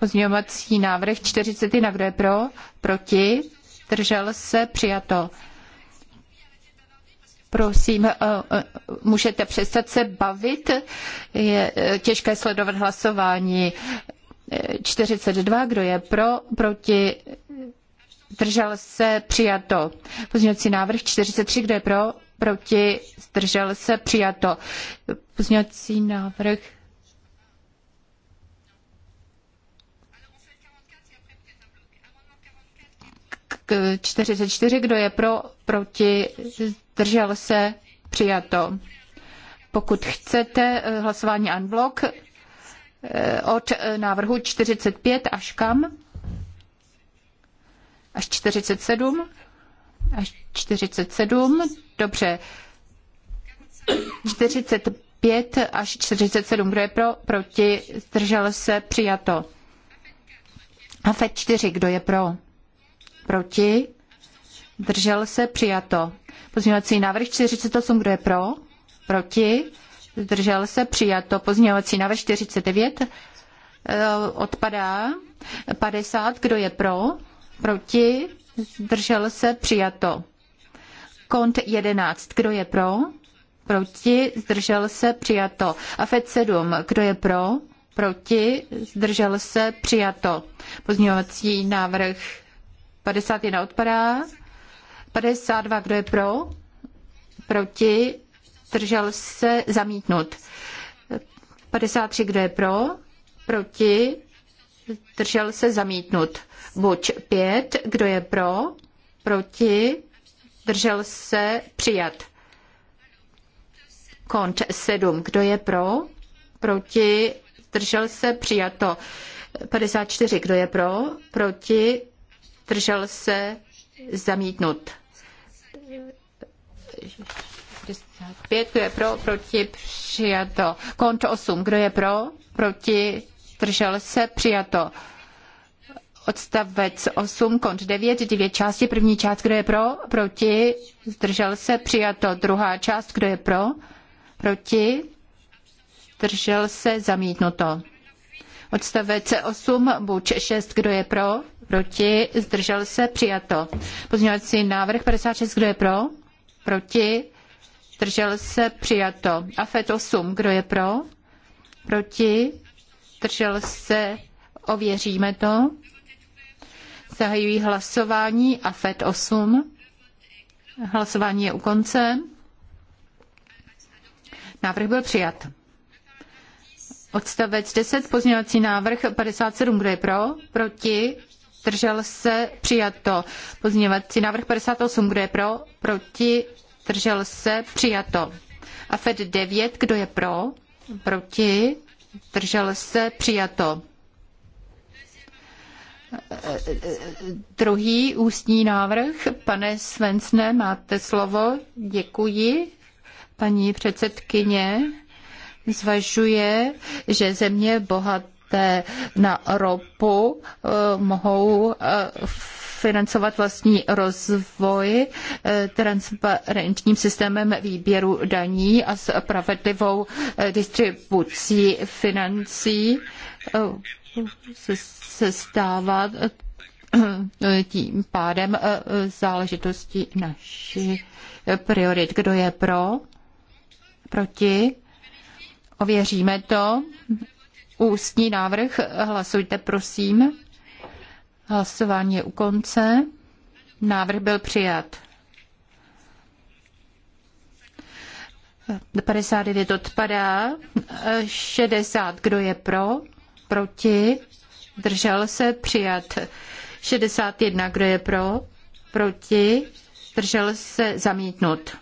Pozměňovací návrh 41. Kdo je pro? Proti? Držel se? Přijato. Prosím, eh, eh, můžete přestat se bavit? Je eh, těžké sledovat hlasování. 42. Kdo je pro? Proti? Zdržel se přijato. Pozměňovací návrh 43, kdo je pro, proti, zdržel se přijato. Pozměňovací návrh 44, kdo je pro, proti, zdržel se, přijato. Pokud chcete eh, hlasování unblock eh, od eh, návrhu 45 až kam? Až 47? Až 47, dobře. 45 až 47, kdo je pro, proti, zdržel se, přijato. A ve 4, kdo je pro? Proti? Držel se přijato. Pozměňovací návrh 48, kdo je pro? Proti? Zdržel se přijato. Pozměňovací návrh 49 eh, odpadá. 50, kdo je pro? Proti? Zdržel se přijato. Kont 11, kdo je pro? Proti? Zdržel se přijato. AFED 7, kdo je pro? Proti? Zdržel se přijato. Pozměňovací návrh 51 odpadá. 52, kdo je pro? Proti? Držel se zamítnut. 53, kdo je pro? Proti? Držel se zamítnut. Buď 5, kdo je pro? Proti? Držel se přijat. Kont 7, kdo je pro? Proti? Držel se přijato. 54, kdo je pro? Proti? zdržel se, zamítnut. 65, kdo je pro, proti, přijato. Konč 8, kdo je pro, proti, zdržel se, přijato. Odstavec 8, konč 9, dvě části. První část, kdo je pro, proti, zdržel se, přijato. Druhá část, kdo je pro, proti, zdržel se, zamítnuto. Odstavec 8, buď 6, kdo je pro, proti, zdržel se, přijato. Pozměňovací návrh 56, kdo je pro, proti, zdržel se, přijato. AFET 8, kdo je pro, proti, zdržel se, ověříme to. Zahajují hlasování AFET 8. Hlasování je u konce. Návrh byl přijat. Odstavec 10, pozměňovací návrh 57, kdo je pro? Proti? zdržel se, přijato. Pozměňovací návrh 58, kdo je pro, proti, zdržel se, přijato. A FED 9, kdo je pro, proti, zdržel se, přijato. Druhý ústní návrh. Pane Svensne, máte slovo. Děkuji. Paní předsedkyně zvažuje, že země bohaté bohaté na ropu eh, mohou eh, financovat vlastní rozvoj eh, transparentním systémem výběru daní a spravedlivou distribucí financí se stává tím pádem záležitostí naší priorit. Kdo je pro? Proti? Ověříme to ústní návrh. Hlasujte, prosím. Hlasování je u konce. Návrh byl přijat. 59 odpadá. 60, kdo je pro? Proti? Držel se? Přijat. 61, kdo je pro? Proti? Držel se? Zamítnut.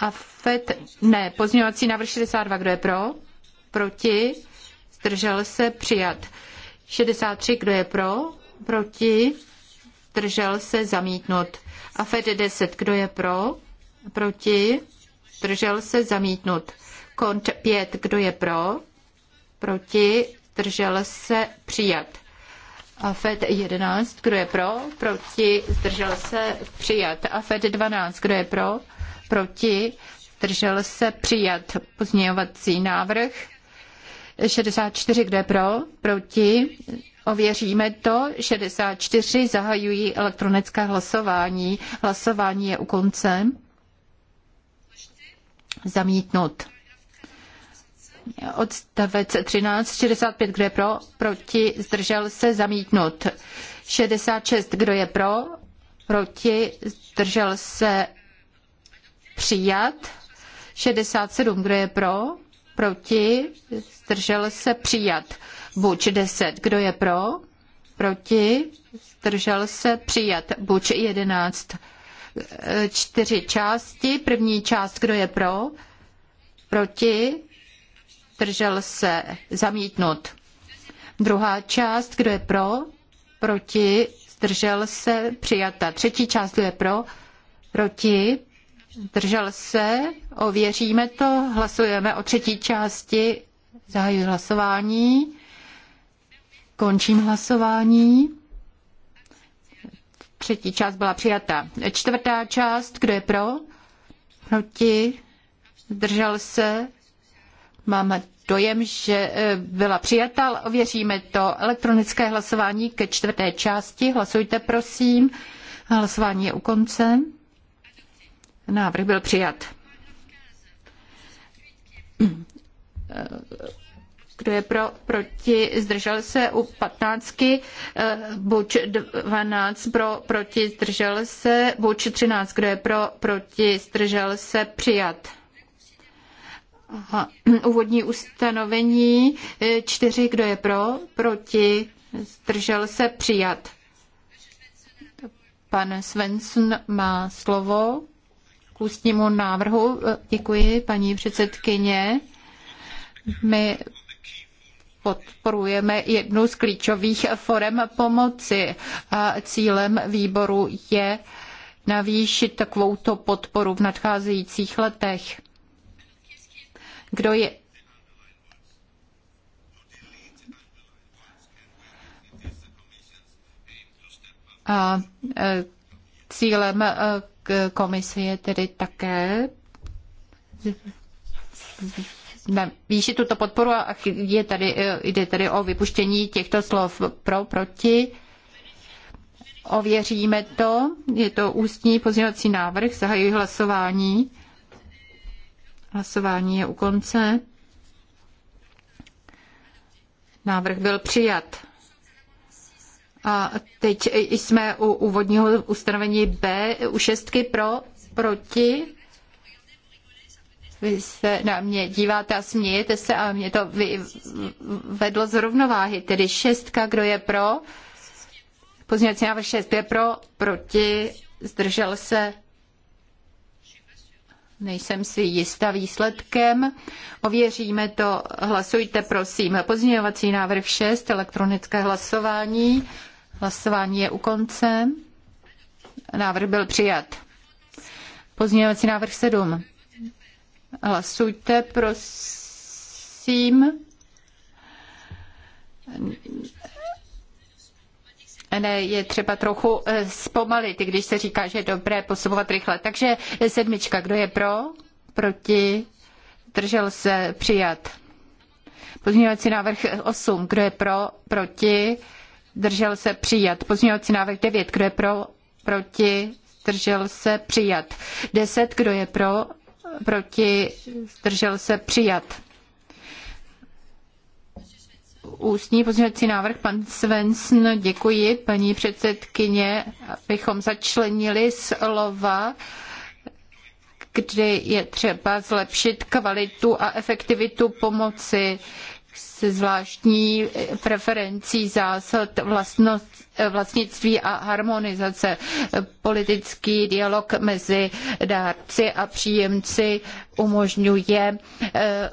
A FED, ne, pozměňovací návrh 62, kdo je pro? Proti? zdržel se, přijat. 63, kdo je pro, proti, zdržel se, zamítnut. A FED 10, kdo je pro, proti, zdržel se, zamítnut. Kont 5, kdo je pro, proti, zdržel se, přijat. A FED 11, kdo je pro, proti, zdržel se, přijat. A FED 12, kdo je pro, proti, zdržel se, přijat. Pozměňovací návrh 64, je pro, proti, ověříme to, 64, zahajují elektronické hlasování, hlasování je u konce, zamítnut. Odstavec 13, 65, je pro, proti, zdržel se, zamítnut. 66, kdo je pro, proti, zdržel se, přijat. 67, kdo je pro, proti, zdržel se přijat. Buď 10, kdo je pro, proti, zdržel se přijat. Buď 11, čtyři části. První část, kdo je pro, proti, zdržel se zamítnut. Druhá část, kdo je pro, proti, zdržel se přijata. Třetí část, kdo je pro, proti, zdržel se, ověříme to, hlasujeme o třetí části, zahajuji hlasování, končím hlasování. Třetí část byla přijata. Čtvrtá část, kdo je pro? Proti? Zdržel se? Mám dojem, že e, byla přijata, ale ověříme to. Elektronické hlasování ke čtvrté části. Hlasujte, prosím. Hlasování je u konce. Návrh byl přijat. Kdo je pro, proti, zdržel se u patnáctky, buď 12 pro, proti, zdržel se, buď 13, kdo je pro, proti, zdržel se, přijat. Úvodní ustanovení čtyři, kdo je pro, proti, zdržel se, přijat. Pan Svensson má slovo k ústnímu návrhu. Děkuji, paní předsedkyně. My podporujeme jednu z klíčových forem pomoci a cílem výboru je navýšit takovouto podporu v nadcházejících letech. Kdo je a e, cílem e, komise je tedy také navýšit tuto podporu a je tady, jde tady o vypuštění těchto slov pro, proti. Ověříme to. Je to ústní pozměňovací návrh. Zahajuji hlasování. Hlasování je u konce. Návrh byl přijat. A teď jsme u úvodního ustanovení B, u šestky pro, proti. Vy se na mě díváte a smějete se a mě to vedlo z rovnováhy. Tedy šestka, kdo je pro? Pozměňovací návrh šest je pro, proti, zdržel se. Nejsem si jistá výsledkem. Ověříme to. Hlasujte, prosím. Pozměňovací návrh 6, elektronické hlasování. Hlasování je u konce. Návrh byl přijat. Pozměňovací návrh 7. Hlasujte, prosím. Ne, je třeba trochu eh, zpomalit, když se říká, že je dobré posouvat rychle. Takže sedmička, kdo je pro? Proti? Držel se přijat. Pozměňovací návrh 8, kdo je pro? Proti? zdržel se přijat. Pozměňovací návrh 9, kdo je pro, proti, zdržel se přijat. 10, kdo je pro, proti, zdržel se přijat. Ústní pozměňovací návrh, pan Svensson, děkuji, paní předsedkyně, abychom začlenili slova kdy je třeba zlepšit kvalitu a efektivitu pomoci se zvláštní preferencí zásad vlastnost, vlastnictví a harmonizace, politický dialog mezi dárci a příjemci umožňuje eh,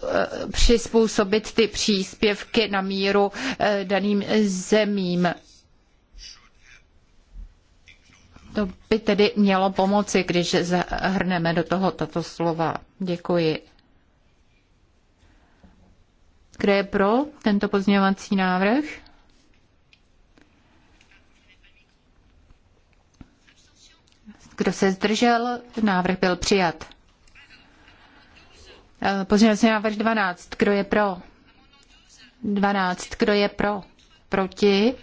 přizpůsobit ty příspěvky na míru eh, daným zemím. To by tedy mělo pomoci, když zahrneme do toho tato slova. Děkuji. Kdo je pro tento pozměňovací návrh? Kdo se zdržel? Návrh byl přijat. Eh, pozměňovací návrh 12. Kdo je pro? 12. Kdo je pro? Proti?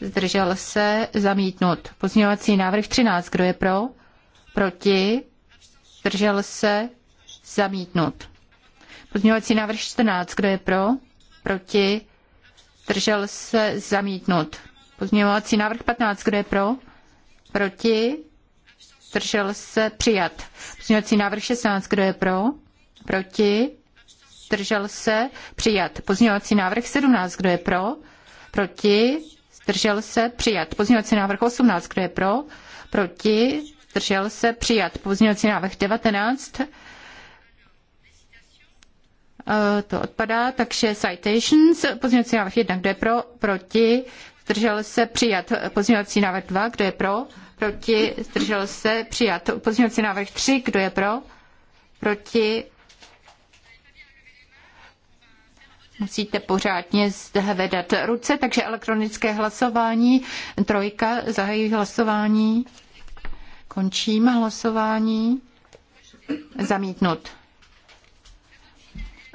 Zdržel se? Zamítnut. Pozměňovací návrh 13. Kdo je pro? Proti? Zdržel se? Zamítnut. Pozměňovací návrh 14. Kdo je pro? Proti? Držel se zamítnut. Pozměňovací návrh 15. Kdo je pro? Proti? Držel se přijat. Pozměňovací návrh 16. Kdo je pro? Proti? Držel se přijat. Pozměňovací návrh 17. Kdo je pro? Proti? Držel se přijat. Pozměňovací návrh 18. Kdo je pro? Proti? Držel se přijat. Pozměňovací návrh 19. Eh, to odpadá, takže citations, pozměňovací návrh 1, kdo je pro, proti, zdržel se přijat pozměňovací návrh 2, kdo je pro, proti, zdržel se přijat pozměňovací návrh 3, kdo je pro, proti, Musíte pořádně zvedat ruce, takže elektronické hlasování. Trojka, zahají hlasování. Končím hlasování. Zamítnut.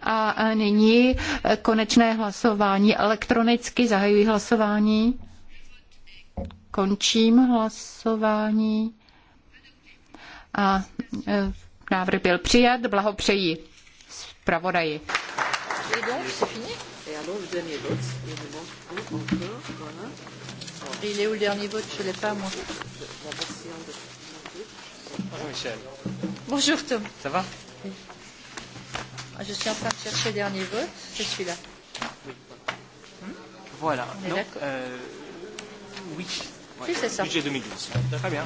A nyní konečné hlasování. Elektronicky zahajuji hlasování. Končím hlasování. A e, návrh byl přijat. Blahopřeji zpravodaji. Il est où le dernier vote Je ne l'ai pas, moi. Bonjour Michel. Bonjour Tom. Ça va oui. Ah, je suis en train de chercher le dernier vote, c'est celui-là. Hmm Voilà. On est non, euh, oui. Ouais, oui, c'est ça. Budget 2012. Très bien.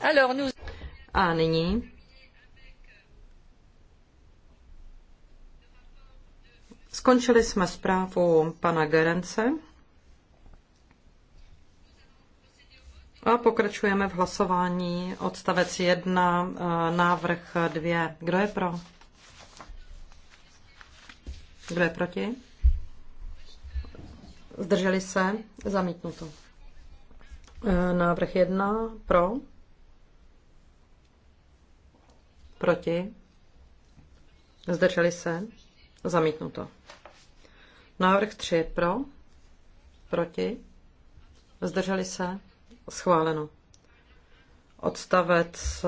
Alors, nous... Ah, Nini. Skončili jsme zprávou pana Gerence. A pokračujeme v hlasování. Odstavec 1, eh, návrh 2. Kdo je pro? Kdo je proti? Zdrželi se? Zamítnuto. Eh, návrh 1 pro? Proti? Zdrželi se? Zamítnuto. Návrh 3 pro? Proti? Zdrželi se? Schváleno. Odstavec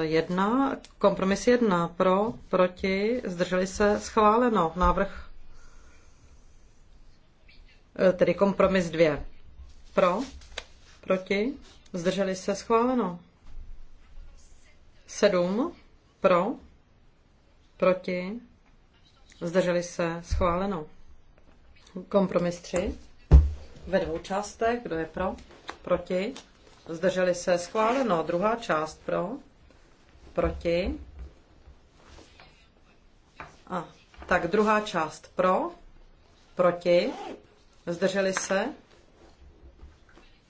1, eh, kompromis 1, pro, proti, zdrželi se, schváleno. Návrh, eh, tedy kompromis 2, pro, proti, zdrželi se, schváleno. 7, pro, proti, zdrželi se, schváleno. Kompromis 3, ve dvou částech, kdo je pro? proti, zdrželi se, schváleno. Druhá část pro, proti. A, tak druhá část pro, proti, zdrželi se.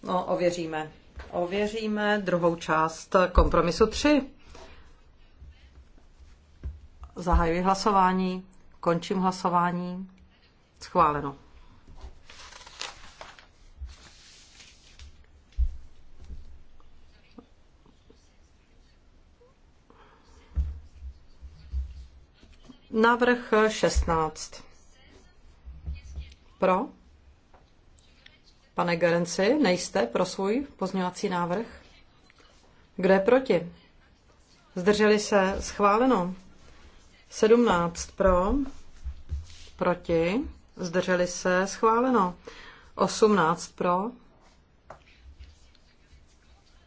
No, ověříme. Ověříme druhou část kompromisu 3. Zahajuji hlasování, končím hlasování. Schváleno. Návrh 16. Pro? Pane Gerenci, nejste pro svůj pozměňovací návrh? Kdo je proti? Zdrželi se? Schváleno. 17 pro, proti, zdrželi se, schváleno. 18 pro,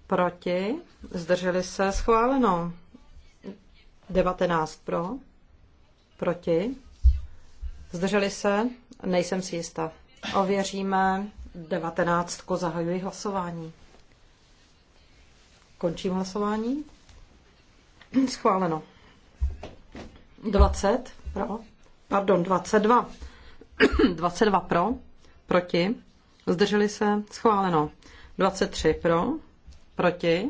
proti, zdrželi se, schváleno. 19 pro, Proti? Zdrželi se? Nejsem si jista. Ověříme devatenáctku. Zahajuji hlasování. Končím hlasování. *clears throat* Schváleno. 20 pro. Pardon, 22. 22 *clears throat* pro. Proti. Zdrželi se. Schváleno. 23 pro. Proti.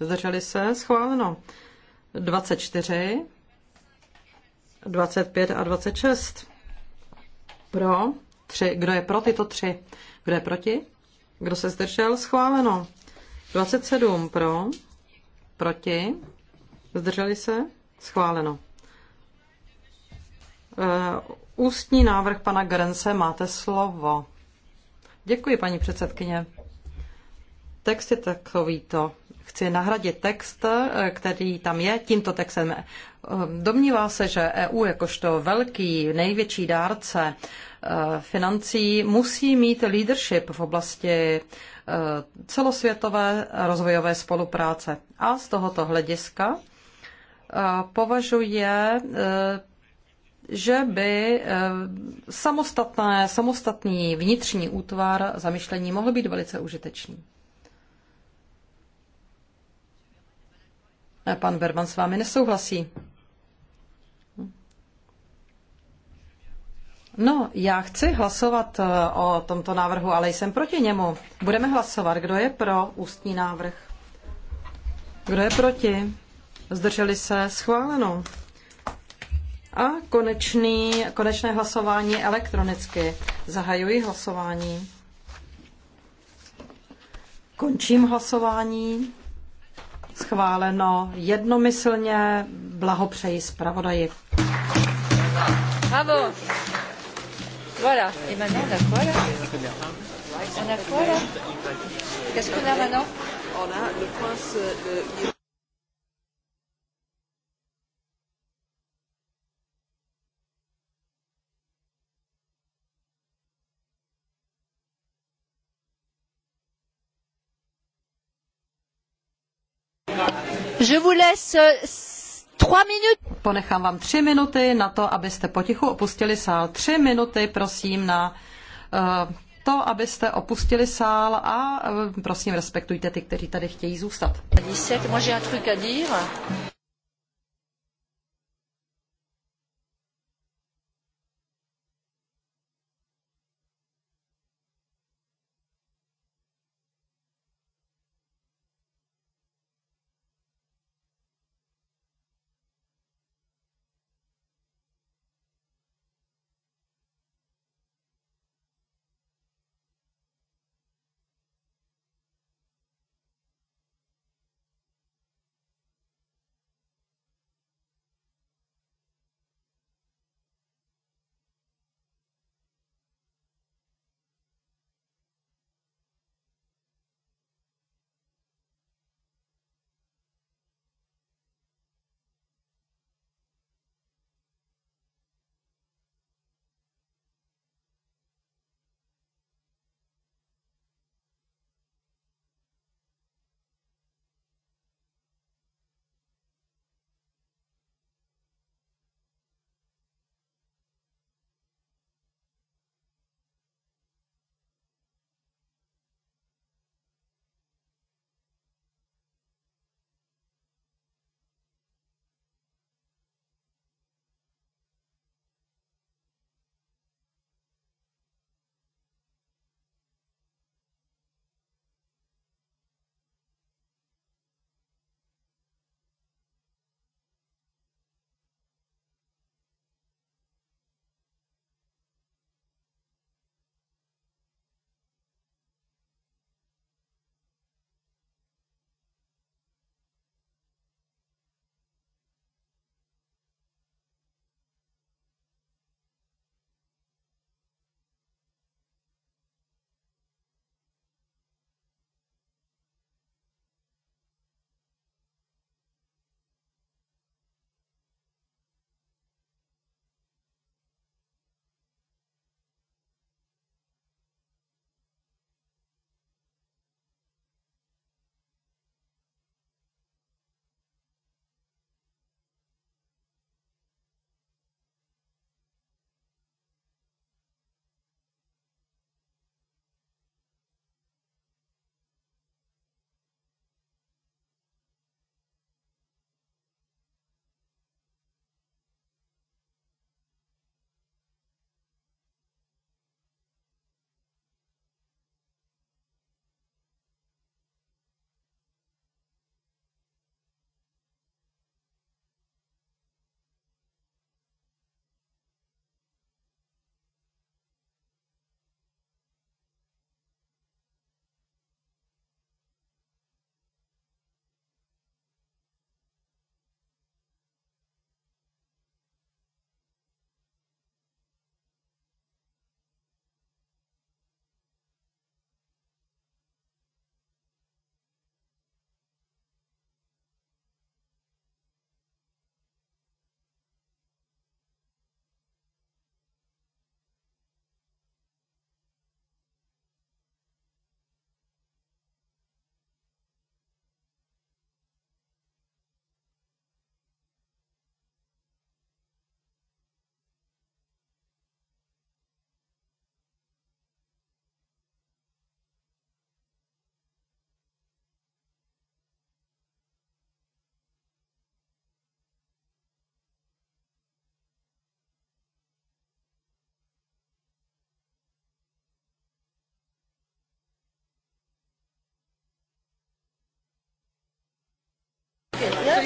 Zdrželi se. Schváleno. 24 25 a 26. Pro. tři, Kdo je pro tyto tři? Kdo je proti? Kdo se zdržel? Schváleno. 27 pro. Proti. Zdrželi se? Schváleno. Eh, ústní návrh pana Grence, máte slovo. Děkuji, paní předsedkyně. Text je takovýto. Chci nahradit text, eh, který tam je, tímto textem Ehm, domnívá se, že EU jakožto velký, největší dárce ehm, financí musí mít leadership v oblasti ehm, celosvětové rozvojové spolupráce. A z tohoto hlediska považuje že by samostatné, samostatný vnitřní útvar zamišlení mohl být velice užitečný. Pan Berman s vámi nesouhlasí. No, já chci hlasovat eh, o tomto návrhu, ale jsem proti němu. Budeme hlasovat. Kdo je pro ústní návrh? Kdo je proti? Zdrželi se? Schváleno. A konečný, konečné hlasování elektronicky. Zahajuji hlasování. Končím hlasování. Schváleno jednomyslně. Blahopřeji zpravodaji. Bravo. Voilà. Et maintenant, on a quoi là On a quoi là Qu'est-ce qu'on a maintenant On a le prince. Le... Je vous laisse Ponechám vám tři minuty na to, abyste potichu opustili sál. Tři minuty, prosím, na eh, to, abyste opustili sál a eh, prosím, respektujte ty, kteří tady chtějí zůstat. 17,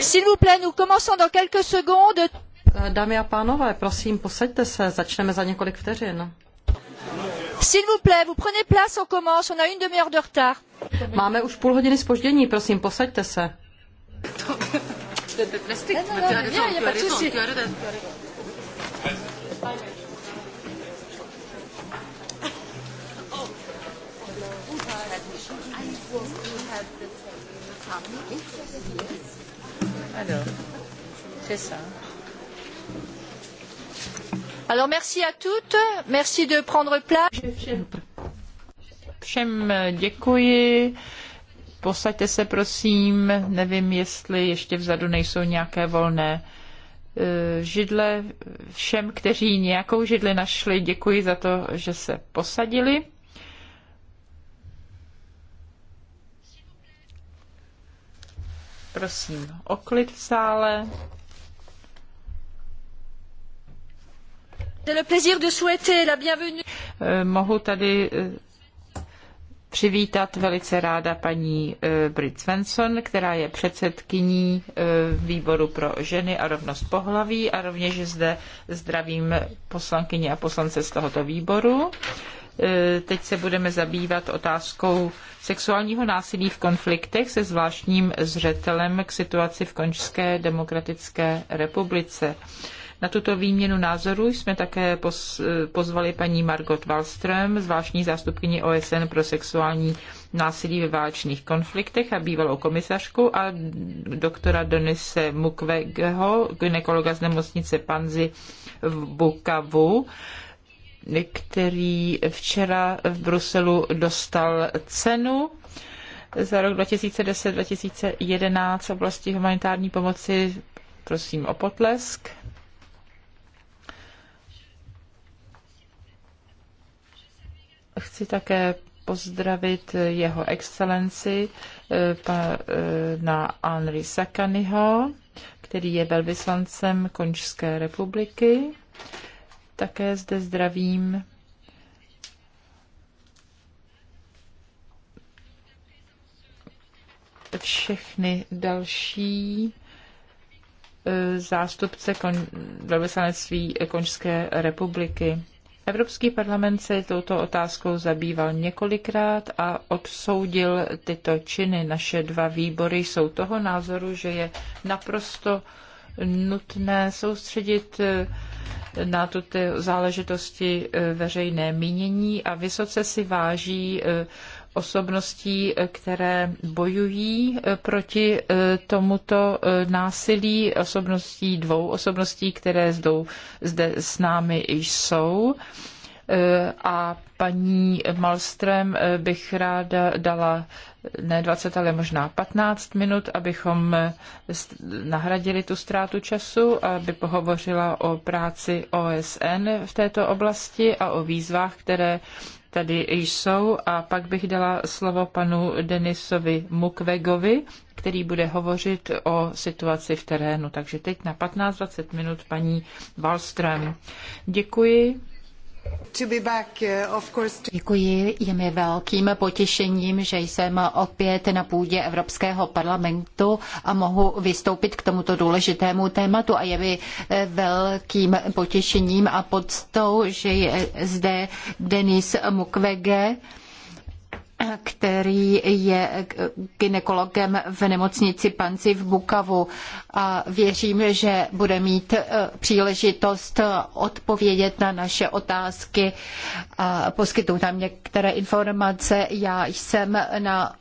S'il vous plaît, nous commençons dans quelques secondes. Eh, dámy a pánové, prosím, posaďte se, začneme za několik vteřin. S'il vous plaît, vous prenez place, on commence, on a une demi-heure de retard. Máme už půl hodiny spoždění, prosím, posaďte se. Yes. Alors, c'est ça. Alors merci à toutes, merci de prendre place. Všem eh, děkuji. Posaďte se prosím, nevím, jestli ještě vzadu nejsou nějaké volné eh, židle. Všem, kteří nějakou židli našli, děkuji za to, že se posadili. Prosím o klid v sále. Eh, mohu tady eh, přivítat velice ráda paní eh, Brit Svensson, která je předsedkyní výboru pro ženy a rovnost pohlaví a rovněž zde zdravím poslankyně a poslance z tohoto výboru. E, teď se budeme zabývat otázkou sexuálního násilí v konfliktech se zvláštním zřetelem k situaci v Končské demokratické republice. Na tuto výměnu názorů jsme také e, pozvali paní Margot Wallström, zvláštní zástupkyni OSN pro sexuální násilí ve válečných konfliktech a bývalou komisařku a doktora Donise Mukwegeho, gynekologa z nemocnice Panzi v Bukavu který včera v Bruselu dostal cenu za rok 2010-2011 v oblasti humanitární pomoci. Prosím o potlesk. Chci také pozdravit jeho excelenci eh, eh, na Henri Sakaniho, který je velvyslancem Končské republiky také zde zdravím všechny další eh, zástupce kon, velvyslanectví Končské republiky. Evropský parlament se touto otázkou zabýval několikrát a odsoudil tyto činy. Naše dva výbory jsou toho názoru, že je naprosto nutné soustředit eh, na tuto záležitosti eh, veřejné mínění a vysoce si váží eh, osobností, eh, které bojují proti tomuto násilí, osobností dvou osobností, které zdou, zde s námi jsou. A paní Malström bych ráda dala ne 20, ale možná 15 minut, abychom eh, nahradili tu ztrátu času, aby pohovořila o práci OSN v této oblasti a o výzvách, které tady jsou. A pak bych dala slovo panu Denisovi Mukwegovi, který bude hovořit o situaci v terénu. Takže teď na 15-20 minut paní Wallström. Děkuji. Uh, Děkuji, je mi velkým potěšením, že jsem opět na půdě Evropského parlamentu a mohu vystoupit k tomuto důležitému tématu a je mi eh, velkým potěšením a poctou, že je zde Denis Mukwege, který je ginekologem v nemocnici Panci v Bukavu a věřím, že bude mít e, příležitost e, odpovědět na naše otázky a poskytnout nám některé informace. Já jsem na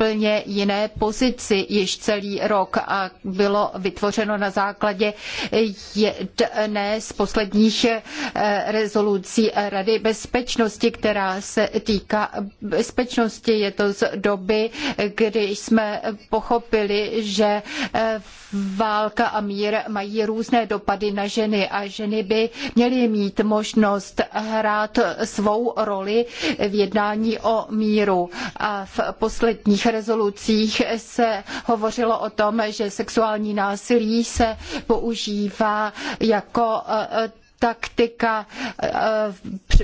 úplně jiné pozici již celý rok a bylo vytvořeno na základě jedné z posledních eh, rezolucí Rady bezpečnosti, která se týká bezpečnosti. Je to z doby, kdy jsme pochopili, že eh, válka a mír mají různé dopady na ženy a ženy by měly mít možnost hrát svou roli v jednání o míru. A v posledních rezolucích se hovořilo o tom, že sexuální násilí se používá jako eh, taktika eh,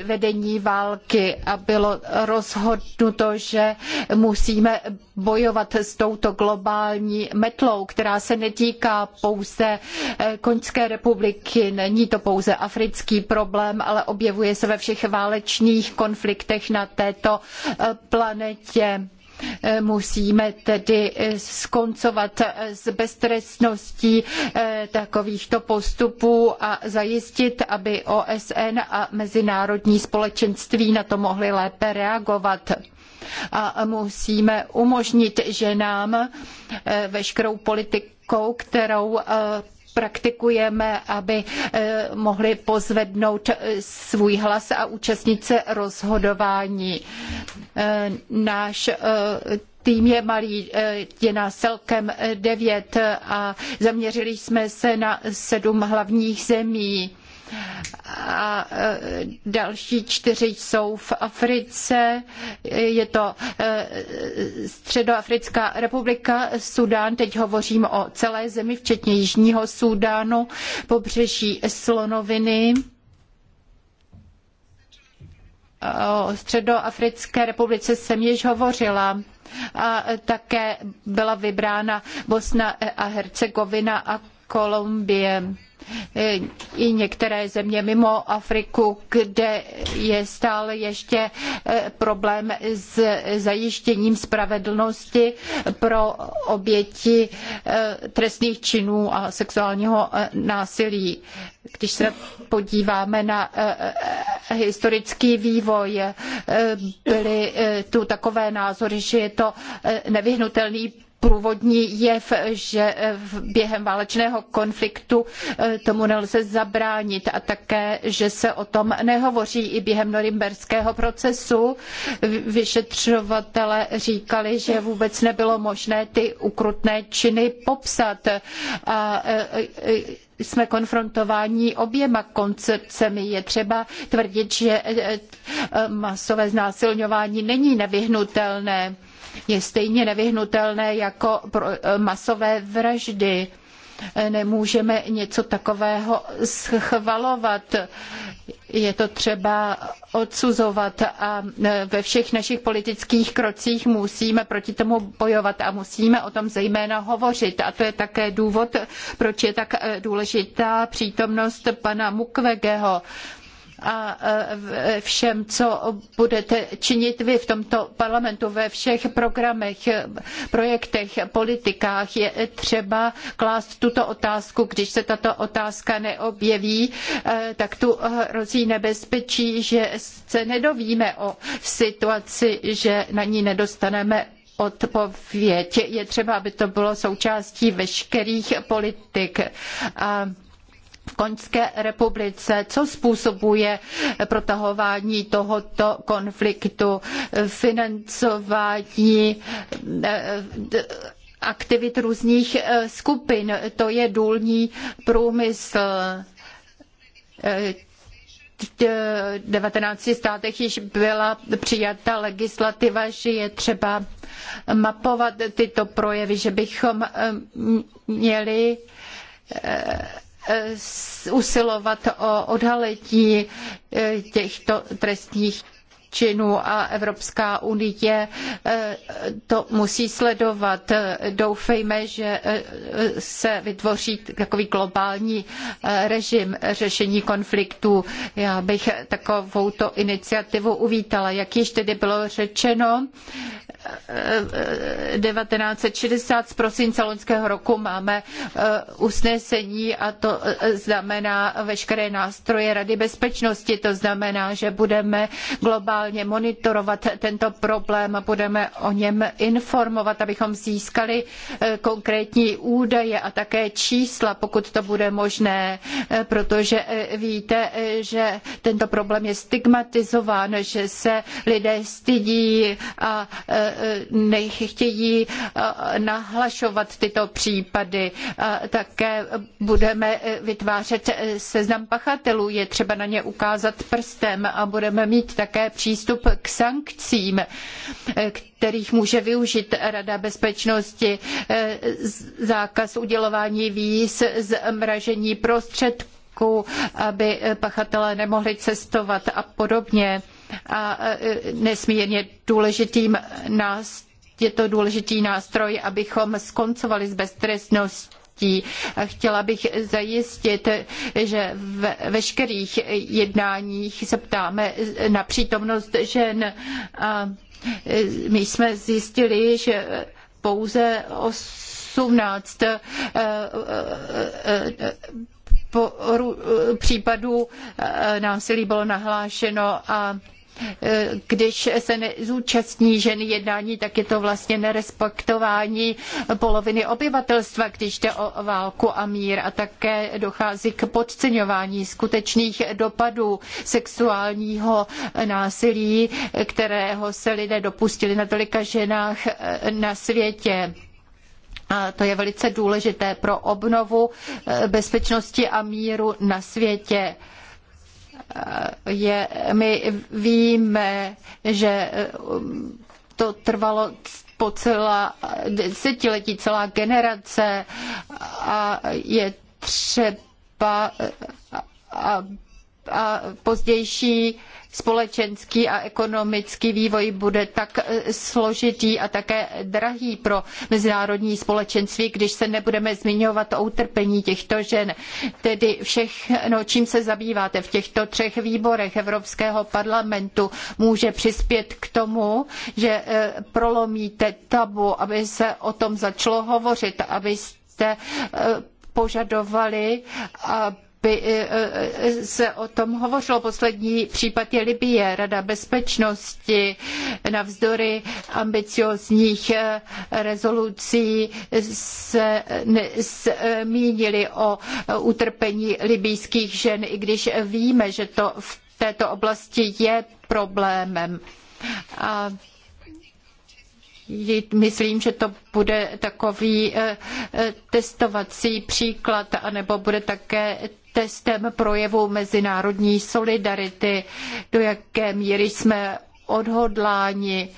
vedení války a bylo rozhodnuto, že musíme bojovat s touto globální metlou, která se netýká pouze eh, Koňské republiky, není to pouze africký problém, ale objevuje se ve všech válečných konfliktech na této planetě Musíme tedy skoncovat s beztrestností eh, takovýchto postupů a zajistit, aby OSN a mezinárodní společenství na to mohly lépe reagovat a musíme umožnit ženám eh, veškerou politiku, kterou eh, praktikujeme, aby eh, mohli pozvednout eh, svůj hlas a účastnit se rozhodování. Eh, náš tým je malý, je nás celkem devět a zaměřili jsme se na sedm hlavních zemí a e, další čtyři jsou v Africe. Je to e, Středoafrická republika, Sudán, teď hovořím o celé zemi, včetně Jižního Sudánu, pobřeží Slonoviny, o Středoafrické republice jsem již hovořila. A také byla vybrána Bosna a Hercegovina a Kolumbie E, i některé země mimo Afriku, kde je stále ještě e, problém s zajištěním spravedlnosti pro oběti e, trestných činů a sexuálního násilí. Když se podíváme na historický vývoj, byly tu takové názory, že je to nevyhnutelný průvodní jev, že eh, během válečného konfliktu eh, tomu nelze zabránit a také, že se o tom nehovoří i během norimberského procesu. Vyšetřovatele říkali, že vůbec nebylo možné ty ukrutné činy popsat. A eh, jsme konfrontováni oběma koncepcemi. Je třeba tvrdit, že masové znásilňování není nevyhnutelné je stejně nevyhnutelné jako e, masové vraždy. Nemůžeme něco takového schvalovat. Je to třeba odsuzovat a e, ve všech našich politických krocích musíme proti tomu bojovat a musíme o tom zejména hovořit. A to je také důvod, proč je tak e, důležitá přítomnost pana Mukwegeho a všem, co budete činit vy v tomto parlamentu ve všech programech, projektech, politikách. Je třeba klást tuto otázku. Když se tato otázka neobjeví, e, tak tu hrozí nebezpečí, že se nedovíme o situaci, že na ní nedostaneme odpověď. Je třeba, aby to bylo součástí veškerých politik. A Koňské republice, co způsobuje protahování tohoto konfliktu, financování eh, aktivit různých eh, skupin, to je důlní průmysl. 19 eh, státech již byla přijata legislativa, že je třeba mapovat tyto projevy, že bychom měli Eh, usilovat o odhalení eh, těchto trestních Čínu a Evropská unie eh, to musí sledovat. Doufejme, že eh, se vytvoří takový globální eh, režim řešení konfliktů. Já bych takovouto iniciativu uvítala. Jak již tedy bylo řečeno, 1960 z prosince loňského roku máme usnesení a to znamená veškeré nástroje Rady bezpečnosti. To znamená, že budeme globální pravidelně monitorovat tento problém a budeme o něm informovat, abychom získali eh, konkrétní údaje a také čísla, pokud to bude možné, eh, protože eh, víte, že tento problém je stigmatizován, že se lidé stydí a nechtějí nahlašovat tyto případy. A také budeme vytvářet seznam pachatelů, je třeba na ně ukázat prstem a budeme mít také přístup k sankcím, kterých může využít Rada bezpečnosti, zákaz udělování víz, zmražení prostředků, aby pachatelé nemohli cestovat a podobně. A e, nesmírně důležitým nás, je to důležitý nástroj, abychom skoncovali s beztrestností oblastí. Chtěla bych zajistit, že ve veškerých jednáních se ptáme na přítomnost žen. A my jsme zjistili, že pouze 18 eh, eh, případů eh, násilí bylo nahlášeno a Eh, když se nezúčastní ženy jednání, tak je to vlastně nerespektování poloviny obyvatelstva, když jde o válku a mír. A také dochází k podceňování skutečných dopadů sexuálního násilí, kterého se lidé dopustili na tolika ženách eh, na světě. A to je velice důležité pro obnovu eh, bezpečnosti a míru na světě je, my víme, že um, to trvalo po celá desetiletí, celá generace a je třeba, aby a pozdější společenský a ekonomický vývoj bude tak e, složitý a také drahý pro mezinárodní společenství, když se nebudeme zmiňovat o utrpení těchto žen. Tedy všechno, čím se zabýváte v těchto třech výborech Evropského parlamentu, může přispět k tomu, že e, prolomíte tabu, aby se o tom začalo hovořit, abyste e, požadovali, aby by eh, eh, se o tom hovořilo. Poslední případ je Libie, Rada bezpečnosti navzdory ambiciozních eh, rezolucí se zmínili o utrpení libijských žen, i když víme, že to v této oblasti je problémem. A myslím, že to bude takový testovací příklad, anebo bude také testem projevu mezinárodní solidarity, do jaké míry jsme odhodláni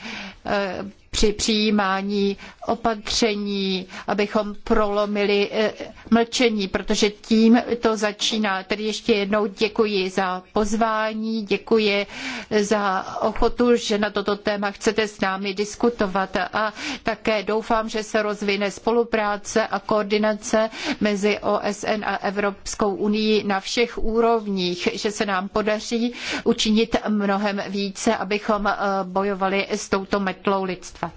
eh, při přijímání opatření, abychom prolomili eh, mlčení, protože tím to začíná. Tedy ještě jednou děkuji za pozvání, děkuji za ochotu, že na toto téma chcete s námi diskutovat a také doufám, že se rozvine spolupráce a koordinace mezi OSN a Evropskou unii na všech úrovních, že se nám podaří učinit mnohem více, abychom eh, bojovali s touto metlou lidstva.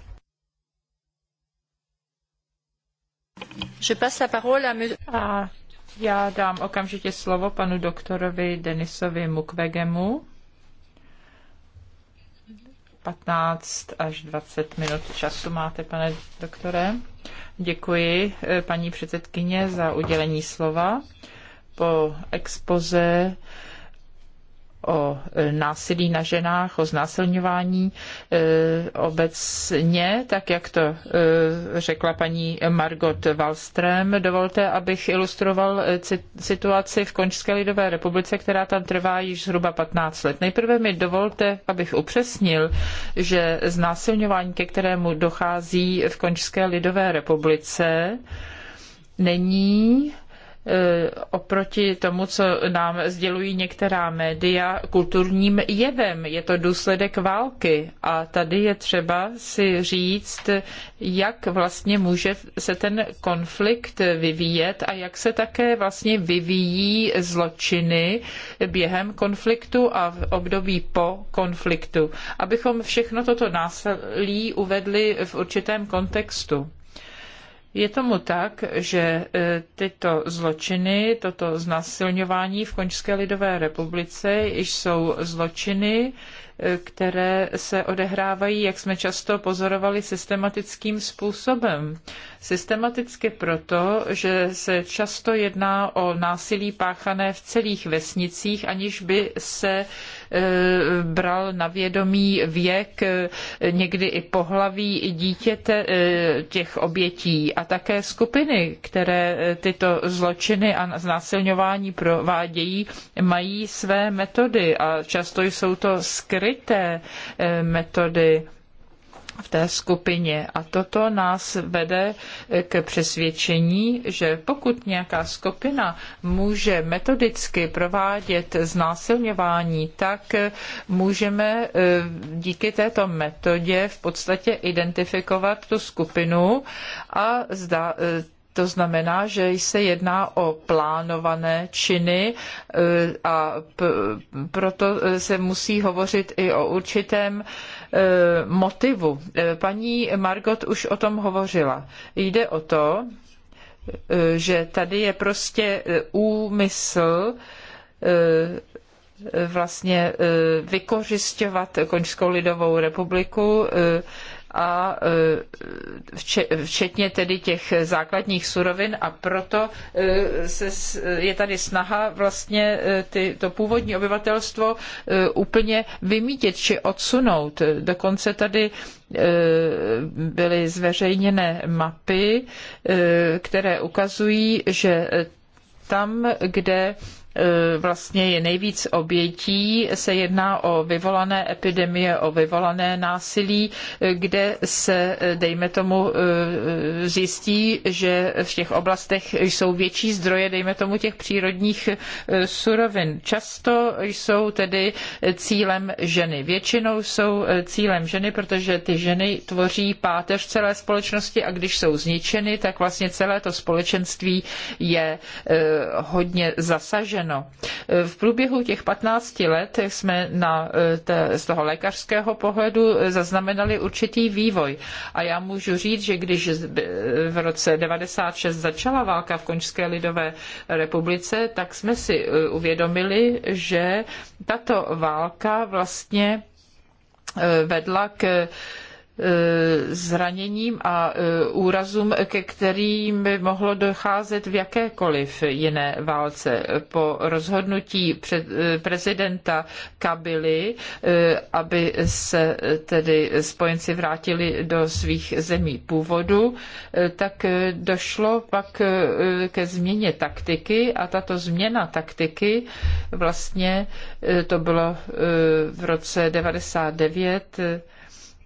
Je passe parole A já dám okamžitě slovo panu doktorovi Denisovi Mukwegemu. 15 až 20 minut času máte, pane doktore. Děkuji, eh, paní předsedkyně, za udělení slova. Po expoze o e, násilí na ženách, o znásilňování e, obecně, tak jak to e, řekla paní Margot Wallström. Dovolte, abych ilustroval situaci v Končské lidové republice, která tam trvá již zhruba 15 let. Nejprve mi dovolte, abych upřesnil, že znásilňování, ke kterému dochází v Končské lidové republice, není E, oproti tomu, co nám sdělují některá média, kulturním jevem. Je to důsledek války a tady je třeba si říct, jak vlastně může se ten konflikt vyvíjet a jak se také vlastně vyvíjí zločiny během konfliktu a v období po konfliktu. Abychom všechno toto násilí uvedli v určitém kontextu. Je tomu tak, že e, tyto zločiny, toto znasilňování v Končské lidové republice jsou zločiny, e, které se odehrávají, jak jsme často pozorovali, systematickým způsobem. Systematicky proto, že se často jedná o násilí páchané v celých vesnicích, aniž by se e, bral na vědomí věk, e, někdy i pohlaví dítěte e, těch obětí a také skupiny, které tyto zločiny a znásilňování provádějí, mají své metody a často jsou to skryté metody v té skupině. A toto nás vede k přesvědčení, že pokud nějaká skupina může metodicky provádět znásilňování, tak můžeme e, díky této metodě v podstatě identifikovat tu skupinu a zda, e, to znamená, že se jedná o plánované činy e, a proto se musí hovořit i o určitém Eh, motivu. Eh, paní Margot už o tom hovořila. Jde o to, eh, že tady je prostě úmysl vlastně vykořišťovat Koňskou lidovou republiku a e, včetně tedy těch základních surovin a proto e, se, je tady snaha vlastně e, ty, to původní obyvatelstvo úplně vymítit či odsunout. Dokonce tady byly zveřejněné mapy, které ukazují, že tam, kde E, vlastně je nejvíc obětí, se jedná o vyvolané epidemie, o vyvolané násilí, e, kde se, e, dejme tomu, zjistí, že v těch oblastech jsou větší zdroje, dejme tomu, těch přírodních surovin. Často jsou tedy cílem ženy. Většinou jsou cílem ženy, protože ty ženy tvoří páteř celé společnosti a když jsou zničeny, tak vlastně celé to společenství je hodně zasaženo řečeno, V průběhu těch 15 let jsme na, eh, z toho lékařského pohledu zaznamenali určitý vývoj. A já můžu říct, že když eh, v roce 96 začala válka v Končské lidové republice, tak jsme si eh, uvědomili, že tato válka vlastně vedla k E, zraněním a e, úrazům, ke kterým by mohlo docházet v jakékoliv jiné válce. Po rozhodnutí e, prezidenta Kabily, aby se tedy spojenci vrátili do svých zemí původu, tak došlo pak ke změně taktiky a tato změna taktiky vlastně to bylo v roce 99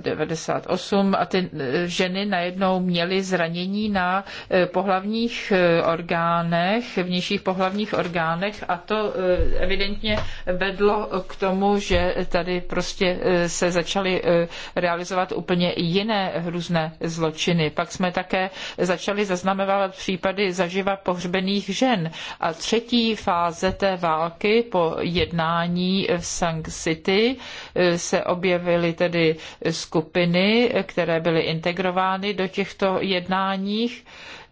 98 a ty eh, ženy najednou měly zranění na eh, pohlavních eh, orgánech, vnějších pohlavních orgánech a to evidentně vedlo k tomu, že tady prostě se začaly realizovat úplně jiné hrůzné zločiny. Pak jsme také začali zaznamenávat případy zaživa pohřbených žen. A třetí fáze té války po jednání v Sang City se objevily tedy skupiny, které byly integrovány do těchto jednáních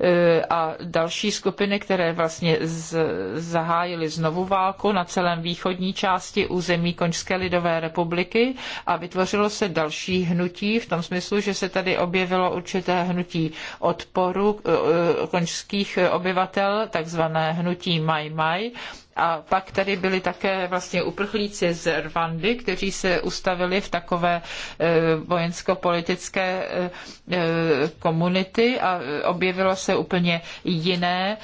e, a další skupiny, které vlastně z, zahájily znovu válku na celém východní části území Koňské lidové republiky a vytvořilo se další hnutí v tom smyslu, že se tady objevilo určité hnutí odporu e, e, koňských obyvatel, takzvané hnutí Mai Mai, a pak tady byli také vlastně uprchlíci z Rwandy, kteří se ustavili v takové e, vojensko-politické e, komunity a e, objevilo se úplně jiné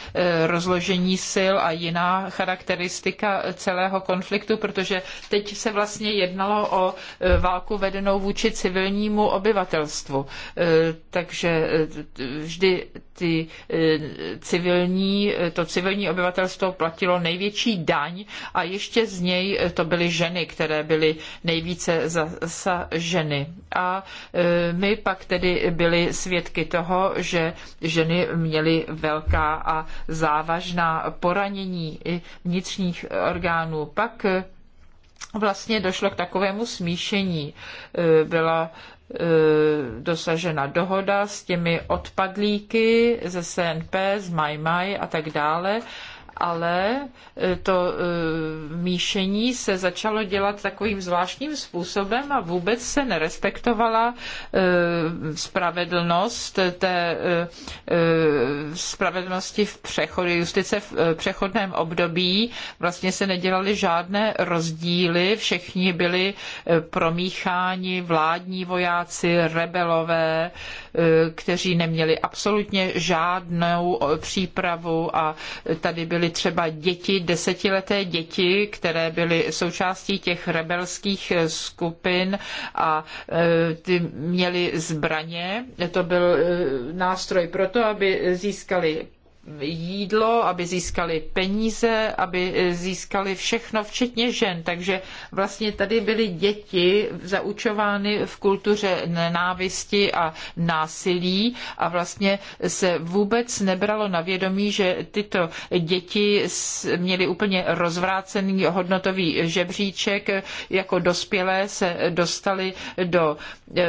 rozložení sil a jiná charakteristika celého konfliktu, protože teď se vlastně jednalo o válku vedenou vůči civilnímu obyvatelstvu. Takže vždy ty civilní, to civilní obyvatelstvo platilo největší největší daň a ještě z něj eh, to byly ženy, které byly nejvíce zasaženy. A eh, my pak tedy byli svědky toho, že ženy měly velká a závažná poranění i vnitřních orgánů. Pak eh, vlastně došlo k takovému smíšení. Byla dosažena dohoda s těmi odpadlíky ze SNP, z MyMy a tak dále ale e, to e, míšení se začalo dělat takovým zvláštním způsobem a vůbec se nerespektovala e, spravedlnost té spravedlnosti v přechodu, justice v přechodném období. Vlastně se nedělaly žádné rozdíly, všichni byli promícháni, vládní vojáci, rebelové, kteří neměli absolutně žádnou přípravu a tady byli třeba děti, desetileté děti, které byly součástí těch rebelských skupin a e, ty měly zbraně. To byl e, nástroj pro to, aby získali jídlo, aby získali peníze, aby eh, získali všechno, včetně žen. Takže vlastně tady byly děti zaučovány v kultuře nenávisti a násilí a vlastně se vůbec nebralo na vědomí, že tyto děti měly úplně rozvrácený hodnotový žebříček, jako dospělé se dostali do eh,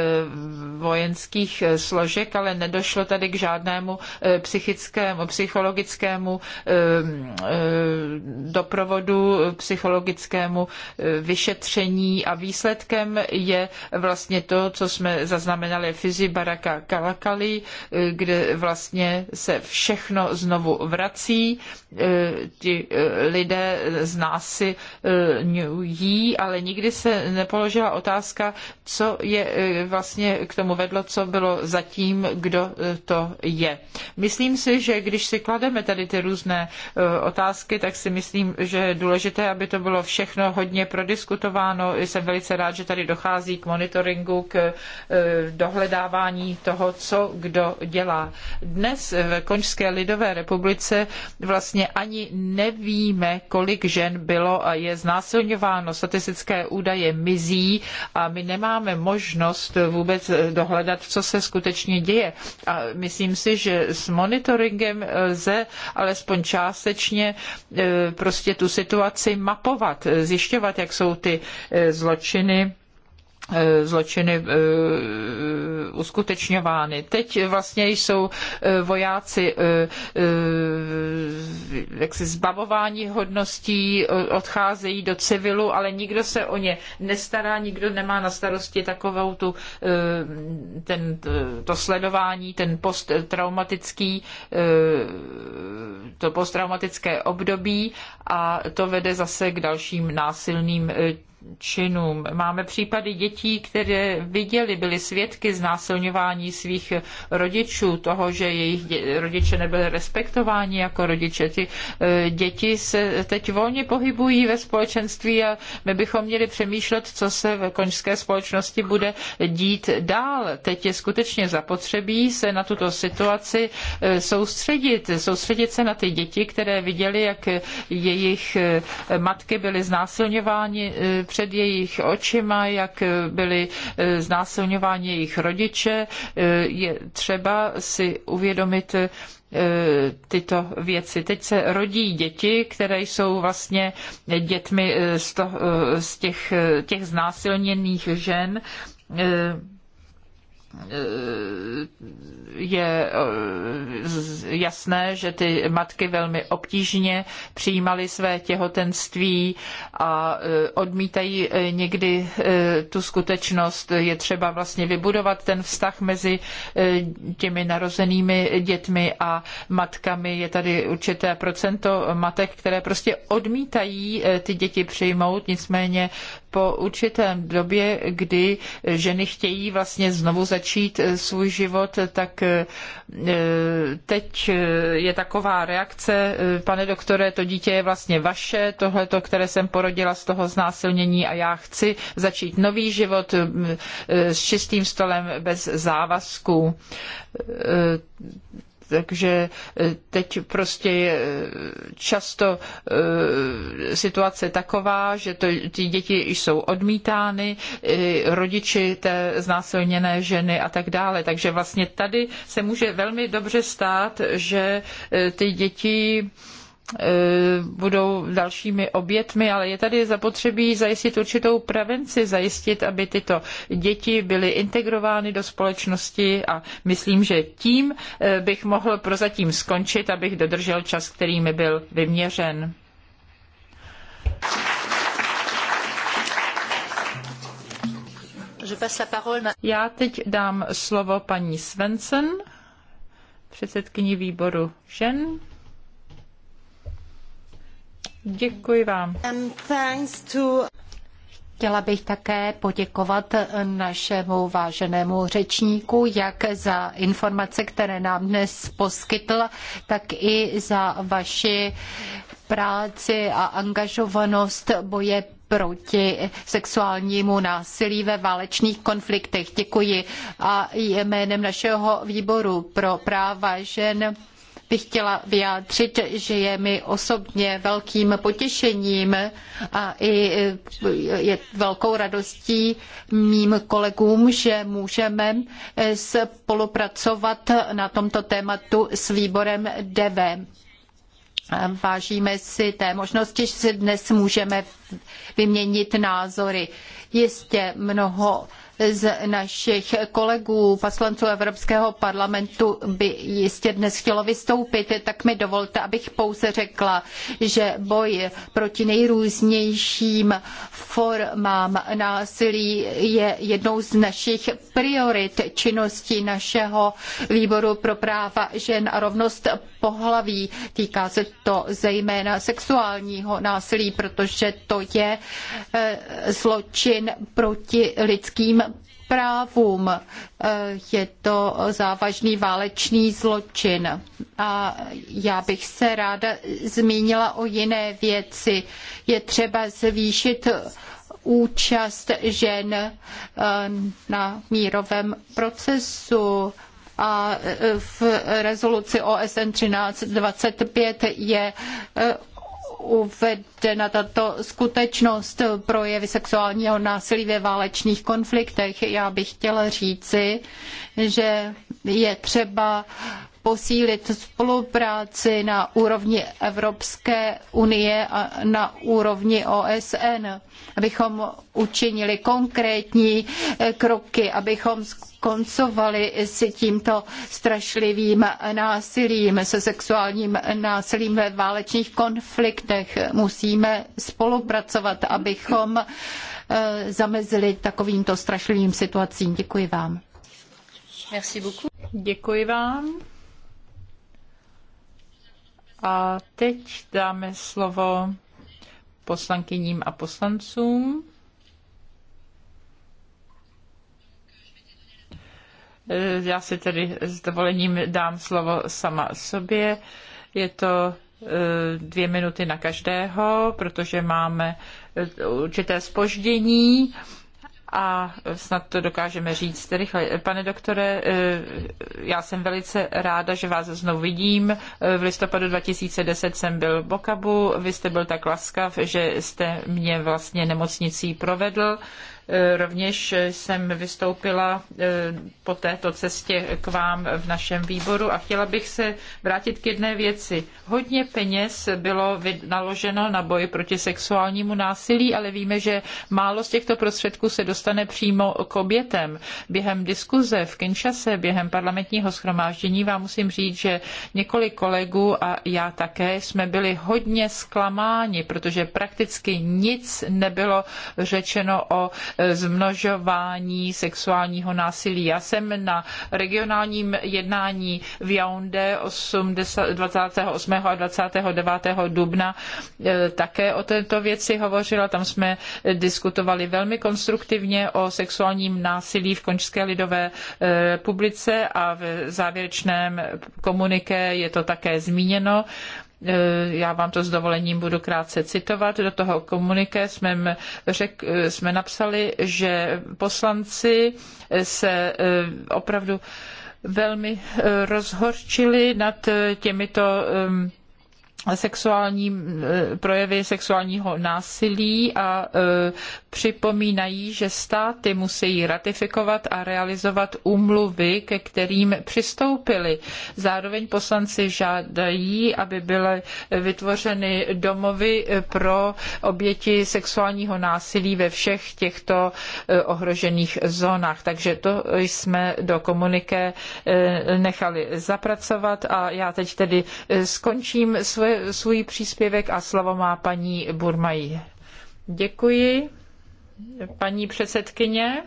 vojenských složek, ale nedošlo tady k žádnému eh, psychickému, psychickému psychologickému ehm, ehm, doprovodu, psychologickému eh, vyšetření a výsledkem je vlastně to, co jsme zaznamenali v Fizi Baraka Kalakali, eh, kde vlastně se všechno znovu vrací. Eh, ti lidé z nás jí, ale nikdy se nepoložila otázka, co je vlastně k tomu vedlo, co bylo zatím, kdo to je. Myslím si, že když si klademe tady ty různé e, otázky, tak si myslím, že je důležité, aby to bylo všechno hodně prodiskutováno. Jsem velice rád, že tady dochází k monitoringu, k e, dohledávání toho, co kdo dělá. Dnes v Končské lidové republice vlastně ani nevíme, kolik žen bylo a je znásilňováno. Statistické údaje mizí a my nemáme možnost vůbec dohledat, co se skutečně děje. A myslím si, že s monitoringem e, lze alespoň částečně e, prostě tu situaci mapovat, e, zjišťovat, jak jsou ty e, zločiny Eh, zločiny eh, uskutečňovány. Teď vlastně jsou eh, vojáci jaksi zbavováni hodností, odcházejí do civilu, ale nikdo se o ně nestará, nikdo nemá na starosti takovou tu, ten, to sledování, ten posttraumatický, to posttraumatické období a to vede zase k dalším násilným činům. Máme případy dětí, které viděli, byly svědky znásilňování svých rodičů, toho, že jejich rodiče nebyli respektováni jako rodiče. Ty eh, děti se teď volně pohybují ve společenství a my bychom měli přemýšlet, co se ve konžské společnosti bude dít dál. Teď je skutečně zapotřebí se na tuto situaci eh, soustředit, soustředit se na ty děti, které viděli, jak jejich eh, matky byly znásilňovány před jejich očima, jak byli eh, znásilňováni jejich rodiče. Eh, je třeba si uvědomit, eh, tyto věci. Teď se rodí děti, které jsou vlastně dětmi z, to, z těch, těch znásilněných žen je eh, jasné, že ty matky velmi obtížně přijímaly své těhotenství a eh, odmítají eh, někdy tu skutečnost. Je třeba vlastně vybudovat ten vztah mezi těmi narozenými dětmi a matkami. Je tady určité procento matek, které prostě odmítají ty děti přijmout, nicméně po určité době, kdy ženy chtějí vlastně znovu začít eh, svůj život, tak eh, teď eh, je taková reakce, pane doktore, to dítě je vlastně vaše, tohleto, které jsem porodila z toho znásilnění a já chci začít nový život s čistým stolem bez závazků takže eh, teď prostě je eh, často eh, situace taková, že to, ty děti jsou odmítány, rodiči té znásilněné ženy a tak dále. Takže vlastně tady se může velmi dobře stát, že ty děti Eh, budou dalšími obětmi, ale je tady zapotřebí zajistit určitou prevenci, zajistit, aby tyto děti byly integrovány do společnosti a myslím, že tím eh, bych mohl prozatím skončit, abych dodržel čas, který mi byl vyměřen. Já teď dám slovo paní Svensson, předsedkyni výboru žen. Děkuji vám. Chtěla bych také poděkovat našemu váženému řečníku, jak za informace, které nám dnes poskytl, tak i za vaši práci a angažovanost boje proti sexuálnímu násilí ve válečných konfliktech. Děkuji a jménem našeho výboru pro práva žen bych chtěla vyjádřit, že je mi osobně velkým potěšením a i eh, je velkou radostí mým kolegům, že můžeme eh, spolupracovat na tomto tématu s výborem DEVE. Vážíme si té možnosti, že si dnes můžeme vyměnit názory. Jistě mnoho z našich kolegů poslanců Evropského parlamentu by jistě dnes chtělo vystoupit, tak mi dovolte, abych pouze řekla, že boj proti nejrůznějším formám násilí je jednou z našich priorit činnosti našeho výboru pro práva žen a rovnost pohlaví. Týká se to zejména sexuálního násilí, protože to je eh, zločin proti lidským právům. Eh, je to závažný válečný zločin. A já bych se ráda zmínila o jiné věci. Je třeba zvýšit účast žen eh, na mírovém procesu a e, v rezoluci OSN 1325 je e, uvedena tato skutečnost projevy sexuálního násilí ve válečných konfliktech. Já bych chtěla říci, že je třeba posílit spolupráci na úrovni Evropské unie a na úrovni OSN, abychom učinili konkrétní eh, kroky, abychom skoncovali s tímto strašlivým násilím, se sexuálním násilím ve válečných konfliktech. Musíme spolupracovat, abychom eh, zamezili takovýmto strašlivým situacím. Děkuji vám. Děkuji vám. A teď dáme slovo poslankyním a poslancům. Já si tedy s dovolením dám slovo sama sobě. Je to eh, dvě minuty na každého, protože máme eh, určité spoždění a snad to dokážeme říct rychle. Pane doktore, eh, já jsem velice ráda, že vás znovu vidím. Eh, v listopadu 2010 jsem byl v Bokabu, vy jste byl tak laskav, že jste mě vlastně nemocnicí provedl. Eh, rovněž jsem vystoupila eh, po této cestě k vám v našem výboru a chtěla bych se vrátit k jedné věci. Hodně peněz bylo naloženo na boj proti sexuálnímu násilí, ale víme, že málo z těchto prostředků se dostane přímo k obětem. Během diskuze v Kinshase, během parlamentního schromáždění vám musím říct, že několik kolegů a já také jsme byli hodně zklamáni, protože prakticky nic nebylo řečeno o zmnožování sexuálního násilí. Já jsem na regionálním jednání v Jaunde 28. a 29. dubna eh, také o této věci hovořila. Tam jsme diskutovali velmi konstruktivně o sexuálním násilí v Končské lidové eh, republice a v závěrečném komuniké je to také zmíněno. Eh, já vám to s dovolením budu krátce citovat, do toho komuniké jsme, řek, eh, jsme napsali, že poslanci eh, se opravdu velmi rozhorčili nad těmito ehm, sexuální projevy sexuálního násilí a připomínají, že státy musí ratifikovat a realizovat úmluvy, ke kterým přistoupili. Zároveň poslanci žádají, aby byly vytvořeny domovy pro oběti sexuálního násilí ve všech těchto e, ohrožených zónách. Takže to jsme do komuniké e, nechali zapracovat a já teď tedy e, skončím svůj, svůj příspěvek a slovo má paní Burmají. Děkuji paní předsedkyně.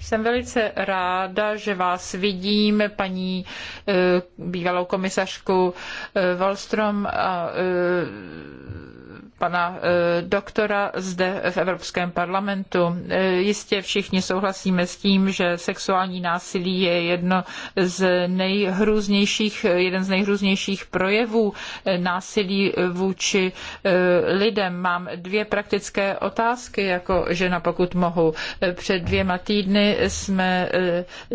Jsem velice ráda, že vás vidím, paní eh, bývalou komisařku eh, Wallström a eh, pana eh, doktora zde v Evropském parlamentu. Eh, jistě všichni souhlasíme s tím, že sexuální násilí je jedno z nejhrůznějších, jeden z nejhrůznějších projevů eh, násilí vůči lidem. Mám dvě praktické otázky jako žena, pokud mohu. Před dvěma týdny jsme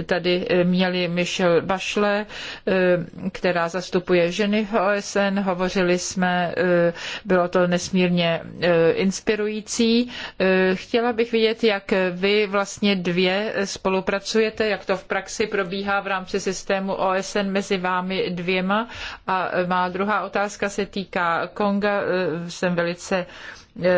tady měli Michelle Bašle, která zastupuje ženy v OSN. Hovořili jsme, bylo to nesmírně nesmírně e, inspirující. E, chtěla bych vidět, jak vy vlastně dvě spolupracujete, jak to v praxi probíhá v rámci systému OSN mezi vámi dvěma. A má druhá otázka se týká Konga. E, jsem velice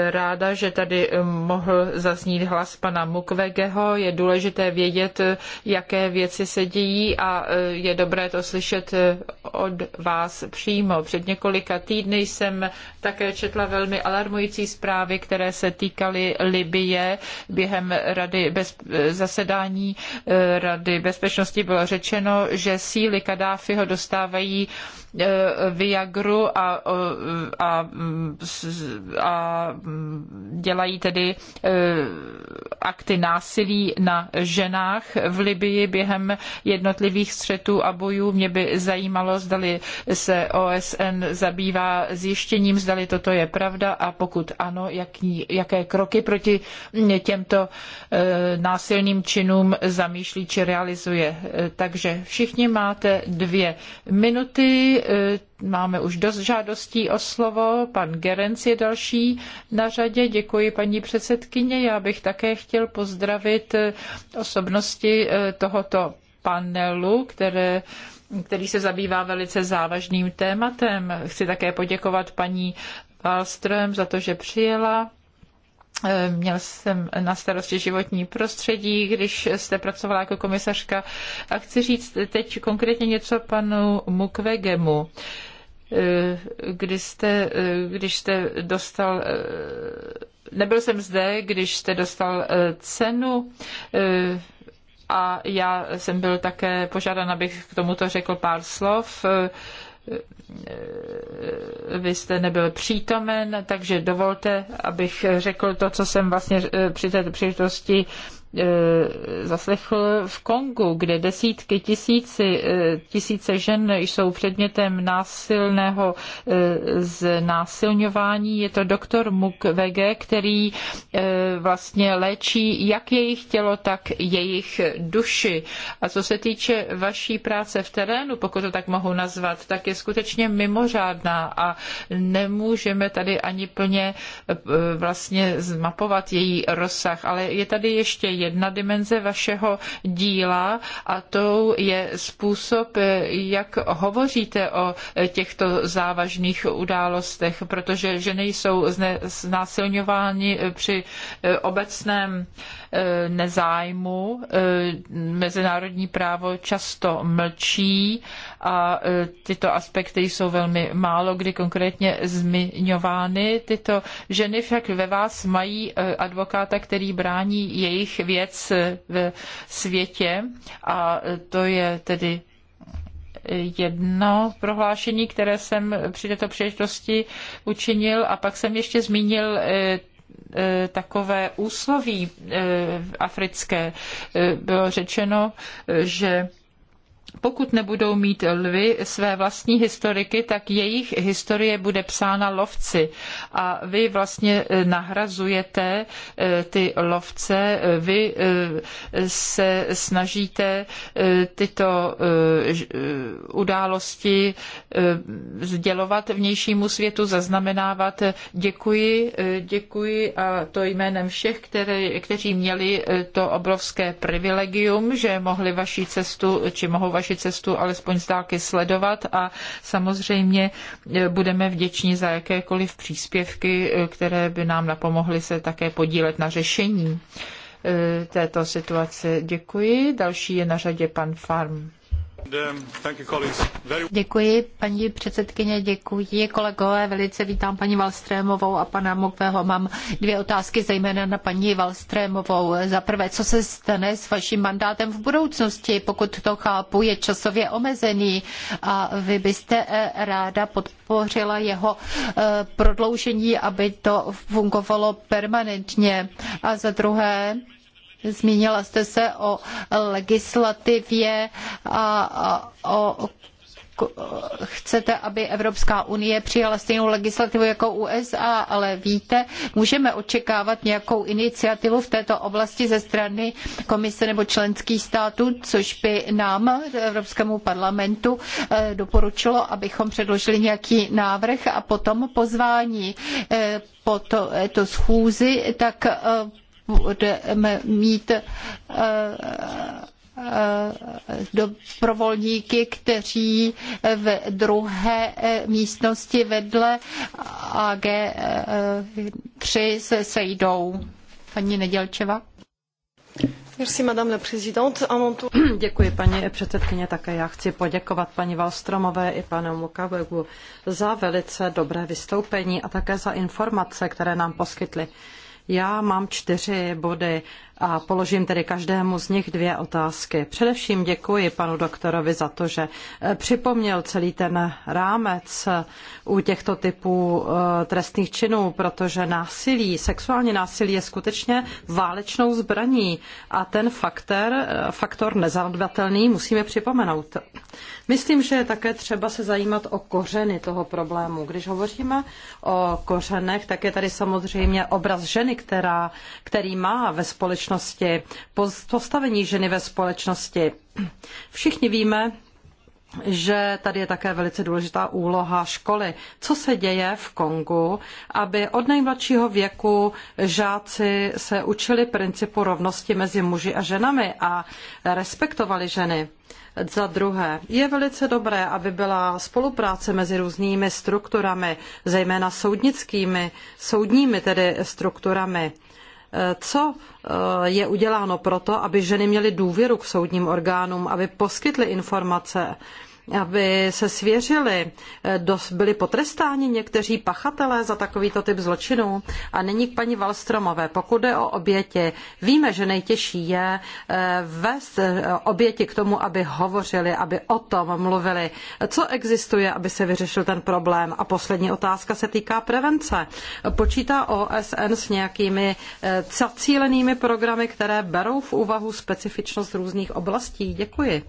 ráda, že tady eh, mohl zaznít hlas pana Mukwegeho. Je důležité vědět, jaké věci se dějí a eh, je dobré to slyšet eh, od vás přímo. Před několika týdny jsem také četla velmi alarmující zprávy, které se týkaly Libye. Během rady bez, zasedání Rady bezpečnosti bylo řečeno, že síly Kadáfiho dostávají Eh, Viagru a, a, a dělají tedy eh, akty násilí na ženách v Libyi během jednotlivých střetů a bojů. Mě by zajímalo, zdali se OSN zabývá zjištěním, zdali toto je pravda a pokud ano, jaký, jaké kroky proti těmto eh, násilným činům zamýšlí či realizuje. Takže všichni máte dvě minuty Eh, máme už dost žádostí o slovo. Pan Gerenc je další na řadě. Děkuji, paní předsedkyně. Já bych také chtěl pozdravit eh, osobnosti eh, tohoto panelu, které který se zabývá velice závažným tématem. Chci také poděkovat paní Wallström za to, že přijela Eh, měl jsem na starosti životní prostředí, když jste pracovala jako komisařka. A chci říct teď konkrétně něco panu Mukwegemu eh, kdy jste, eh, když jste dostal, nebyl jsem zde, když jste dostal cenu a já jsem byl také požádán, abych k tomuto řekl pár slov vy jste nebyl přítomen, takže dovolte, abych řekl to, co jsem vlastně eh, při této příležitosti E, zaslechl v Kongu, kde desítky tisíci, e, tisíce žen jsou předmětem násilného e, znásilňování. Je to doktor Mukwege, který vlastně léčí jak jejich tělo, tak jejich duši. A co se týče vaší práce v terénu, pokud to tak mohu nazvat, tak je skutečně mimořádná a nemůžeme tady ani plně vlastně zmapovat její rozsah, ale je tady ještě jedna dimenze vašeho díla a tou je způsob, jak hovoříte o těchto závažných událostech, protože ženy jsou znásilňovány při eh, obecném Eh, nezájmu. Eh, mezinárodní právo často mlčí a eh, tyto aspekty jsou velmi málo kdy konkrétně zmiňovány. Tyto ženy však ve vás mají advokáta, který brání jejich věc ve světě a to je tedy jedno prohlášení, které jsem při této příležitosti učinil a pak jsem ještě zmínil E, takové úsloví e, africké. E, bylo řečeno, že pokud nebudou mít lvy své vlastní historiky, tak jejich historie bude psána lovci. A vy vlastně eh, nahrazujete eh, ty lovce, eh, vy se snažíte tyto události sdělovat vnějšímu světu, zaznamenávat. Děkuji, děkuji a to jménem všech, které, kteří měli to obrovské privilegium, že mohli vaši cestu, či mohou vaši vaši cestu alespoň z dálky sledovat a samozřejmě e, budeme vděční za jakékoliv příspěvky, e, které by nám napomohly se také podílet na řešení e, této situace. Děkuji. Další je na řadě pan Farm. Děkuji, paní předsedkyně, děkuji kolegové, velice vítám paní Valstrémovou a pana Mokvého. Mám dvě otázky, zejména na paní Valstrémovou. Za prvé, co se stane s vaším mandátem v budoucnosti, pokud to chápu, je časově omezený a vy byste eh, ráda podpořila jeho eh, prodloužení, aby to fungovalo permanentně. A za druhé, Zmínila jste se o legislativě a o chcete, aby Evropská unie přijala stejnou legislativu jako USA, ale víte, můžeme očekávat nějakou iniciativu v této oblasti ze strany komise nebo členských států, což by nám, Evropskému parlamentu, eh, doporučilo, abychom předložili nějaký návrh a potom pozvání eh, po to, eh, to schůzi, tak budeme mít eh, eh, dobrovolníky, kteří v druhé místnosti vedle AG3 eh, se sejdou. Paní Nedělčeva. *clears throat* Děkuji, paní předsedkyně. Také já chci poděkovat paní Valstromové i panu Mukawegu za velice dobré vystoupení a také za informace, které nám poskytly. Já mám čtyři body a položím tedy každému z nich dvě otázky. Především děkuji panu doktorovi za to, že eh, připomněl celý ten rámec eh, u těchto typů eh, trestných činů, protože násilí, sexuální násilí je skutečně válečnou zbraní a ten faktor, faktor nezanedbatelný musíme připomenout. Myslím, že je také třeba se zajímat o kořeny toho problému. Když hovoříme o kořenech, tak je tady samozřejmě obraz ženy, která, který má ve společnosti společnosti, postavení ženy ve společnosti. Všichni víme, že tady je také velice důležitá úloha školy. Co se děje v Kongu, aby od nejmladšího věku žáci se učili principu rovnosti mezi muži a ženami a respektovali ženy? Za druhé, je velice dobré, aby byla spolupráce mezi různými strukturami, zejména soudnickými, soudními tedy strukturami co eh, je uděláno pro to, aby ženy měly důvěru k soudním orgánům, aby poskytly informace, aby se svěřili, eh, byli potrestáni někteří pachatelé za takovýto typ zločinů. A nyní k paní Valstromové. Pokud jde o oběti, víme, že nejtěžší je eh, vést eh, oběti k tomu, aby hovořili, aby o tom mluvili, co existuje, aby se vyřešil ten problém. A poslední otázka se týká prevence. Počítá OSN s nějakými zacílenými programy, které berou v úvahu specifičnost různých oblastí? Děkuji.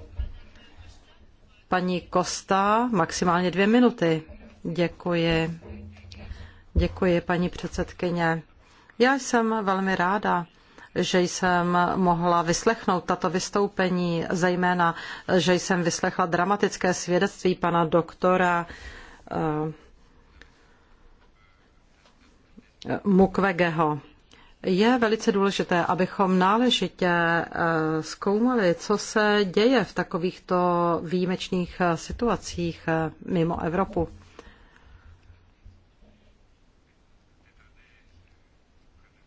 Paní Kosta, maximálně dvě minuty. Děkuji. Děkuji, paní předsedkyně. Já jsem velmi ráda, že jsem mohla vyslechnout tato vystoupení, zejména, že jsem vyslechla dramatické svědectví pana doktora eh, Mukwegeho je velice důležité, abychom náležitě eh, zkoumali, co se děje v takovýchto výjimečných eh, situacích eh, mimo Evropu.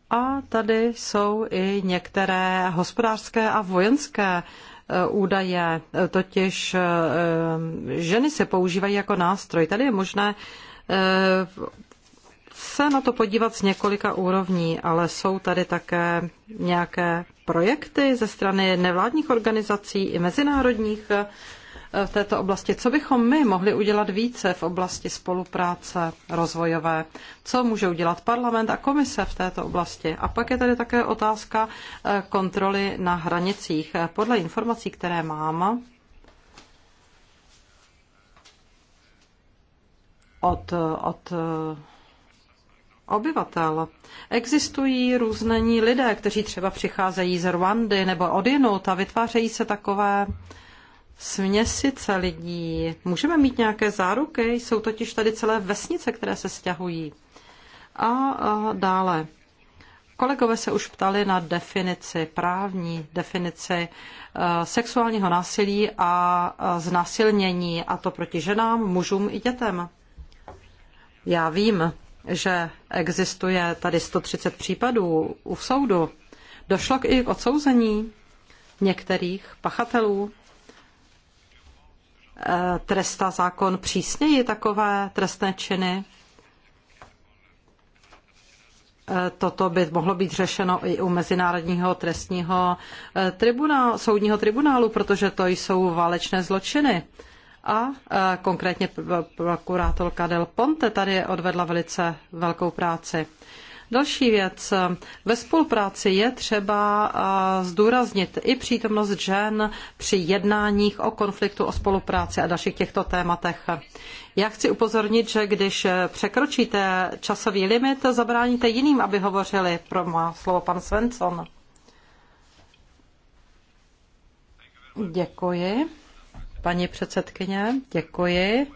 A tady jsou i některé hospodářské a vojenské údaje, totiž ženy se používají jako nástroj. Tady je možné se na to podívat z několika úrovní, ale jsou tady také nějaké projekty ze strany nevládních organizací i mezinárodních eh, v této oblasti. Co bychom my mohli udělat více v oblasti spolupráce rozvojové? Co může udělat parlament a komise v této oblasti? A pak je tady také otázka eh, kontroly na hranicích. Eh, podle informací, které mám, od, od obyvatel. Existují různení lidé, kteří třeba přicházejí z Rwandy nebo odinut a vytvářejí se takové směsice lidí. Můžeme mít nějaké záruky, jsou totiž tady celé vesnice, které se stěhují. A, a dále. Kolegové se už ptali na definici, právní definici eh, sexuálního násilí a znásilnění, a to proti ženám, mužům i dětem. Já vím, že existuje tady 130 případů u soudu, došlo i k odsouzení některých pachatelů. E, trestá zákon přísněji takové trestné činy. E, toto by mohlo být řešeno i u Mezinárodního trestního e, tribunálu, soudního tribunálu, protože to jsou válečné zločiny. A e, konkrétně prokurátorka Del Ponte tady odvedla velice velkou práci. Další věc. Ve spolupráci je třeba e, zdůraznit i přítomnost žen při jednáních o konfliktu, o spolupráci a dalších těchto tématech. Já chci upozornit, že když překročíte časový limit, zabráníte jiným, aby hovořili. Pro má slovo pan Svensson. Děkuji paní předsedkyně. Děkuji.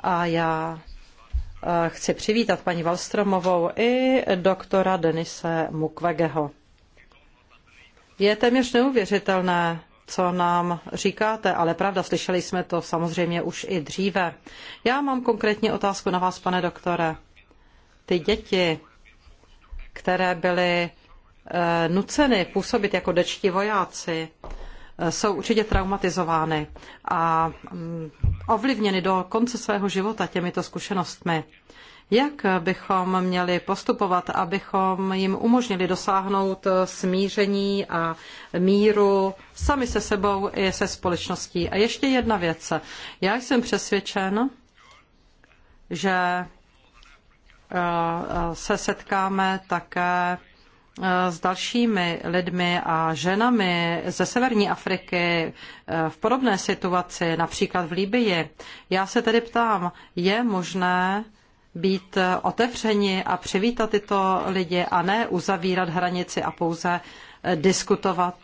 A já eh, chci přivítat paní Valstromovou i doktora Denise Mukwegeho. Je téměř neuvěřitelné, co nám říkáte, ale pravda, slyšeli jsme to samozřejmě už i dříve. Já mám konkrétní otázku na vás, pane doktore. Ty děti, které byly eh, nuceny působit jako dečtí vojáci, Eh, jsou určitě traumatizovány a mm, ovlivněny do konce svého života těmito zkušenostmi. Jak bychom měli postupovat, abychom jim umožnili dosáhnout eh, smíření a míru sami se sebou i se společností? A ještě jedna věc. Já jsem přesvědčen, že eh, se setkáme také Eh, s dalšími lidmi a ženami ze severní Afriky eh, v podobné situaci, například v Líbii. Já se tedy ptám, je možné být otevřeni a přivítat tyto lidi a ne uzavírat hranici a pouze eh, diskutovat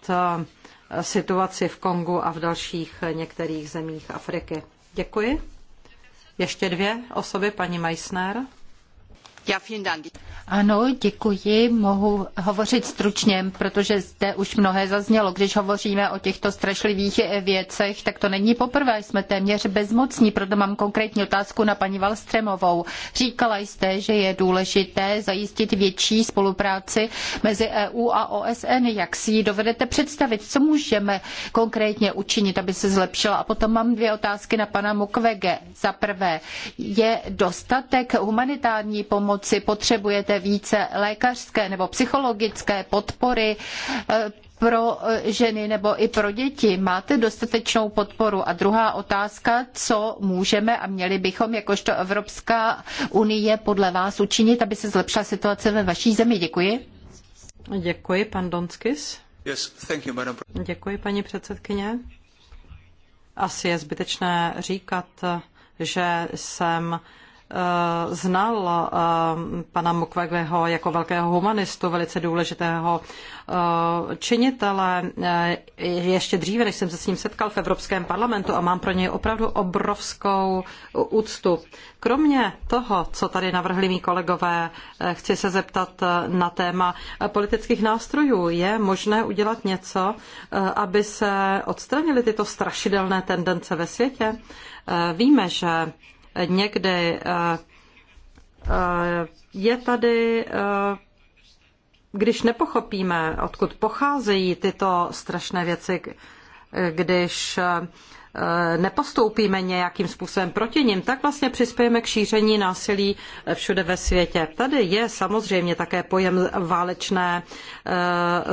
situaci v Kongu a v dalších některých zemích Afriky. Děkuji. Ještě dvě osoby, paní Meissner. Ano, děkuji. Mohu hovořit stručně, protože zde už mnohé zaznělo. Když hovoříme o těchto strašlivých věcech, tak to není poprvé. Jsme téměř bezmocní, proto mám konkrétní otázku na paní Valstremovou. Říkala jste, že je důležité zajistit větší spolupráci mezi EU a OSN. Jak si ji dovedete představit? Co můžeme konkrétně učinit, aby se zlepšila? A potom mám dvě otázky na pana Mukwege. Za prvé, je dostatek humanitární pomoci pomoci, potřebujete více lékařské nebo psychologické podpory eh, pro ženy nebo i pro děti? Máte dostatečnou podporu? A druhá otázka, co můžeme a měli bychom jakožto Evropská unie podle vás učinit, aby se zlepšila situace ve vaší zemi? Děkuji. Děkuji, pan Donskis. Yes, you, Děkuji, paní předsedkyně. Asi je zbytečné říkat, že jsem Eh, znal eh, pana Mukwegeho jako velkého humanistu, velice důležitého eh, činitele ještě dříve, než jsem se s ním setkal v Evropském parlamentu a mám pro něj opravdu obrovskou úctu. Kromě toho, co tady navrhli mý kolegové, chci se zeptat na téma politických nástrojů. Je možné udělat něco, aby se odstranily tyto strašidelné tendence ve světě? Víme, že Někdy eh, eh, je tady, eh, když nepochopíme, odkud pocházejí tyto strašné věci, když Eh, nepostoupíme nějakým způsobem proti nim, tak vlastně přispějeme k šíření násilí všude ve světě. Tady je samozřejmě také pojem válečné eh,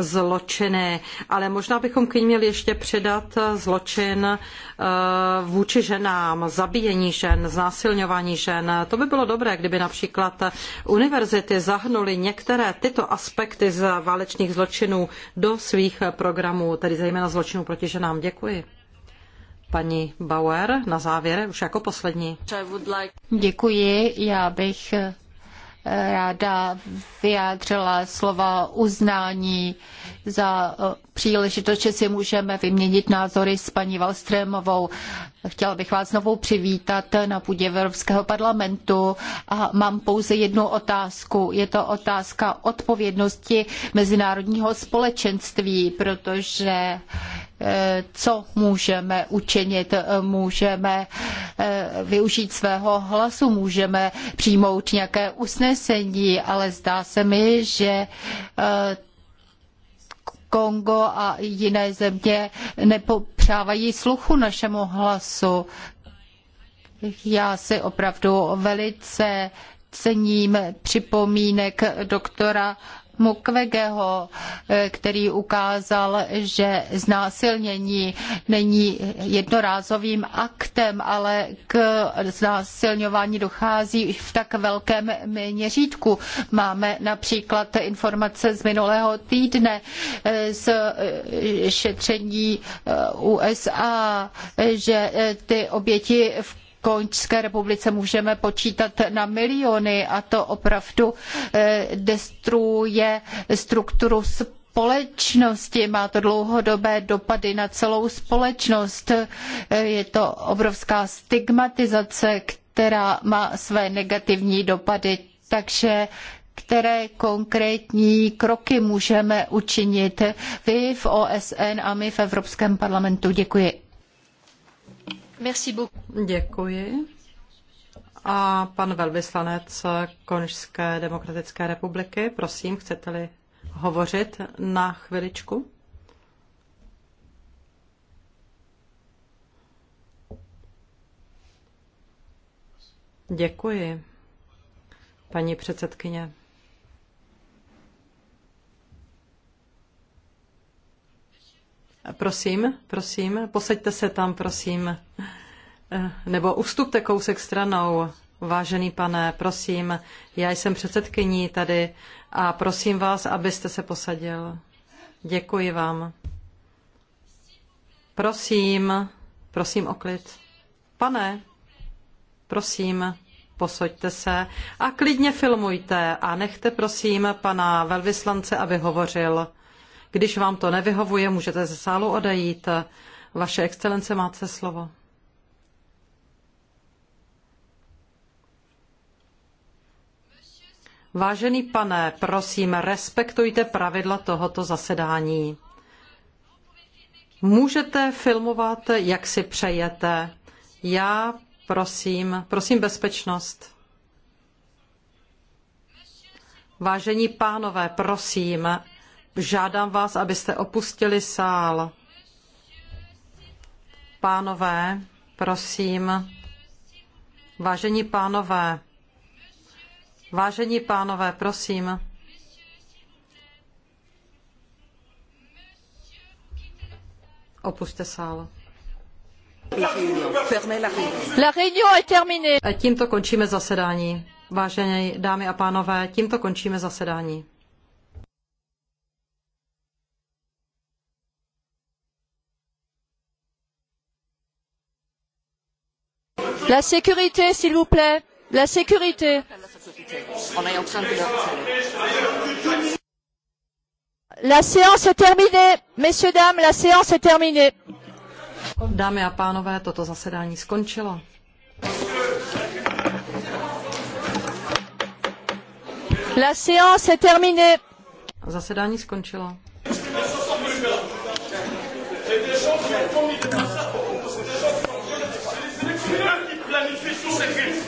zločiny, ale možná bychom k ní měli ještě přidat eh, zločin vůči ženám, zabíjení žen, znásilňování žen. To by bylo dobré, kdyby například univerzity zahnuly některé tyto aspekty z válečných zločinů do svých programů, tedy zejména zločinů proti ženám. Děkuji. Paní Bauer, na závěr, už jako poslední. Děkuji, já bych eh, ráda vyjádřila slova uznání za eh, příležitost, že si můžeme vyměnit názory s paní Valstrémovou. Chtěla bych vás znovu přivítat na půdě Evropského parlamentu a mám pouze jednu otázku. Je to otázka odpovědnosti mezinárodního společenství, protože co můžeme učinit. Můžeme eh, využít svého hlasu, můžeme přijmout nějaké usnesení, ale zdá se mi, že eh, Kongo a jiné země nepopřávají sluchu našemu hlasu. Já si opravdu velice cením připomínek doktora Mukwegeho, eh, který ukázal, že znásilnění není jednorázovým aktem, ale k znásilňování dochází v tak velkém měřítku. Máme například informace z minulého týdne eh, z eh, šetření USA, že ty oběti v Končské republice můžeme počítat na miliony a to opravdu eh, destruuje strukturu společnosti, má to dlouhodobé dopady na celou společnost. Eh, je to obrovská stigmatizace, která má své negativní dopady. Takže které konkrétní kroky můžeme učinit vy v OSN a my v Evropském parlamentu. Děkuji. Děkuji. A pan velvyslanec Konžské demokratické republiky, prosím, chcete-li hovořit na chviličku? Děkuji, paní předsedkyně. Prosím, prosím, posaďte se tam, prosím. Eh, nebo ustupte kousek stranou. Vážený pane, prosím, já jsem předsedkyní tady a prosím vás, abyste se posadil. Děkuji vám. Prosím, prosím o klid. Pane, prosím, posoďte se a klidně filmujte a nechte prosím pana velvyslance, aby hovořil. Když vám to nevyhovuje, můžete ze sálu odejít. Vaše excelence, máte slovo. Vážený pane, prosím, respektujte pravidla tohoto zasedání. Můžete filmovat, jak si přejete. Já prosím, prosím bezpečnost. Vážení pánové, prosím, Žádám vás, abyste opustili sál. Pánové, prosím. Vážení pánové, vážení pánové, prosím. Opuste sál. La réunion est terminée. Tímto končíme zasedání. Vážené dámy a pánové, tímto končíme zasedání. La sécurité, s'il vous plaît. La sécurité. La séance est terminée. Messieurs, dames, la séance est terminée. Dámy a pánové, toto zasedání skončilo. La séance est terminée. Zasedání skončilo. secret.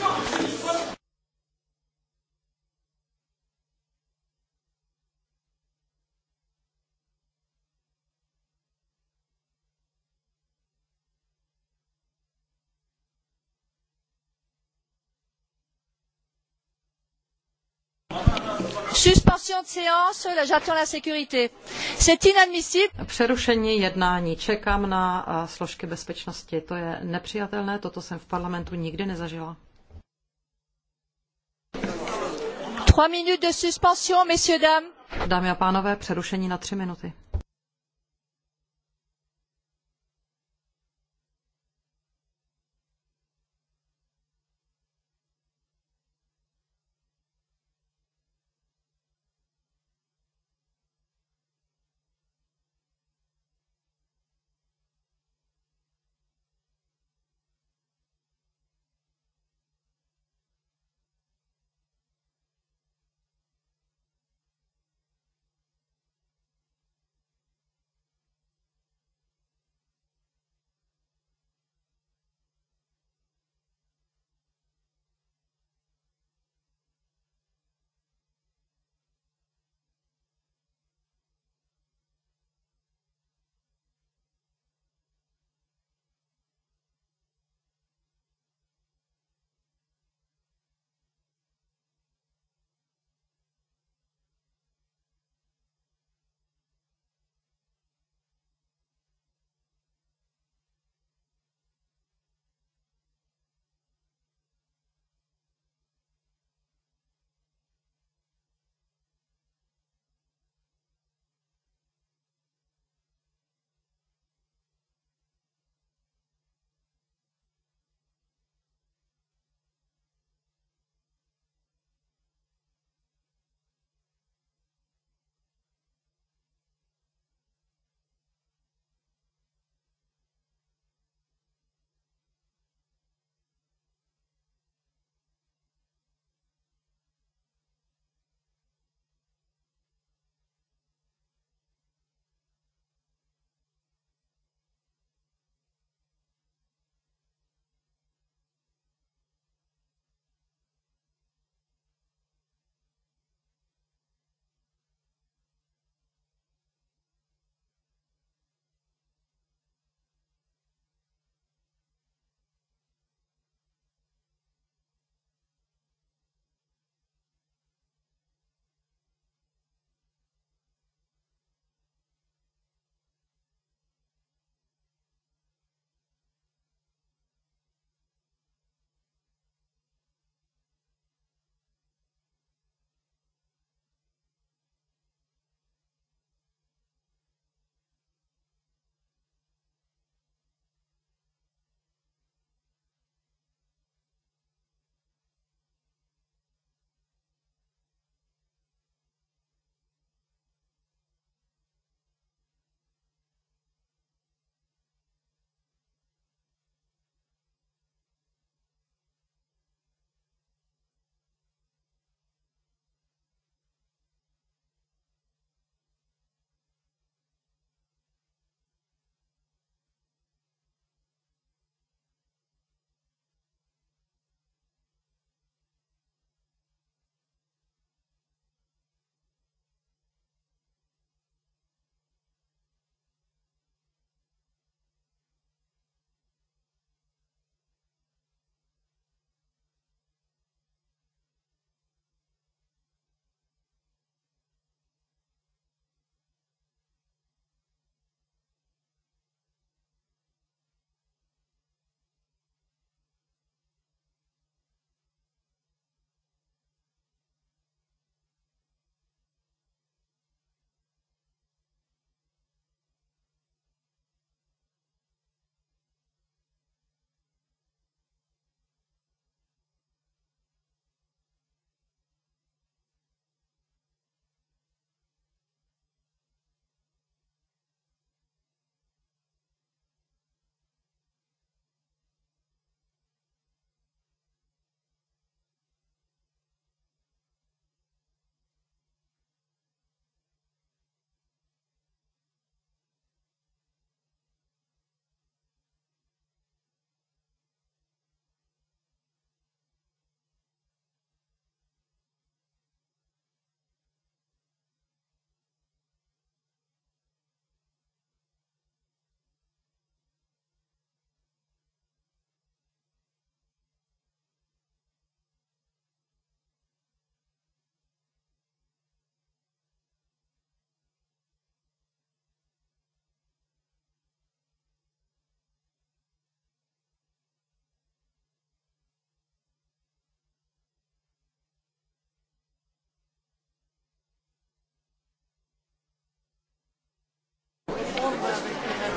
Přerušení jednání. Čekám na eh, složky bezpečnosti. To je nepřijatelné. Toto jsem v parlamentu nikdy nezažila. Trois minutes de suspension, messieurs, Dámy a pánové, přerušení na tři minuty.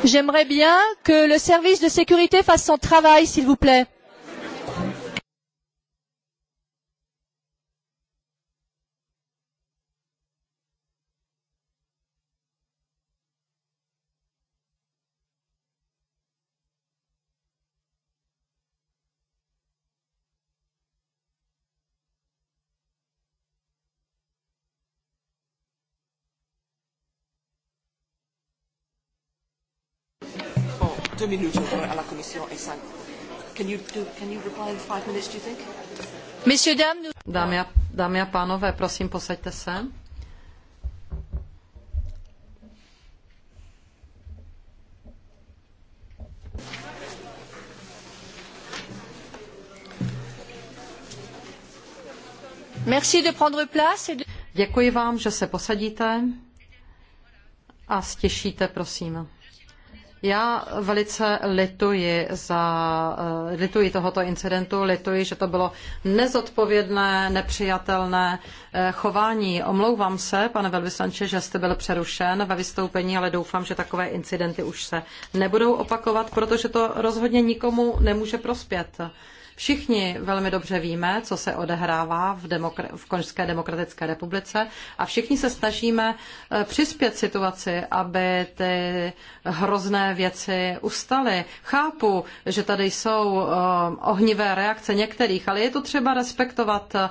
J'aimerais bien que le service de sécurité fasse son travail, s'il vous plaît. deux minutes à la Commission et cinq. Can you, do, can you reply in five minutes, do you think? Messieurs, dames, dámy, a, dámy a pánové, prosím, posaďte se. Merci de prendre place et de... Děkuji vám, že se posadíte a stěšíte, prosím. Já velice lituji, za, eh, lituji tohoto incidentu, lituji, že to bylo nezodpovědné, nepřijatelné eh, chování. Omlouvám se, pane velvyslanče, že jste byl přerušen ve vystoupení, ale doufám, že takové incidenty už se nebudou opakovat, protože to rozhodně nikomu nemůže prospět. Všichni velmi dobře víme, co se odehrává v, demokra- v Konžské demokratické republice a všichni se snažíme eh, přispět situaci, aby ty hrozné věci ustaly. Chápu, že tady jsou eh, ohnivé reakce některých, ale je to třeba respektovat, eh,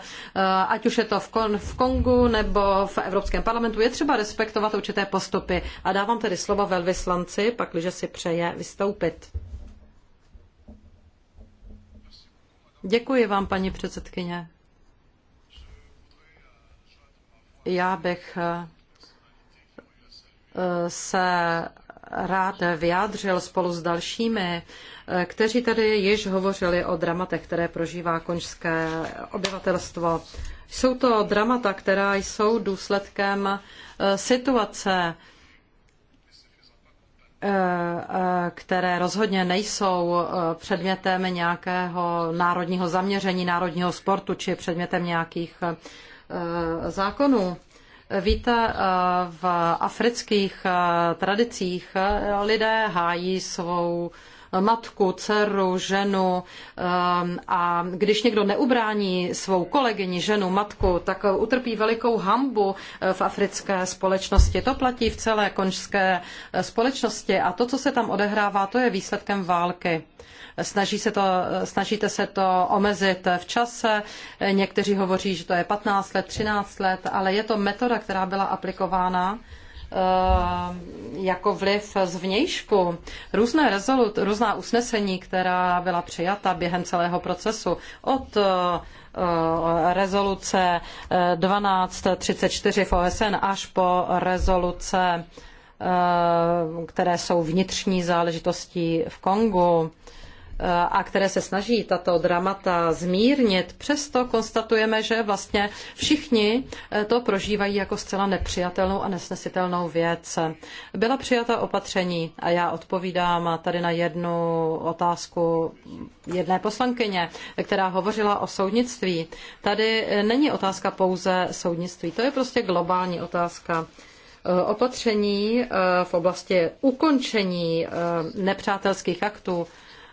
ať už je to v, Kon- v Kongu nebo v Evropském parlamentu, je třeba respektovat určité postupy. A dávám tedy slovo velvyslanci, pakliže si přeje vystoupit. Děkuji vám, paní předsedkyně. Já bych eh, se rád vyjádřil spolu s dalšími, eh, kteří tady již hovořili o dramatech, které prožívá konžské obyvatelstvo. Jsou to dramata, která jsou důsledkem eh, situace, Eh, eh, které rozhodně nejsou eh, předmětem nějakého národního zaměření, národního sportu či předmětem nějakých zákonů. Víte, v afrických tradicích lidé hájí svou matku, dceru, ženu um, a když někdo neubrání svou kolegyni, ženu, matku, tak utrpí velikou hambu eh, v africké společnosti. To platí v celé konžské eh, společnosti a to, co se tam odehrává, to je výsledkem války. Snaží se to, eh, snažíte se to omezit v čase. Někteří hovoří, že to je 15 let, 13 let, ale je to metoda, která byla aplikována Eh, jako vliv zvnějšku. Různé rezolut, různá usnesení, která byla přijata během celého procesu od eh, rezoluce 1234 eh, v OSN až po rezoluce, které jsou vnitřní záležitostí v Kongu a které se snaží tato dramata zmírnit, přesto konstatujeme, že vlastně všichni eh, to prožívají jako zcela nepřijatelnou a nesnesitelnou věc. Byla přijata opatření a já odpovídám tady na jednu otázku jedné poslankyně, která hovořila o soudnictví. Tady eh, není otázka pouze soudnictví, to je prostě globální otázka eh, opatření v oblasti ukončení nepřátelských aktů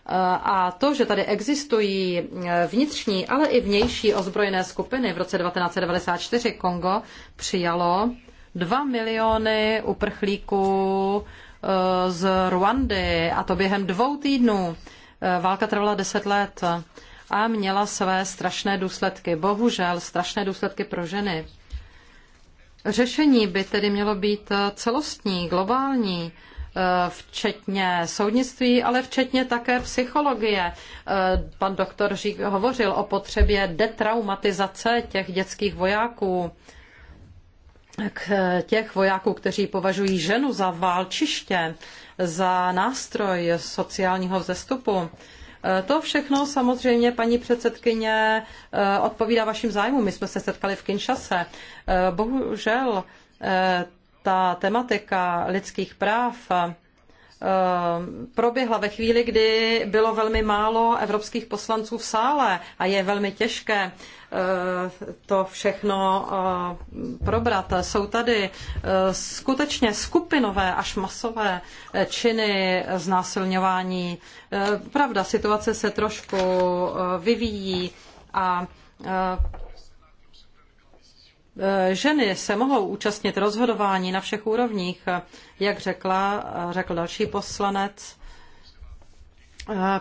a to, že tady existují vnitřní, ale i vnější ozbrojené skupiny, v roce 1994 Kongo přijalo 2 miliony uprchlíků eh, z Ruandy a to během dvou týdnů. Eh, válka trvala deset let a měla své strašné důsledky. Bohužel strašné důsledky pro ženy. Řešení by tedy mělo být eh, celostní, globální Eh, včetně soudnictví, ale včetně také psychologie. Eh, pan doktor Řík hovořil o potřebě detraumatizace těch dětských vojáků, eh, těch vojáků, kteří považují ženu za válčiště, za nástroj sociálního vzestupu. To všechno samozřejmě, paní předsedkyně, odpovídá vašim zájmům. My jsme se setkali v Kinshase. Bohužel ta tematika lidských práv eh, proběhla ve chvíli, kdy bylo velmi málo evropských poslanců v sále a je velmi těžké eh, to všechno eh, probrat. Jsou tady skutečně skupinové až masové činy znásilňování. Pravda, situace se trošku vyvíjí a Eh, ženy se mohou účastnit rozhodování na všech úrovních, eh, jak řekla, eh, řekl další poslanec.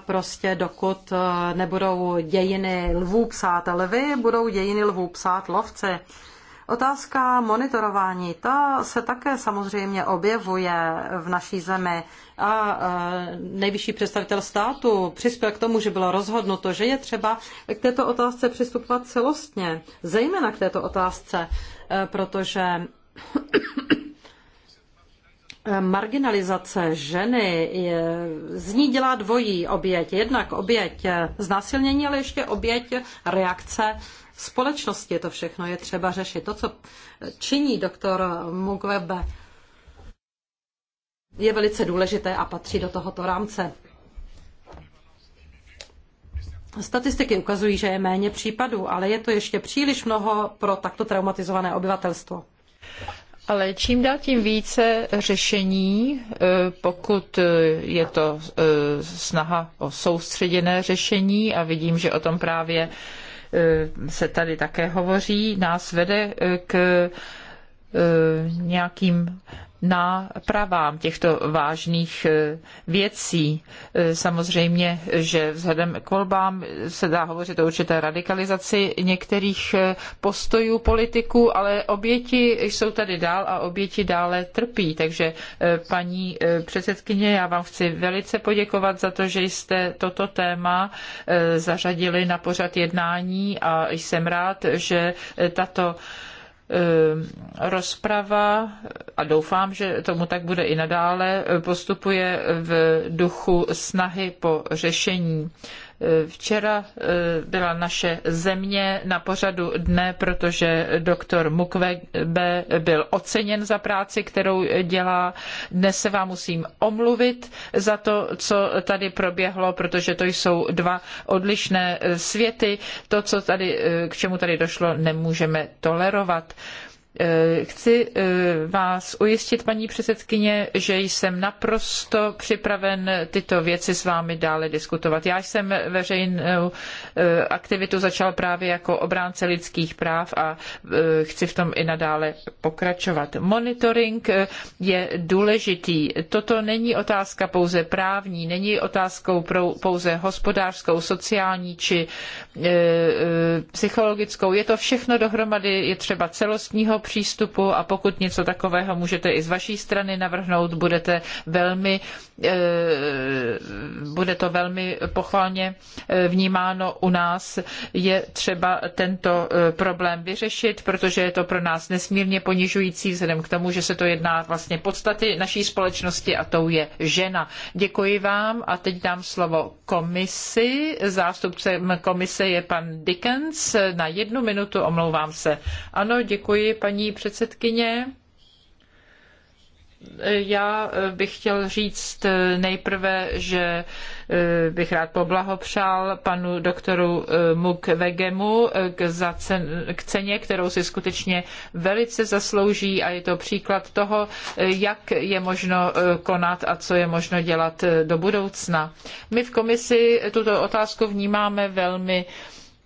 Prostě dokud nebudou dějiny lvů psát lvy, budou dějiny lvů psát lovci. Otázka monitorování, ta se také samozřejmě objevuje v naší zemi a e, nejvyšší představitel státu přispěl k tomu, že bylo rozhodnuto, že je třeba k této otázce přistupovat celostně, zejména k této otázce, e, protože *coughs* Marginalizace ženy je, z ní dělá dvojí oběť. Jednak oběť znásilnění, ale ještě oběť reakce společnosti. To všechno je třeba řešit. To, co činí doktor Mugwebe, je velice důležité a patří do tohoto rámce. Statistiky ukazují, že je méně případů, ale je to ještě příliš mnoho pro takto traumatizované obyvatelstvo. Ale čím dál tím více řešení, eh, pokud je to eh, snaha o soustředěné řešení a vidím, že o tom právě se tady také hovoří, nás vede k E, nějakým nápravám těchto vážných e, věcí. E, samozřejmě, že vzhledem k volbám se dá hovořit o určité radikalizaci některých postojů politiků, ale oběti jsou tady dál a oběti dále trpí. Takže paní předsedkyně, já vám chci velice poděkovat za to, že jste toto téma zařadili na pořad jednání a jsem rád, že tato Eh, rozprava, a doufám, že tomu tak bude i nadále, eh, postupuje v duchu snahy po řešení Včera eh, byla naše země na pořadu dne, protože doktor Mukwege byl oceněn za práci, kterou dělá. Dnes se vám musím omluvit za to, co tady proběhlo, protože to jsou dva odlišné eh, světy. To, co tady, eh, k čemu tady došlo, nemůžeme tolerovat. Eh, chci eh, vás ujistit, paní předsedkyně, že jsem naprosto připraven tyto věci s vámi dále diskutovat. Já jsem veřejnou eh, aktivitu začal právě jako obránce lidských práv a chci v tom i nadále pokračovat. Monitoring je důležitý. Toto není otázka pouze právní, není otázkou pouze hospodářskou, sociální či psychologickou. Je to všechno dohromady, je třeba celostního přístupu a pokud něco takového můžete i z vaší strany navrhnout, budete velmi, eh, bude to velmi pochvalně eh, vnímáno u nás. Je třeba tento eh, problém vyřešit, protože je to pro nás nesmírně ponižující vzhledem k tomu, že se to jedná vlastně podstaty naší společnosti a tou je žena. Děkuji vám a teď dám slovo komisi. Zástupcem komise je pan Dickens na jednu minutu, omlouvám se. Ano, děkuji, paní paní předsedkyně. Já eh, bych chtěl říct eh, nejprve, že eh, bych rád poblahopřál panu doktoru Mukwegemu k ceně, kterou si skutečně velice zaslouží a je to příklad toho, jak je možno konat a co je možno dělat do budoucna. My v komisi tuto otázku vnímáme velmi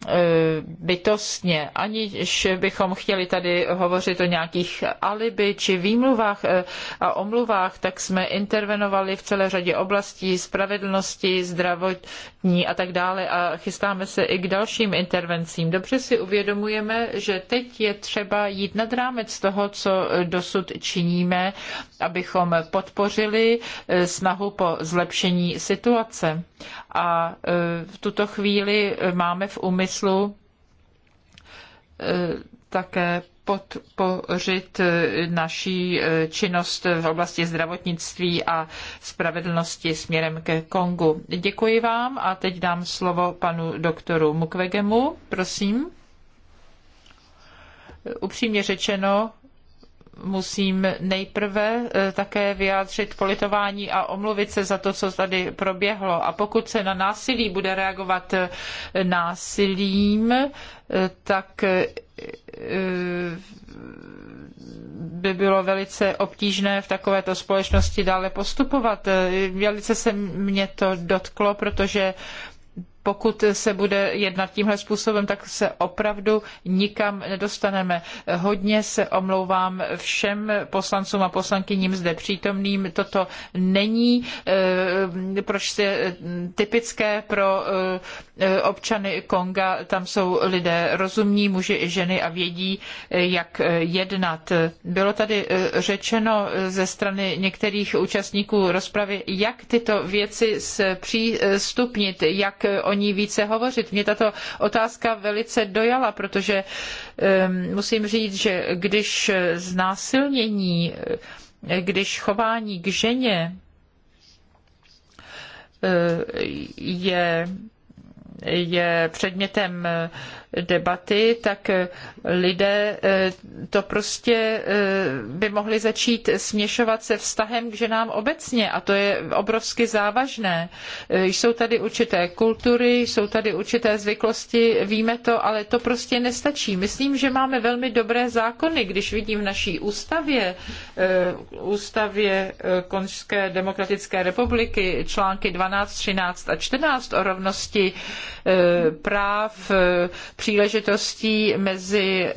E, bytostně, aniž bychom chtěli tady hovořit o nějakých alibi či výmluvách e, a omluvách, tak jsme intervenovali v celé řadě oblastí spravedlnosti, zdravotní a tak dále a chystáme se i k dalším intervencím. Dobře si uvědomujeme, že teď je třeba jít nad rámec toho, co dosud činíme, abychom podpořili e, snahu po zlepšení situace. A v tuto chvíli máme v úmyslu smyslu eh, také podpořit eh, naší eh, činnost v oblasti zdravotnictví a spravedlnosti směrem ke Kongu. Děkuji vám a teď dám slovo panu doktoru Mukwegemu. Prosím. Upřímně řečeno, musím nejprve e, také vyjádřit politování a omluvit se za to, co tady proběhlo. A pokud se na násilí bude reagovat e, násilím, e, tak by bylo velice obtížné v takovéto společnosti dále postupovat. Velice se mě to dotklo, protože pokud se bude jednat tímhle způsobem, tak se opravdu nikam nedostaneme. Hodně se omlouvám všem poslancům a poslankyním zde přítomným. Toto není eh, proč eh, typické pro eh, občany Konga. Tam jsou lidé rozumní, muži i ženy a vědí, jak jednat. Bylo tady řečeno ze strany některých účastníků rozpravy, jak tyto věci zpřístupnit, jak o ní více hovořit. Mě tato otázka velice dojala, protože ehm, musím říct, že když znásilnění, eh, když chování k ženě eh, je je předmětem eh, debaty, tak eh, lidé eh, to prostě eh, by mohli začít směšovat se vztahem k ženám obecně a to je obrovsky závažné. Jsou tady určité kultury, jsou tady určité zvyklosti, víme to, ale to prostě nestačí. Myslím, že máme velmi dobré zákony, když vidím v naší ústavě, ústavě Konžské demokratické republiky články 12, 13 a 14 o rovnosti práv, příležitostí mezi eh,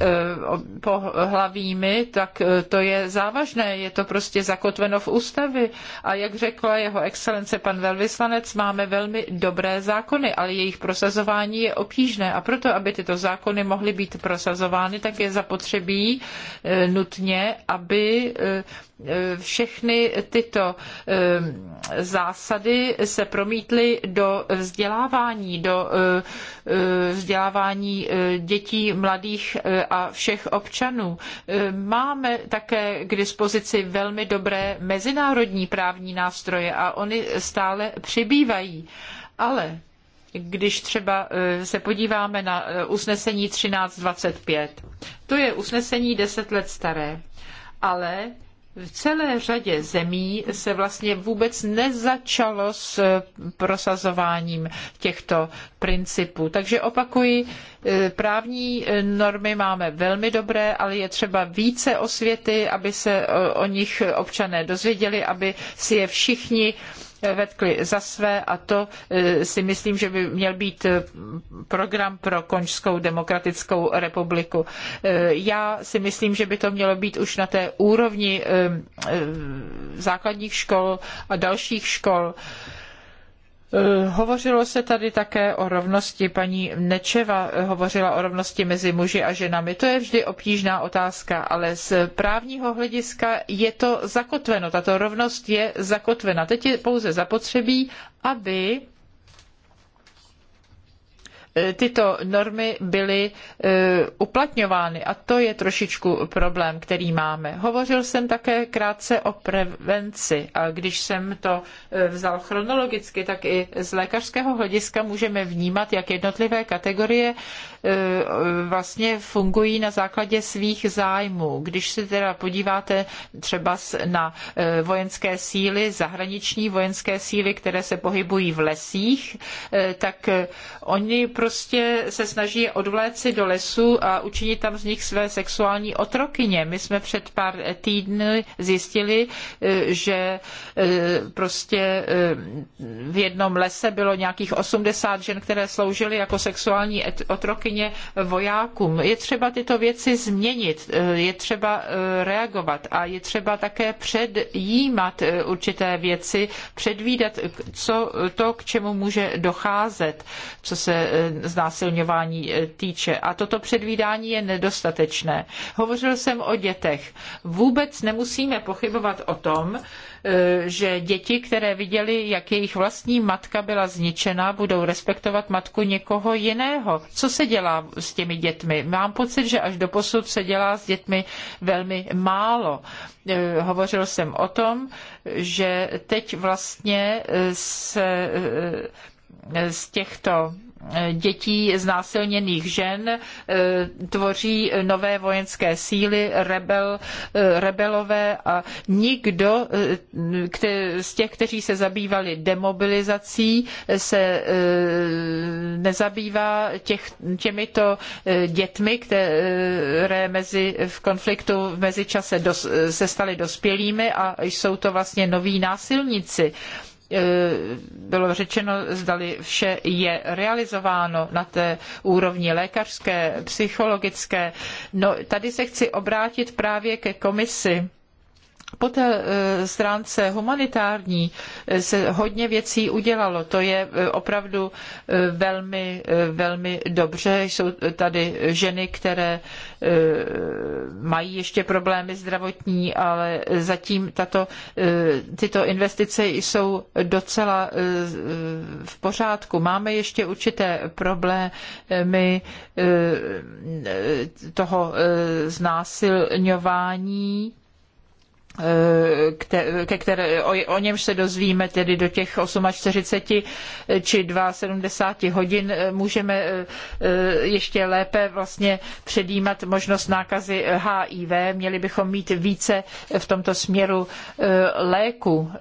pohlavími, tak eh, to je závažné. Je to prostě zakotveno v ústavě. A jak řekla jeho excelence pan velvyslanec, máme velmi dobré zákony, ale jejich prosazování je obtížné. A proto, aby tyto zákony mohly být prosazovány, tak je zapotřebí eh, nutně, aby Eh, všechny tyto eh, zásady se promítly do vzdělávání, do eh, vzdělávání dětí, mladých a všech občanů. Máme také k dispozici velmi dobré mezinárodní právní nástroje a oni stále přibývají. Ale když třeba se podíváme na usnesení 1325. To je usnesení deset let staré, ale v celé řadě zemí se vlastně vůbec nezačalo s eh, prosazováním těchto principů. Takže opakuji, eh, právní eh, normy máme velmi dobré, ale je třeba více osvěty, aby se o nich občané dozvěděli, aby si je všichni vetkli za své a to e, si myslím, že by měl být e, program pro Konžskou demokratickou republiku. E, já si myslím, že by to mělo být už na té úrovni základních škol a dalších škol. Eh, hovořilo se tady také o rovnosti. Paní Nečeva eh, hovořila o rovnosti mezi muži a ženami. To je vždy obtížná otázka, ale z právního hlediska je to zakotveno. Tato rovnost je zakotvena. Teď je pouze zapotřebí, aby E, tyto normy byly e, uplatňovány a to je trošičku problém, který máme. Hovořil jsem také krátce o prevenci a když jsem to e, vzal chronologicky, tak i z lékařského hlediska můžeme vnímat, jak jednotlivé kategorie vlastně fungují na základě svých zájmů. Když se teda podíváte třeba na vojenské síly, zahraniční vojenské síly, které se pohybují v lesích, tak oni pro prostě se snaží odvléci do lesu a učinit tam z nich své sexuální otrokyně. My jsme před pár týdny zjistili, eh, že eh, prostě eh, v jednom lese bylo nějakých 80 žen, které sloužily jako sexuální otrokyně vojákům. Je třeba tyto věci změnit, je třeba reagovat a je třeba také předjímat určité věci, předvídat co to, k čemu může docházet, co se znásilňování eh, týče. A toto předvídání je nedostatečné. Hovořil jsem o dětech. Vůbec nemusíme pochybovat o tom, eh, že děti, které viděly, jak jejich vlastní matka byla zničena, budou respektovat matku někoho jiného. Co se dělá s těmi dětmi? Mám pocit, že až do posud se dělá s dětmi velmi málo. Eh, hovořil jsem o tom, že teď vlastně se z těchto dětí znásilněných žen eh, tvoří nové vojenské síly, rebel, eh, rebelové a nikdo eh, z těch, kteří se zabývali demobilizací, se nezabývá těch, těmito dětmi, které mezi, v konfliktu v mezičase dos, se staly dospělými a jsou to vlastně noví násilníci. E, bylo řečeno, zdali vše je realizováno na té úrovni lékařské, psychologické. No, tady se chci obrátit právě ke komisi po té e, stránce humanitární e, se hodně věcí udělalo. To je e, opravdu velmi, velmi dobře. Jsou tady ženy, které mají ještě problémy zdravotní, ale zatím tato, tyto investice jsou docela v pořádku. Máme ještě určité problémy toho znásilňování Eh, ke které, o, o němž se dozvíme tedy do těch 48 či 72 hodin, eh, můžeme eh, ještě lépe vlastně předjímat možnost nákazy HIV. Měli bychom mít více v tomto směru léku.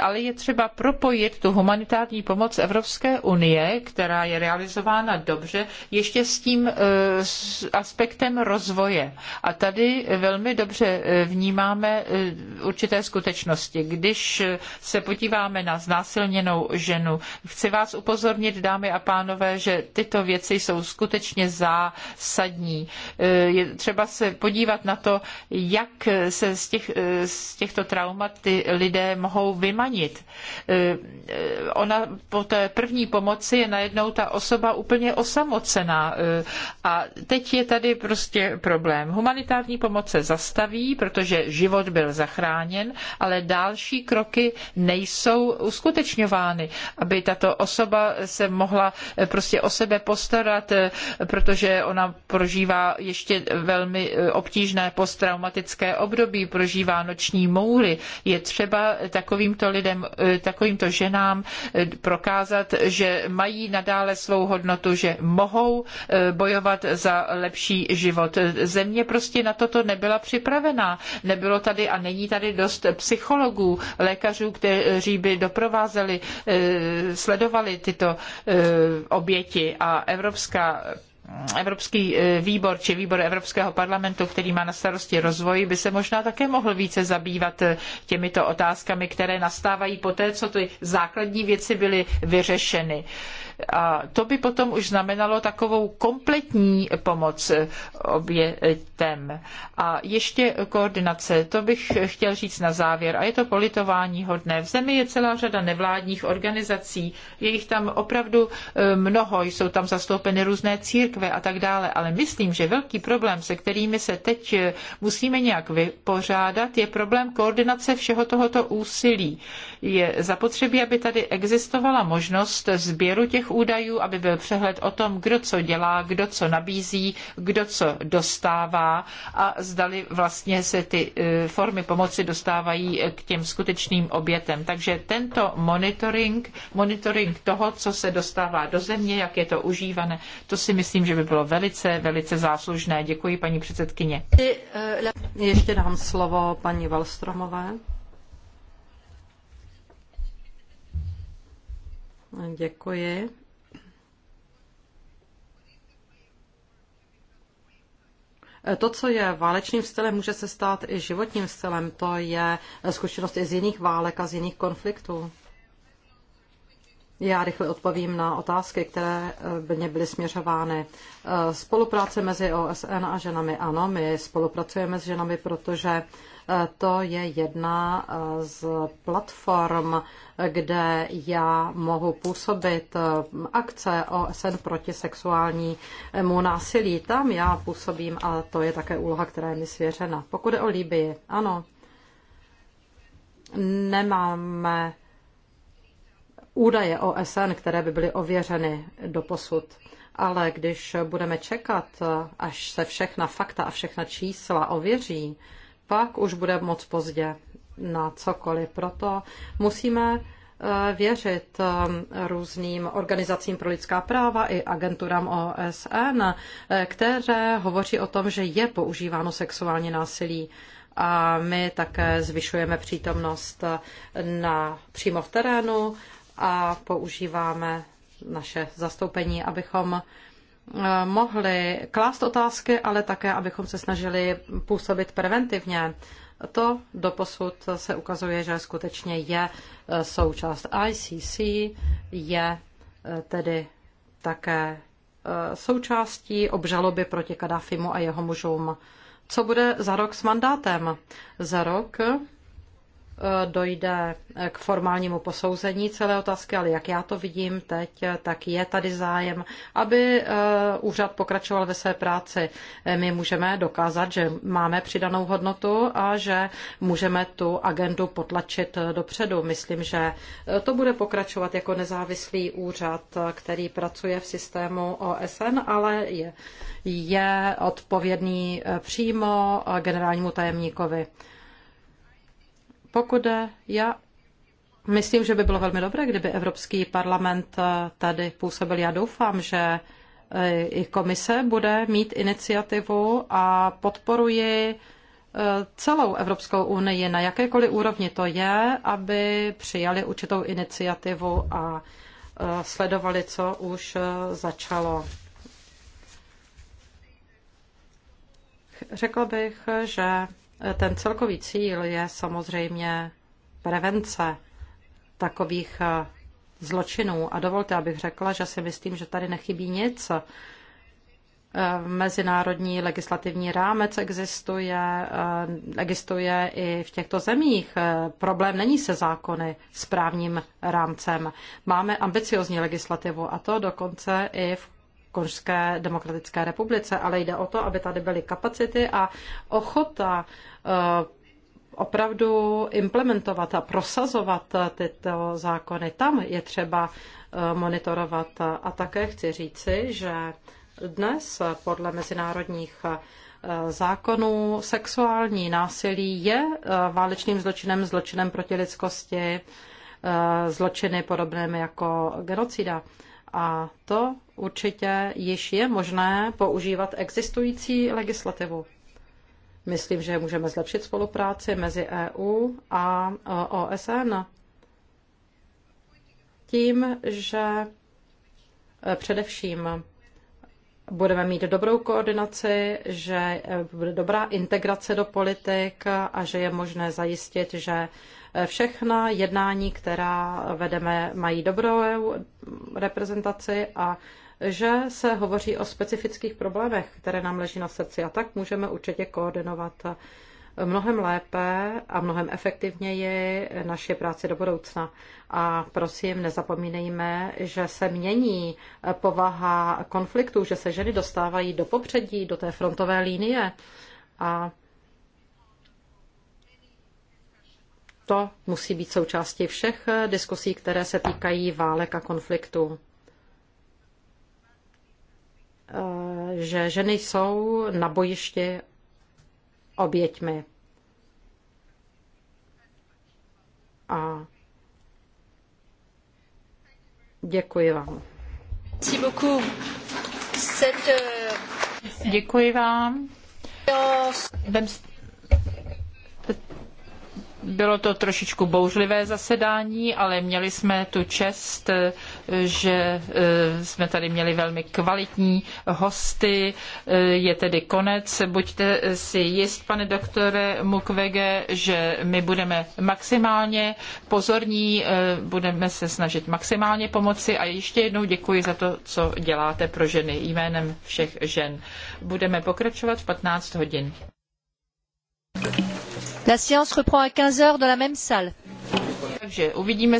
Ale je třeba propojit tu humanitární pomoc Evropské unie, která je realizována dobře, ještě s tím s aspektem rozvoje. A tady velmi dobře vnímáme určité skutečnosti. Když se podíváme na znásilněnou ženu, chci vás upozornit, dámy a pánové, že tyto věci jsou skutečně zásadní. Eh, je třeba se podívat na to, jak se z, těch, eh, z těchto traumat ty lidé mohou vymanit. Eh, ona po té první pomoci je najednou ta osoba úplně osamocená. A teď je tady prostě problém. Humanitární pomoc se zastaví, protože život byl zachráněn chráněn, ale další kroky nejsou uskutečňovány, aby tato osoba se mohla eh, prostě o sebe postarat, eh, protože ona prožívá ještě velmi eh, obtížné posttraumatické období, prožívá noční můry. Je třeba takovýmto lidem, takovýmto ženám prokázat, že mají nadále svou hodnotu, že mohou bojovat za lepší život. Země prostě na toto nebyla připravená. Nebylo tady a Není tady dost psychologů, lékařů, kteří by doprovázeli, eh, sledovali tyto eh, oběti a Evropská Evropský eh, výbor či výbor Evropského parlamentu, který má na starosti rozvoj, by se možná také mohl více zabývat těmito otázkami, které nastávají poté, co ty základní věci byly vyřešeny. Uh, a to by potom už znamenalo takovou kompletní pomoc obětem. A ještě koordinace, to bych chtěl říct na závěr. A je to politování hodné. V zemi je celá řada nevládních organizací, je jich tam opravdu eh, mnoho, jsou tam zastoupeny různé církve a tak dále. Ale myslím, že velký problém, se kterými se teď eh, musíme nějak vypořádat, je problém koordinace všeho tohoto úsilí. Je zapotřebí, aby tady existovala možnost sběru těch osobních údajů, aby byl přehled o tom, kdo co dělá, kdo co nabízí, kdo co dostává a zdali vlastně se ty e, formy pomoci dostávají k těm skutečným obětem. Takže tento monitoring, monitoring toho, co se dostává do země, jak je to užívané, to si myslím, že by bylo velice, velice záslužné. Děkuji, paní předsedkyně. Ještě dám slovo paní Valstromové. Děkuji. Eh, to, co je válečným stylem, může se stát i životním stylem. To je eh, zkušenost i z jiných válek a z jiných konfliktů. Já rychle odpovím na otázky, které eh, mě byly směřovány. Eh, spolupráce mezi OSN a ženami, ano, my spolupracujeme s ženami, protože eh, to je jedna z platform, kde já mohu působit akce OSN proti sexuálnímu násilí. Tam já působím a to je také úloha, která je mi svěřena. Pokud je o Libii, ano, nemáme údaje OSN, které by byly ověřeny do posud. Ale když budeme čekat, až se všechna fakta a všechna čísla ověří, pak už bude moc pozdě na cokoliv. Proto musíme eh, věřit eh, různým organizacím pro lidská práva i agenturám OSN, eh, které hovoří o tom, že je používáno sexuální násilí. A my také zvyšujeme přítomnost na, přímo v terénu a používáme naše zastoupení, abychom eh, mohli klást otázky, ale také, abychom se snažili působit preventivně. To doposud se ukazuje, že skutečně je eh, součást ICC, je eh, tedy také součástí obžaloby proti Kadáfimu a jeho mužům. Co bude za rok s mandátem? Za rok Eh, dojde eh, k formálnímu posouzení celé otázky, ale jak já to vidím teď, eh, tak je tady zájem, aby úřad pokračoval ve své práci. My můžeme dokázat, že máme přidanou hodnotu a že můžeme tu agendu potlačit dopředu. Myslím, že to bude pokračovat jako nezávislý úřad, který pracuje v systému OSN, ale je, je odpovědný přímo generálnímu tajemníkovi. Pokud já myslím, že by bylo velmi dobré, kdyby Evropský parlament eh, tady působil. Já doufám, že eh, i komise bude mít iniciativu a podporuji eh, celou Evropskou unii na jakékoliv úrovni to je, aby přijali určitou iniciativu a sledovali, co už začalo. Řekl bych, že ten celkový cíl je samozřejmě prevence takových eh, zločinů. A dovolte, abych řekla, že si myslím, že tady nechybí nic. Eh, mezinárodní legislativní rámec existuje, eh, existuje i v těchto zemích. Problém není se zákony s právním rámcem. Máme ambiciozní legislativu a to dokonce i v Konžské demokratické republice, ale jde o to, aby tady byly kapacity a ochota Eh, opravdu implementovat a prosazovat tyto zákony. Tam je třeba eh, monitorovat. A také chci říci, že dnes podle mezinárodních eh, zákonů sexuální násilí je válečným zločinem, zločinem proti lidskosti, zločiny podobnými jako genocida. A to určitě již je možné používat existující legislativu. Myslím, že můžeme zlepšit spolupráci mezi EU a e, OSN tím, že e, především budeme mít dobrou koordinaci, že e, bude dobrá integrace do politik a že je možné zajistit, že všechna jednání, která vedeme, mají dobrou reprezentaci a že se hovoří o specifických problémech, které nám leží na srdci a tak můžeme určitě koordinovat mnohem lépe a mnohem efektivněji naše práci do budoucna. A prosím, nezapomínejme, že se mění povaha konfliktů, že se ženy dostávají do popředí, do té frontové linie. A to musí být součástí všech diskusí, které se týkají válek a konfliktů. Eh, že ženy jsou na bojišti oběťmi. A děkuji vám. Euh, děkuji vám. Bylo to trošičku bouřlivé zasedání, ale měli jsme tu čest, eh, že eh, jsme tady měli velmi kvalitní hosty. Eh, je tedy konec. Buďte si jist, pane doktore Mukwege, že my budeme maximálně pozorní, budeme se snažit maximálně pomoci a ještě jednou děkuji za to, co děláte pro ženy jménem všech žen. Budeme pokračovat v 15 hodin. La séance reprend à 15 heures dans la même salle. Takže uvidíme se.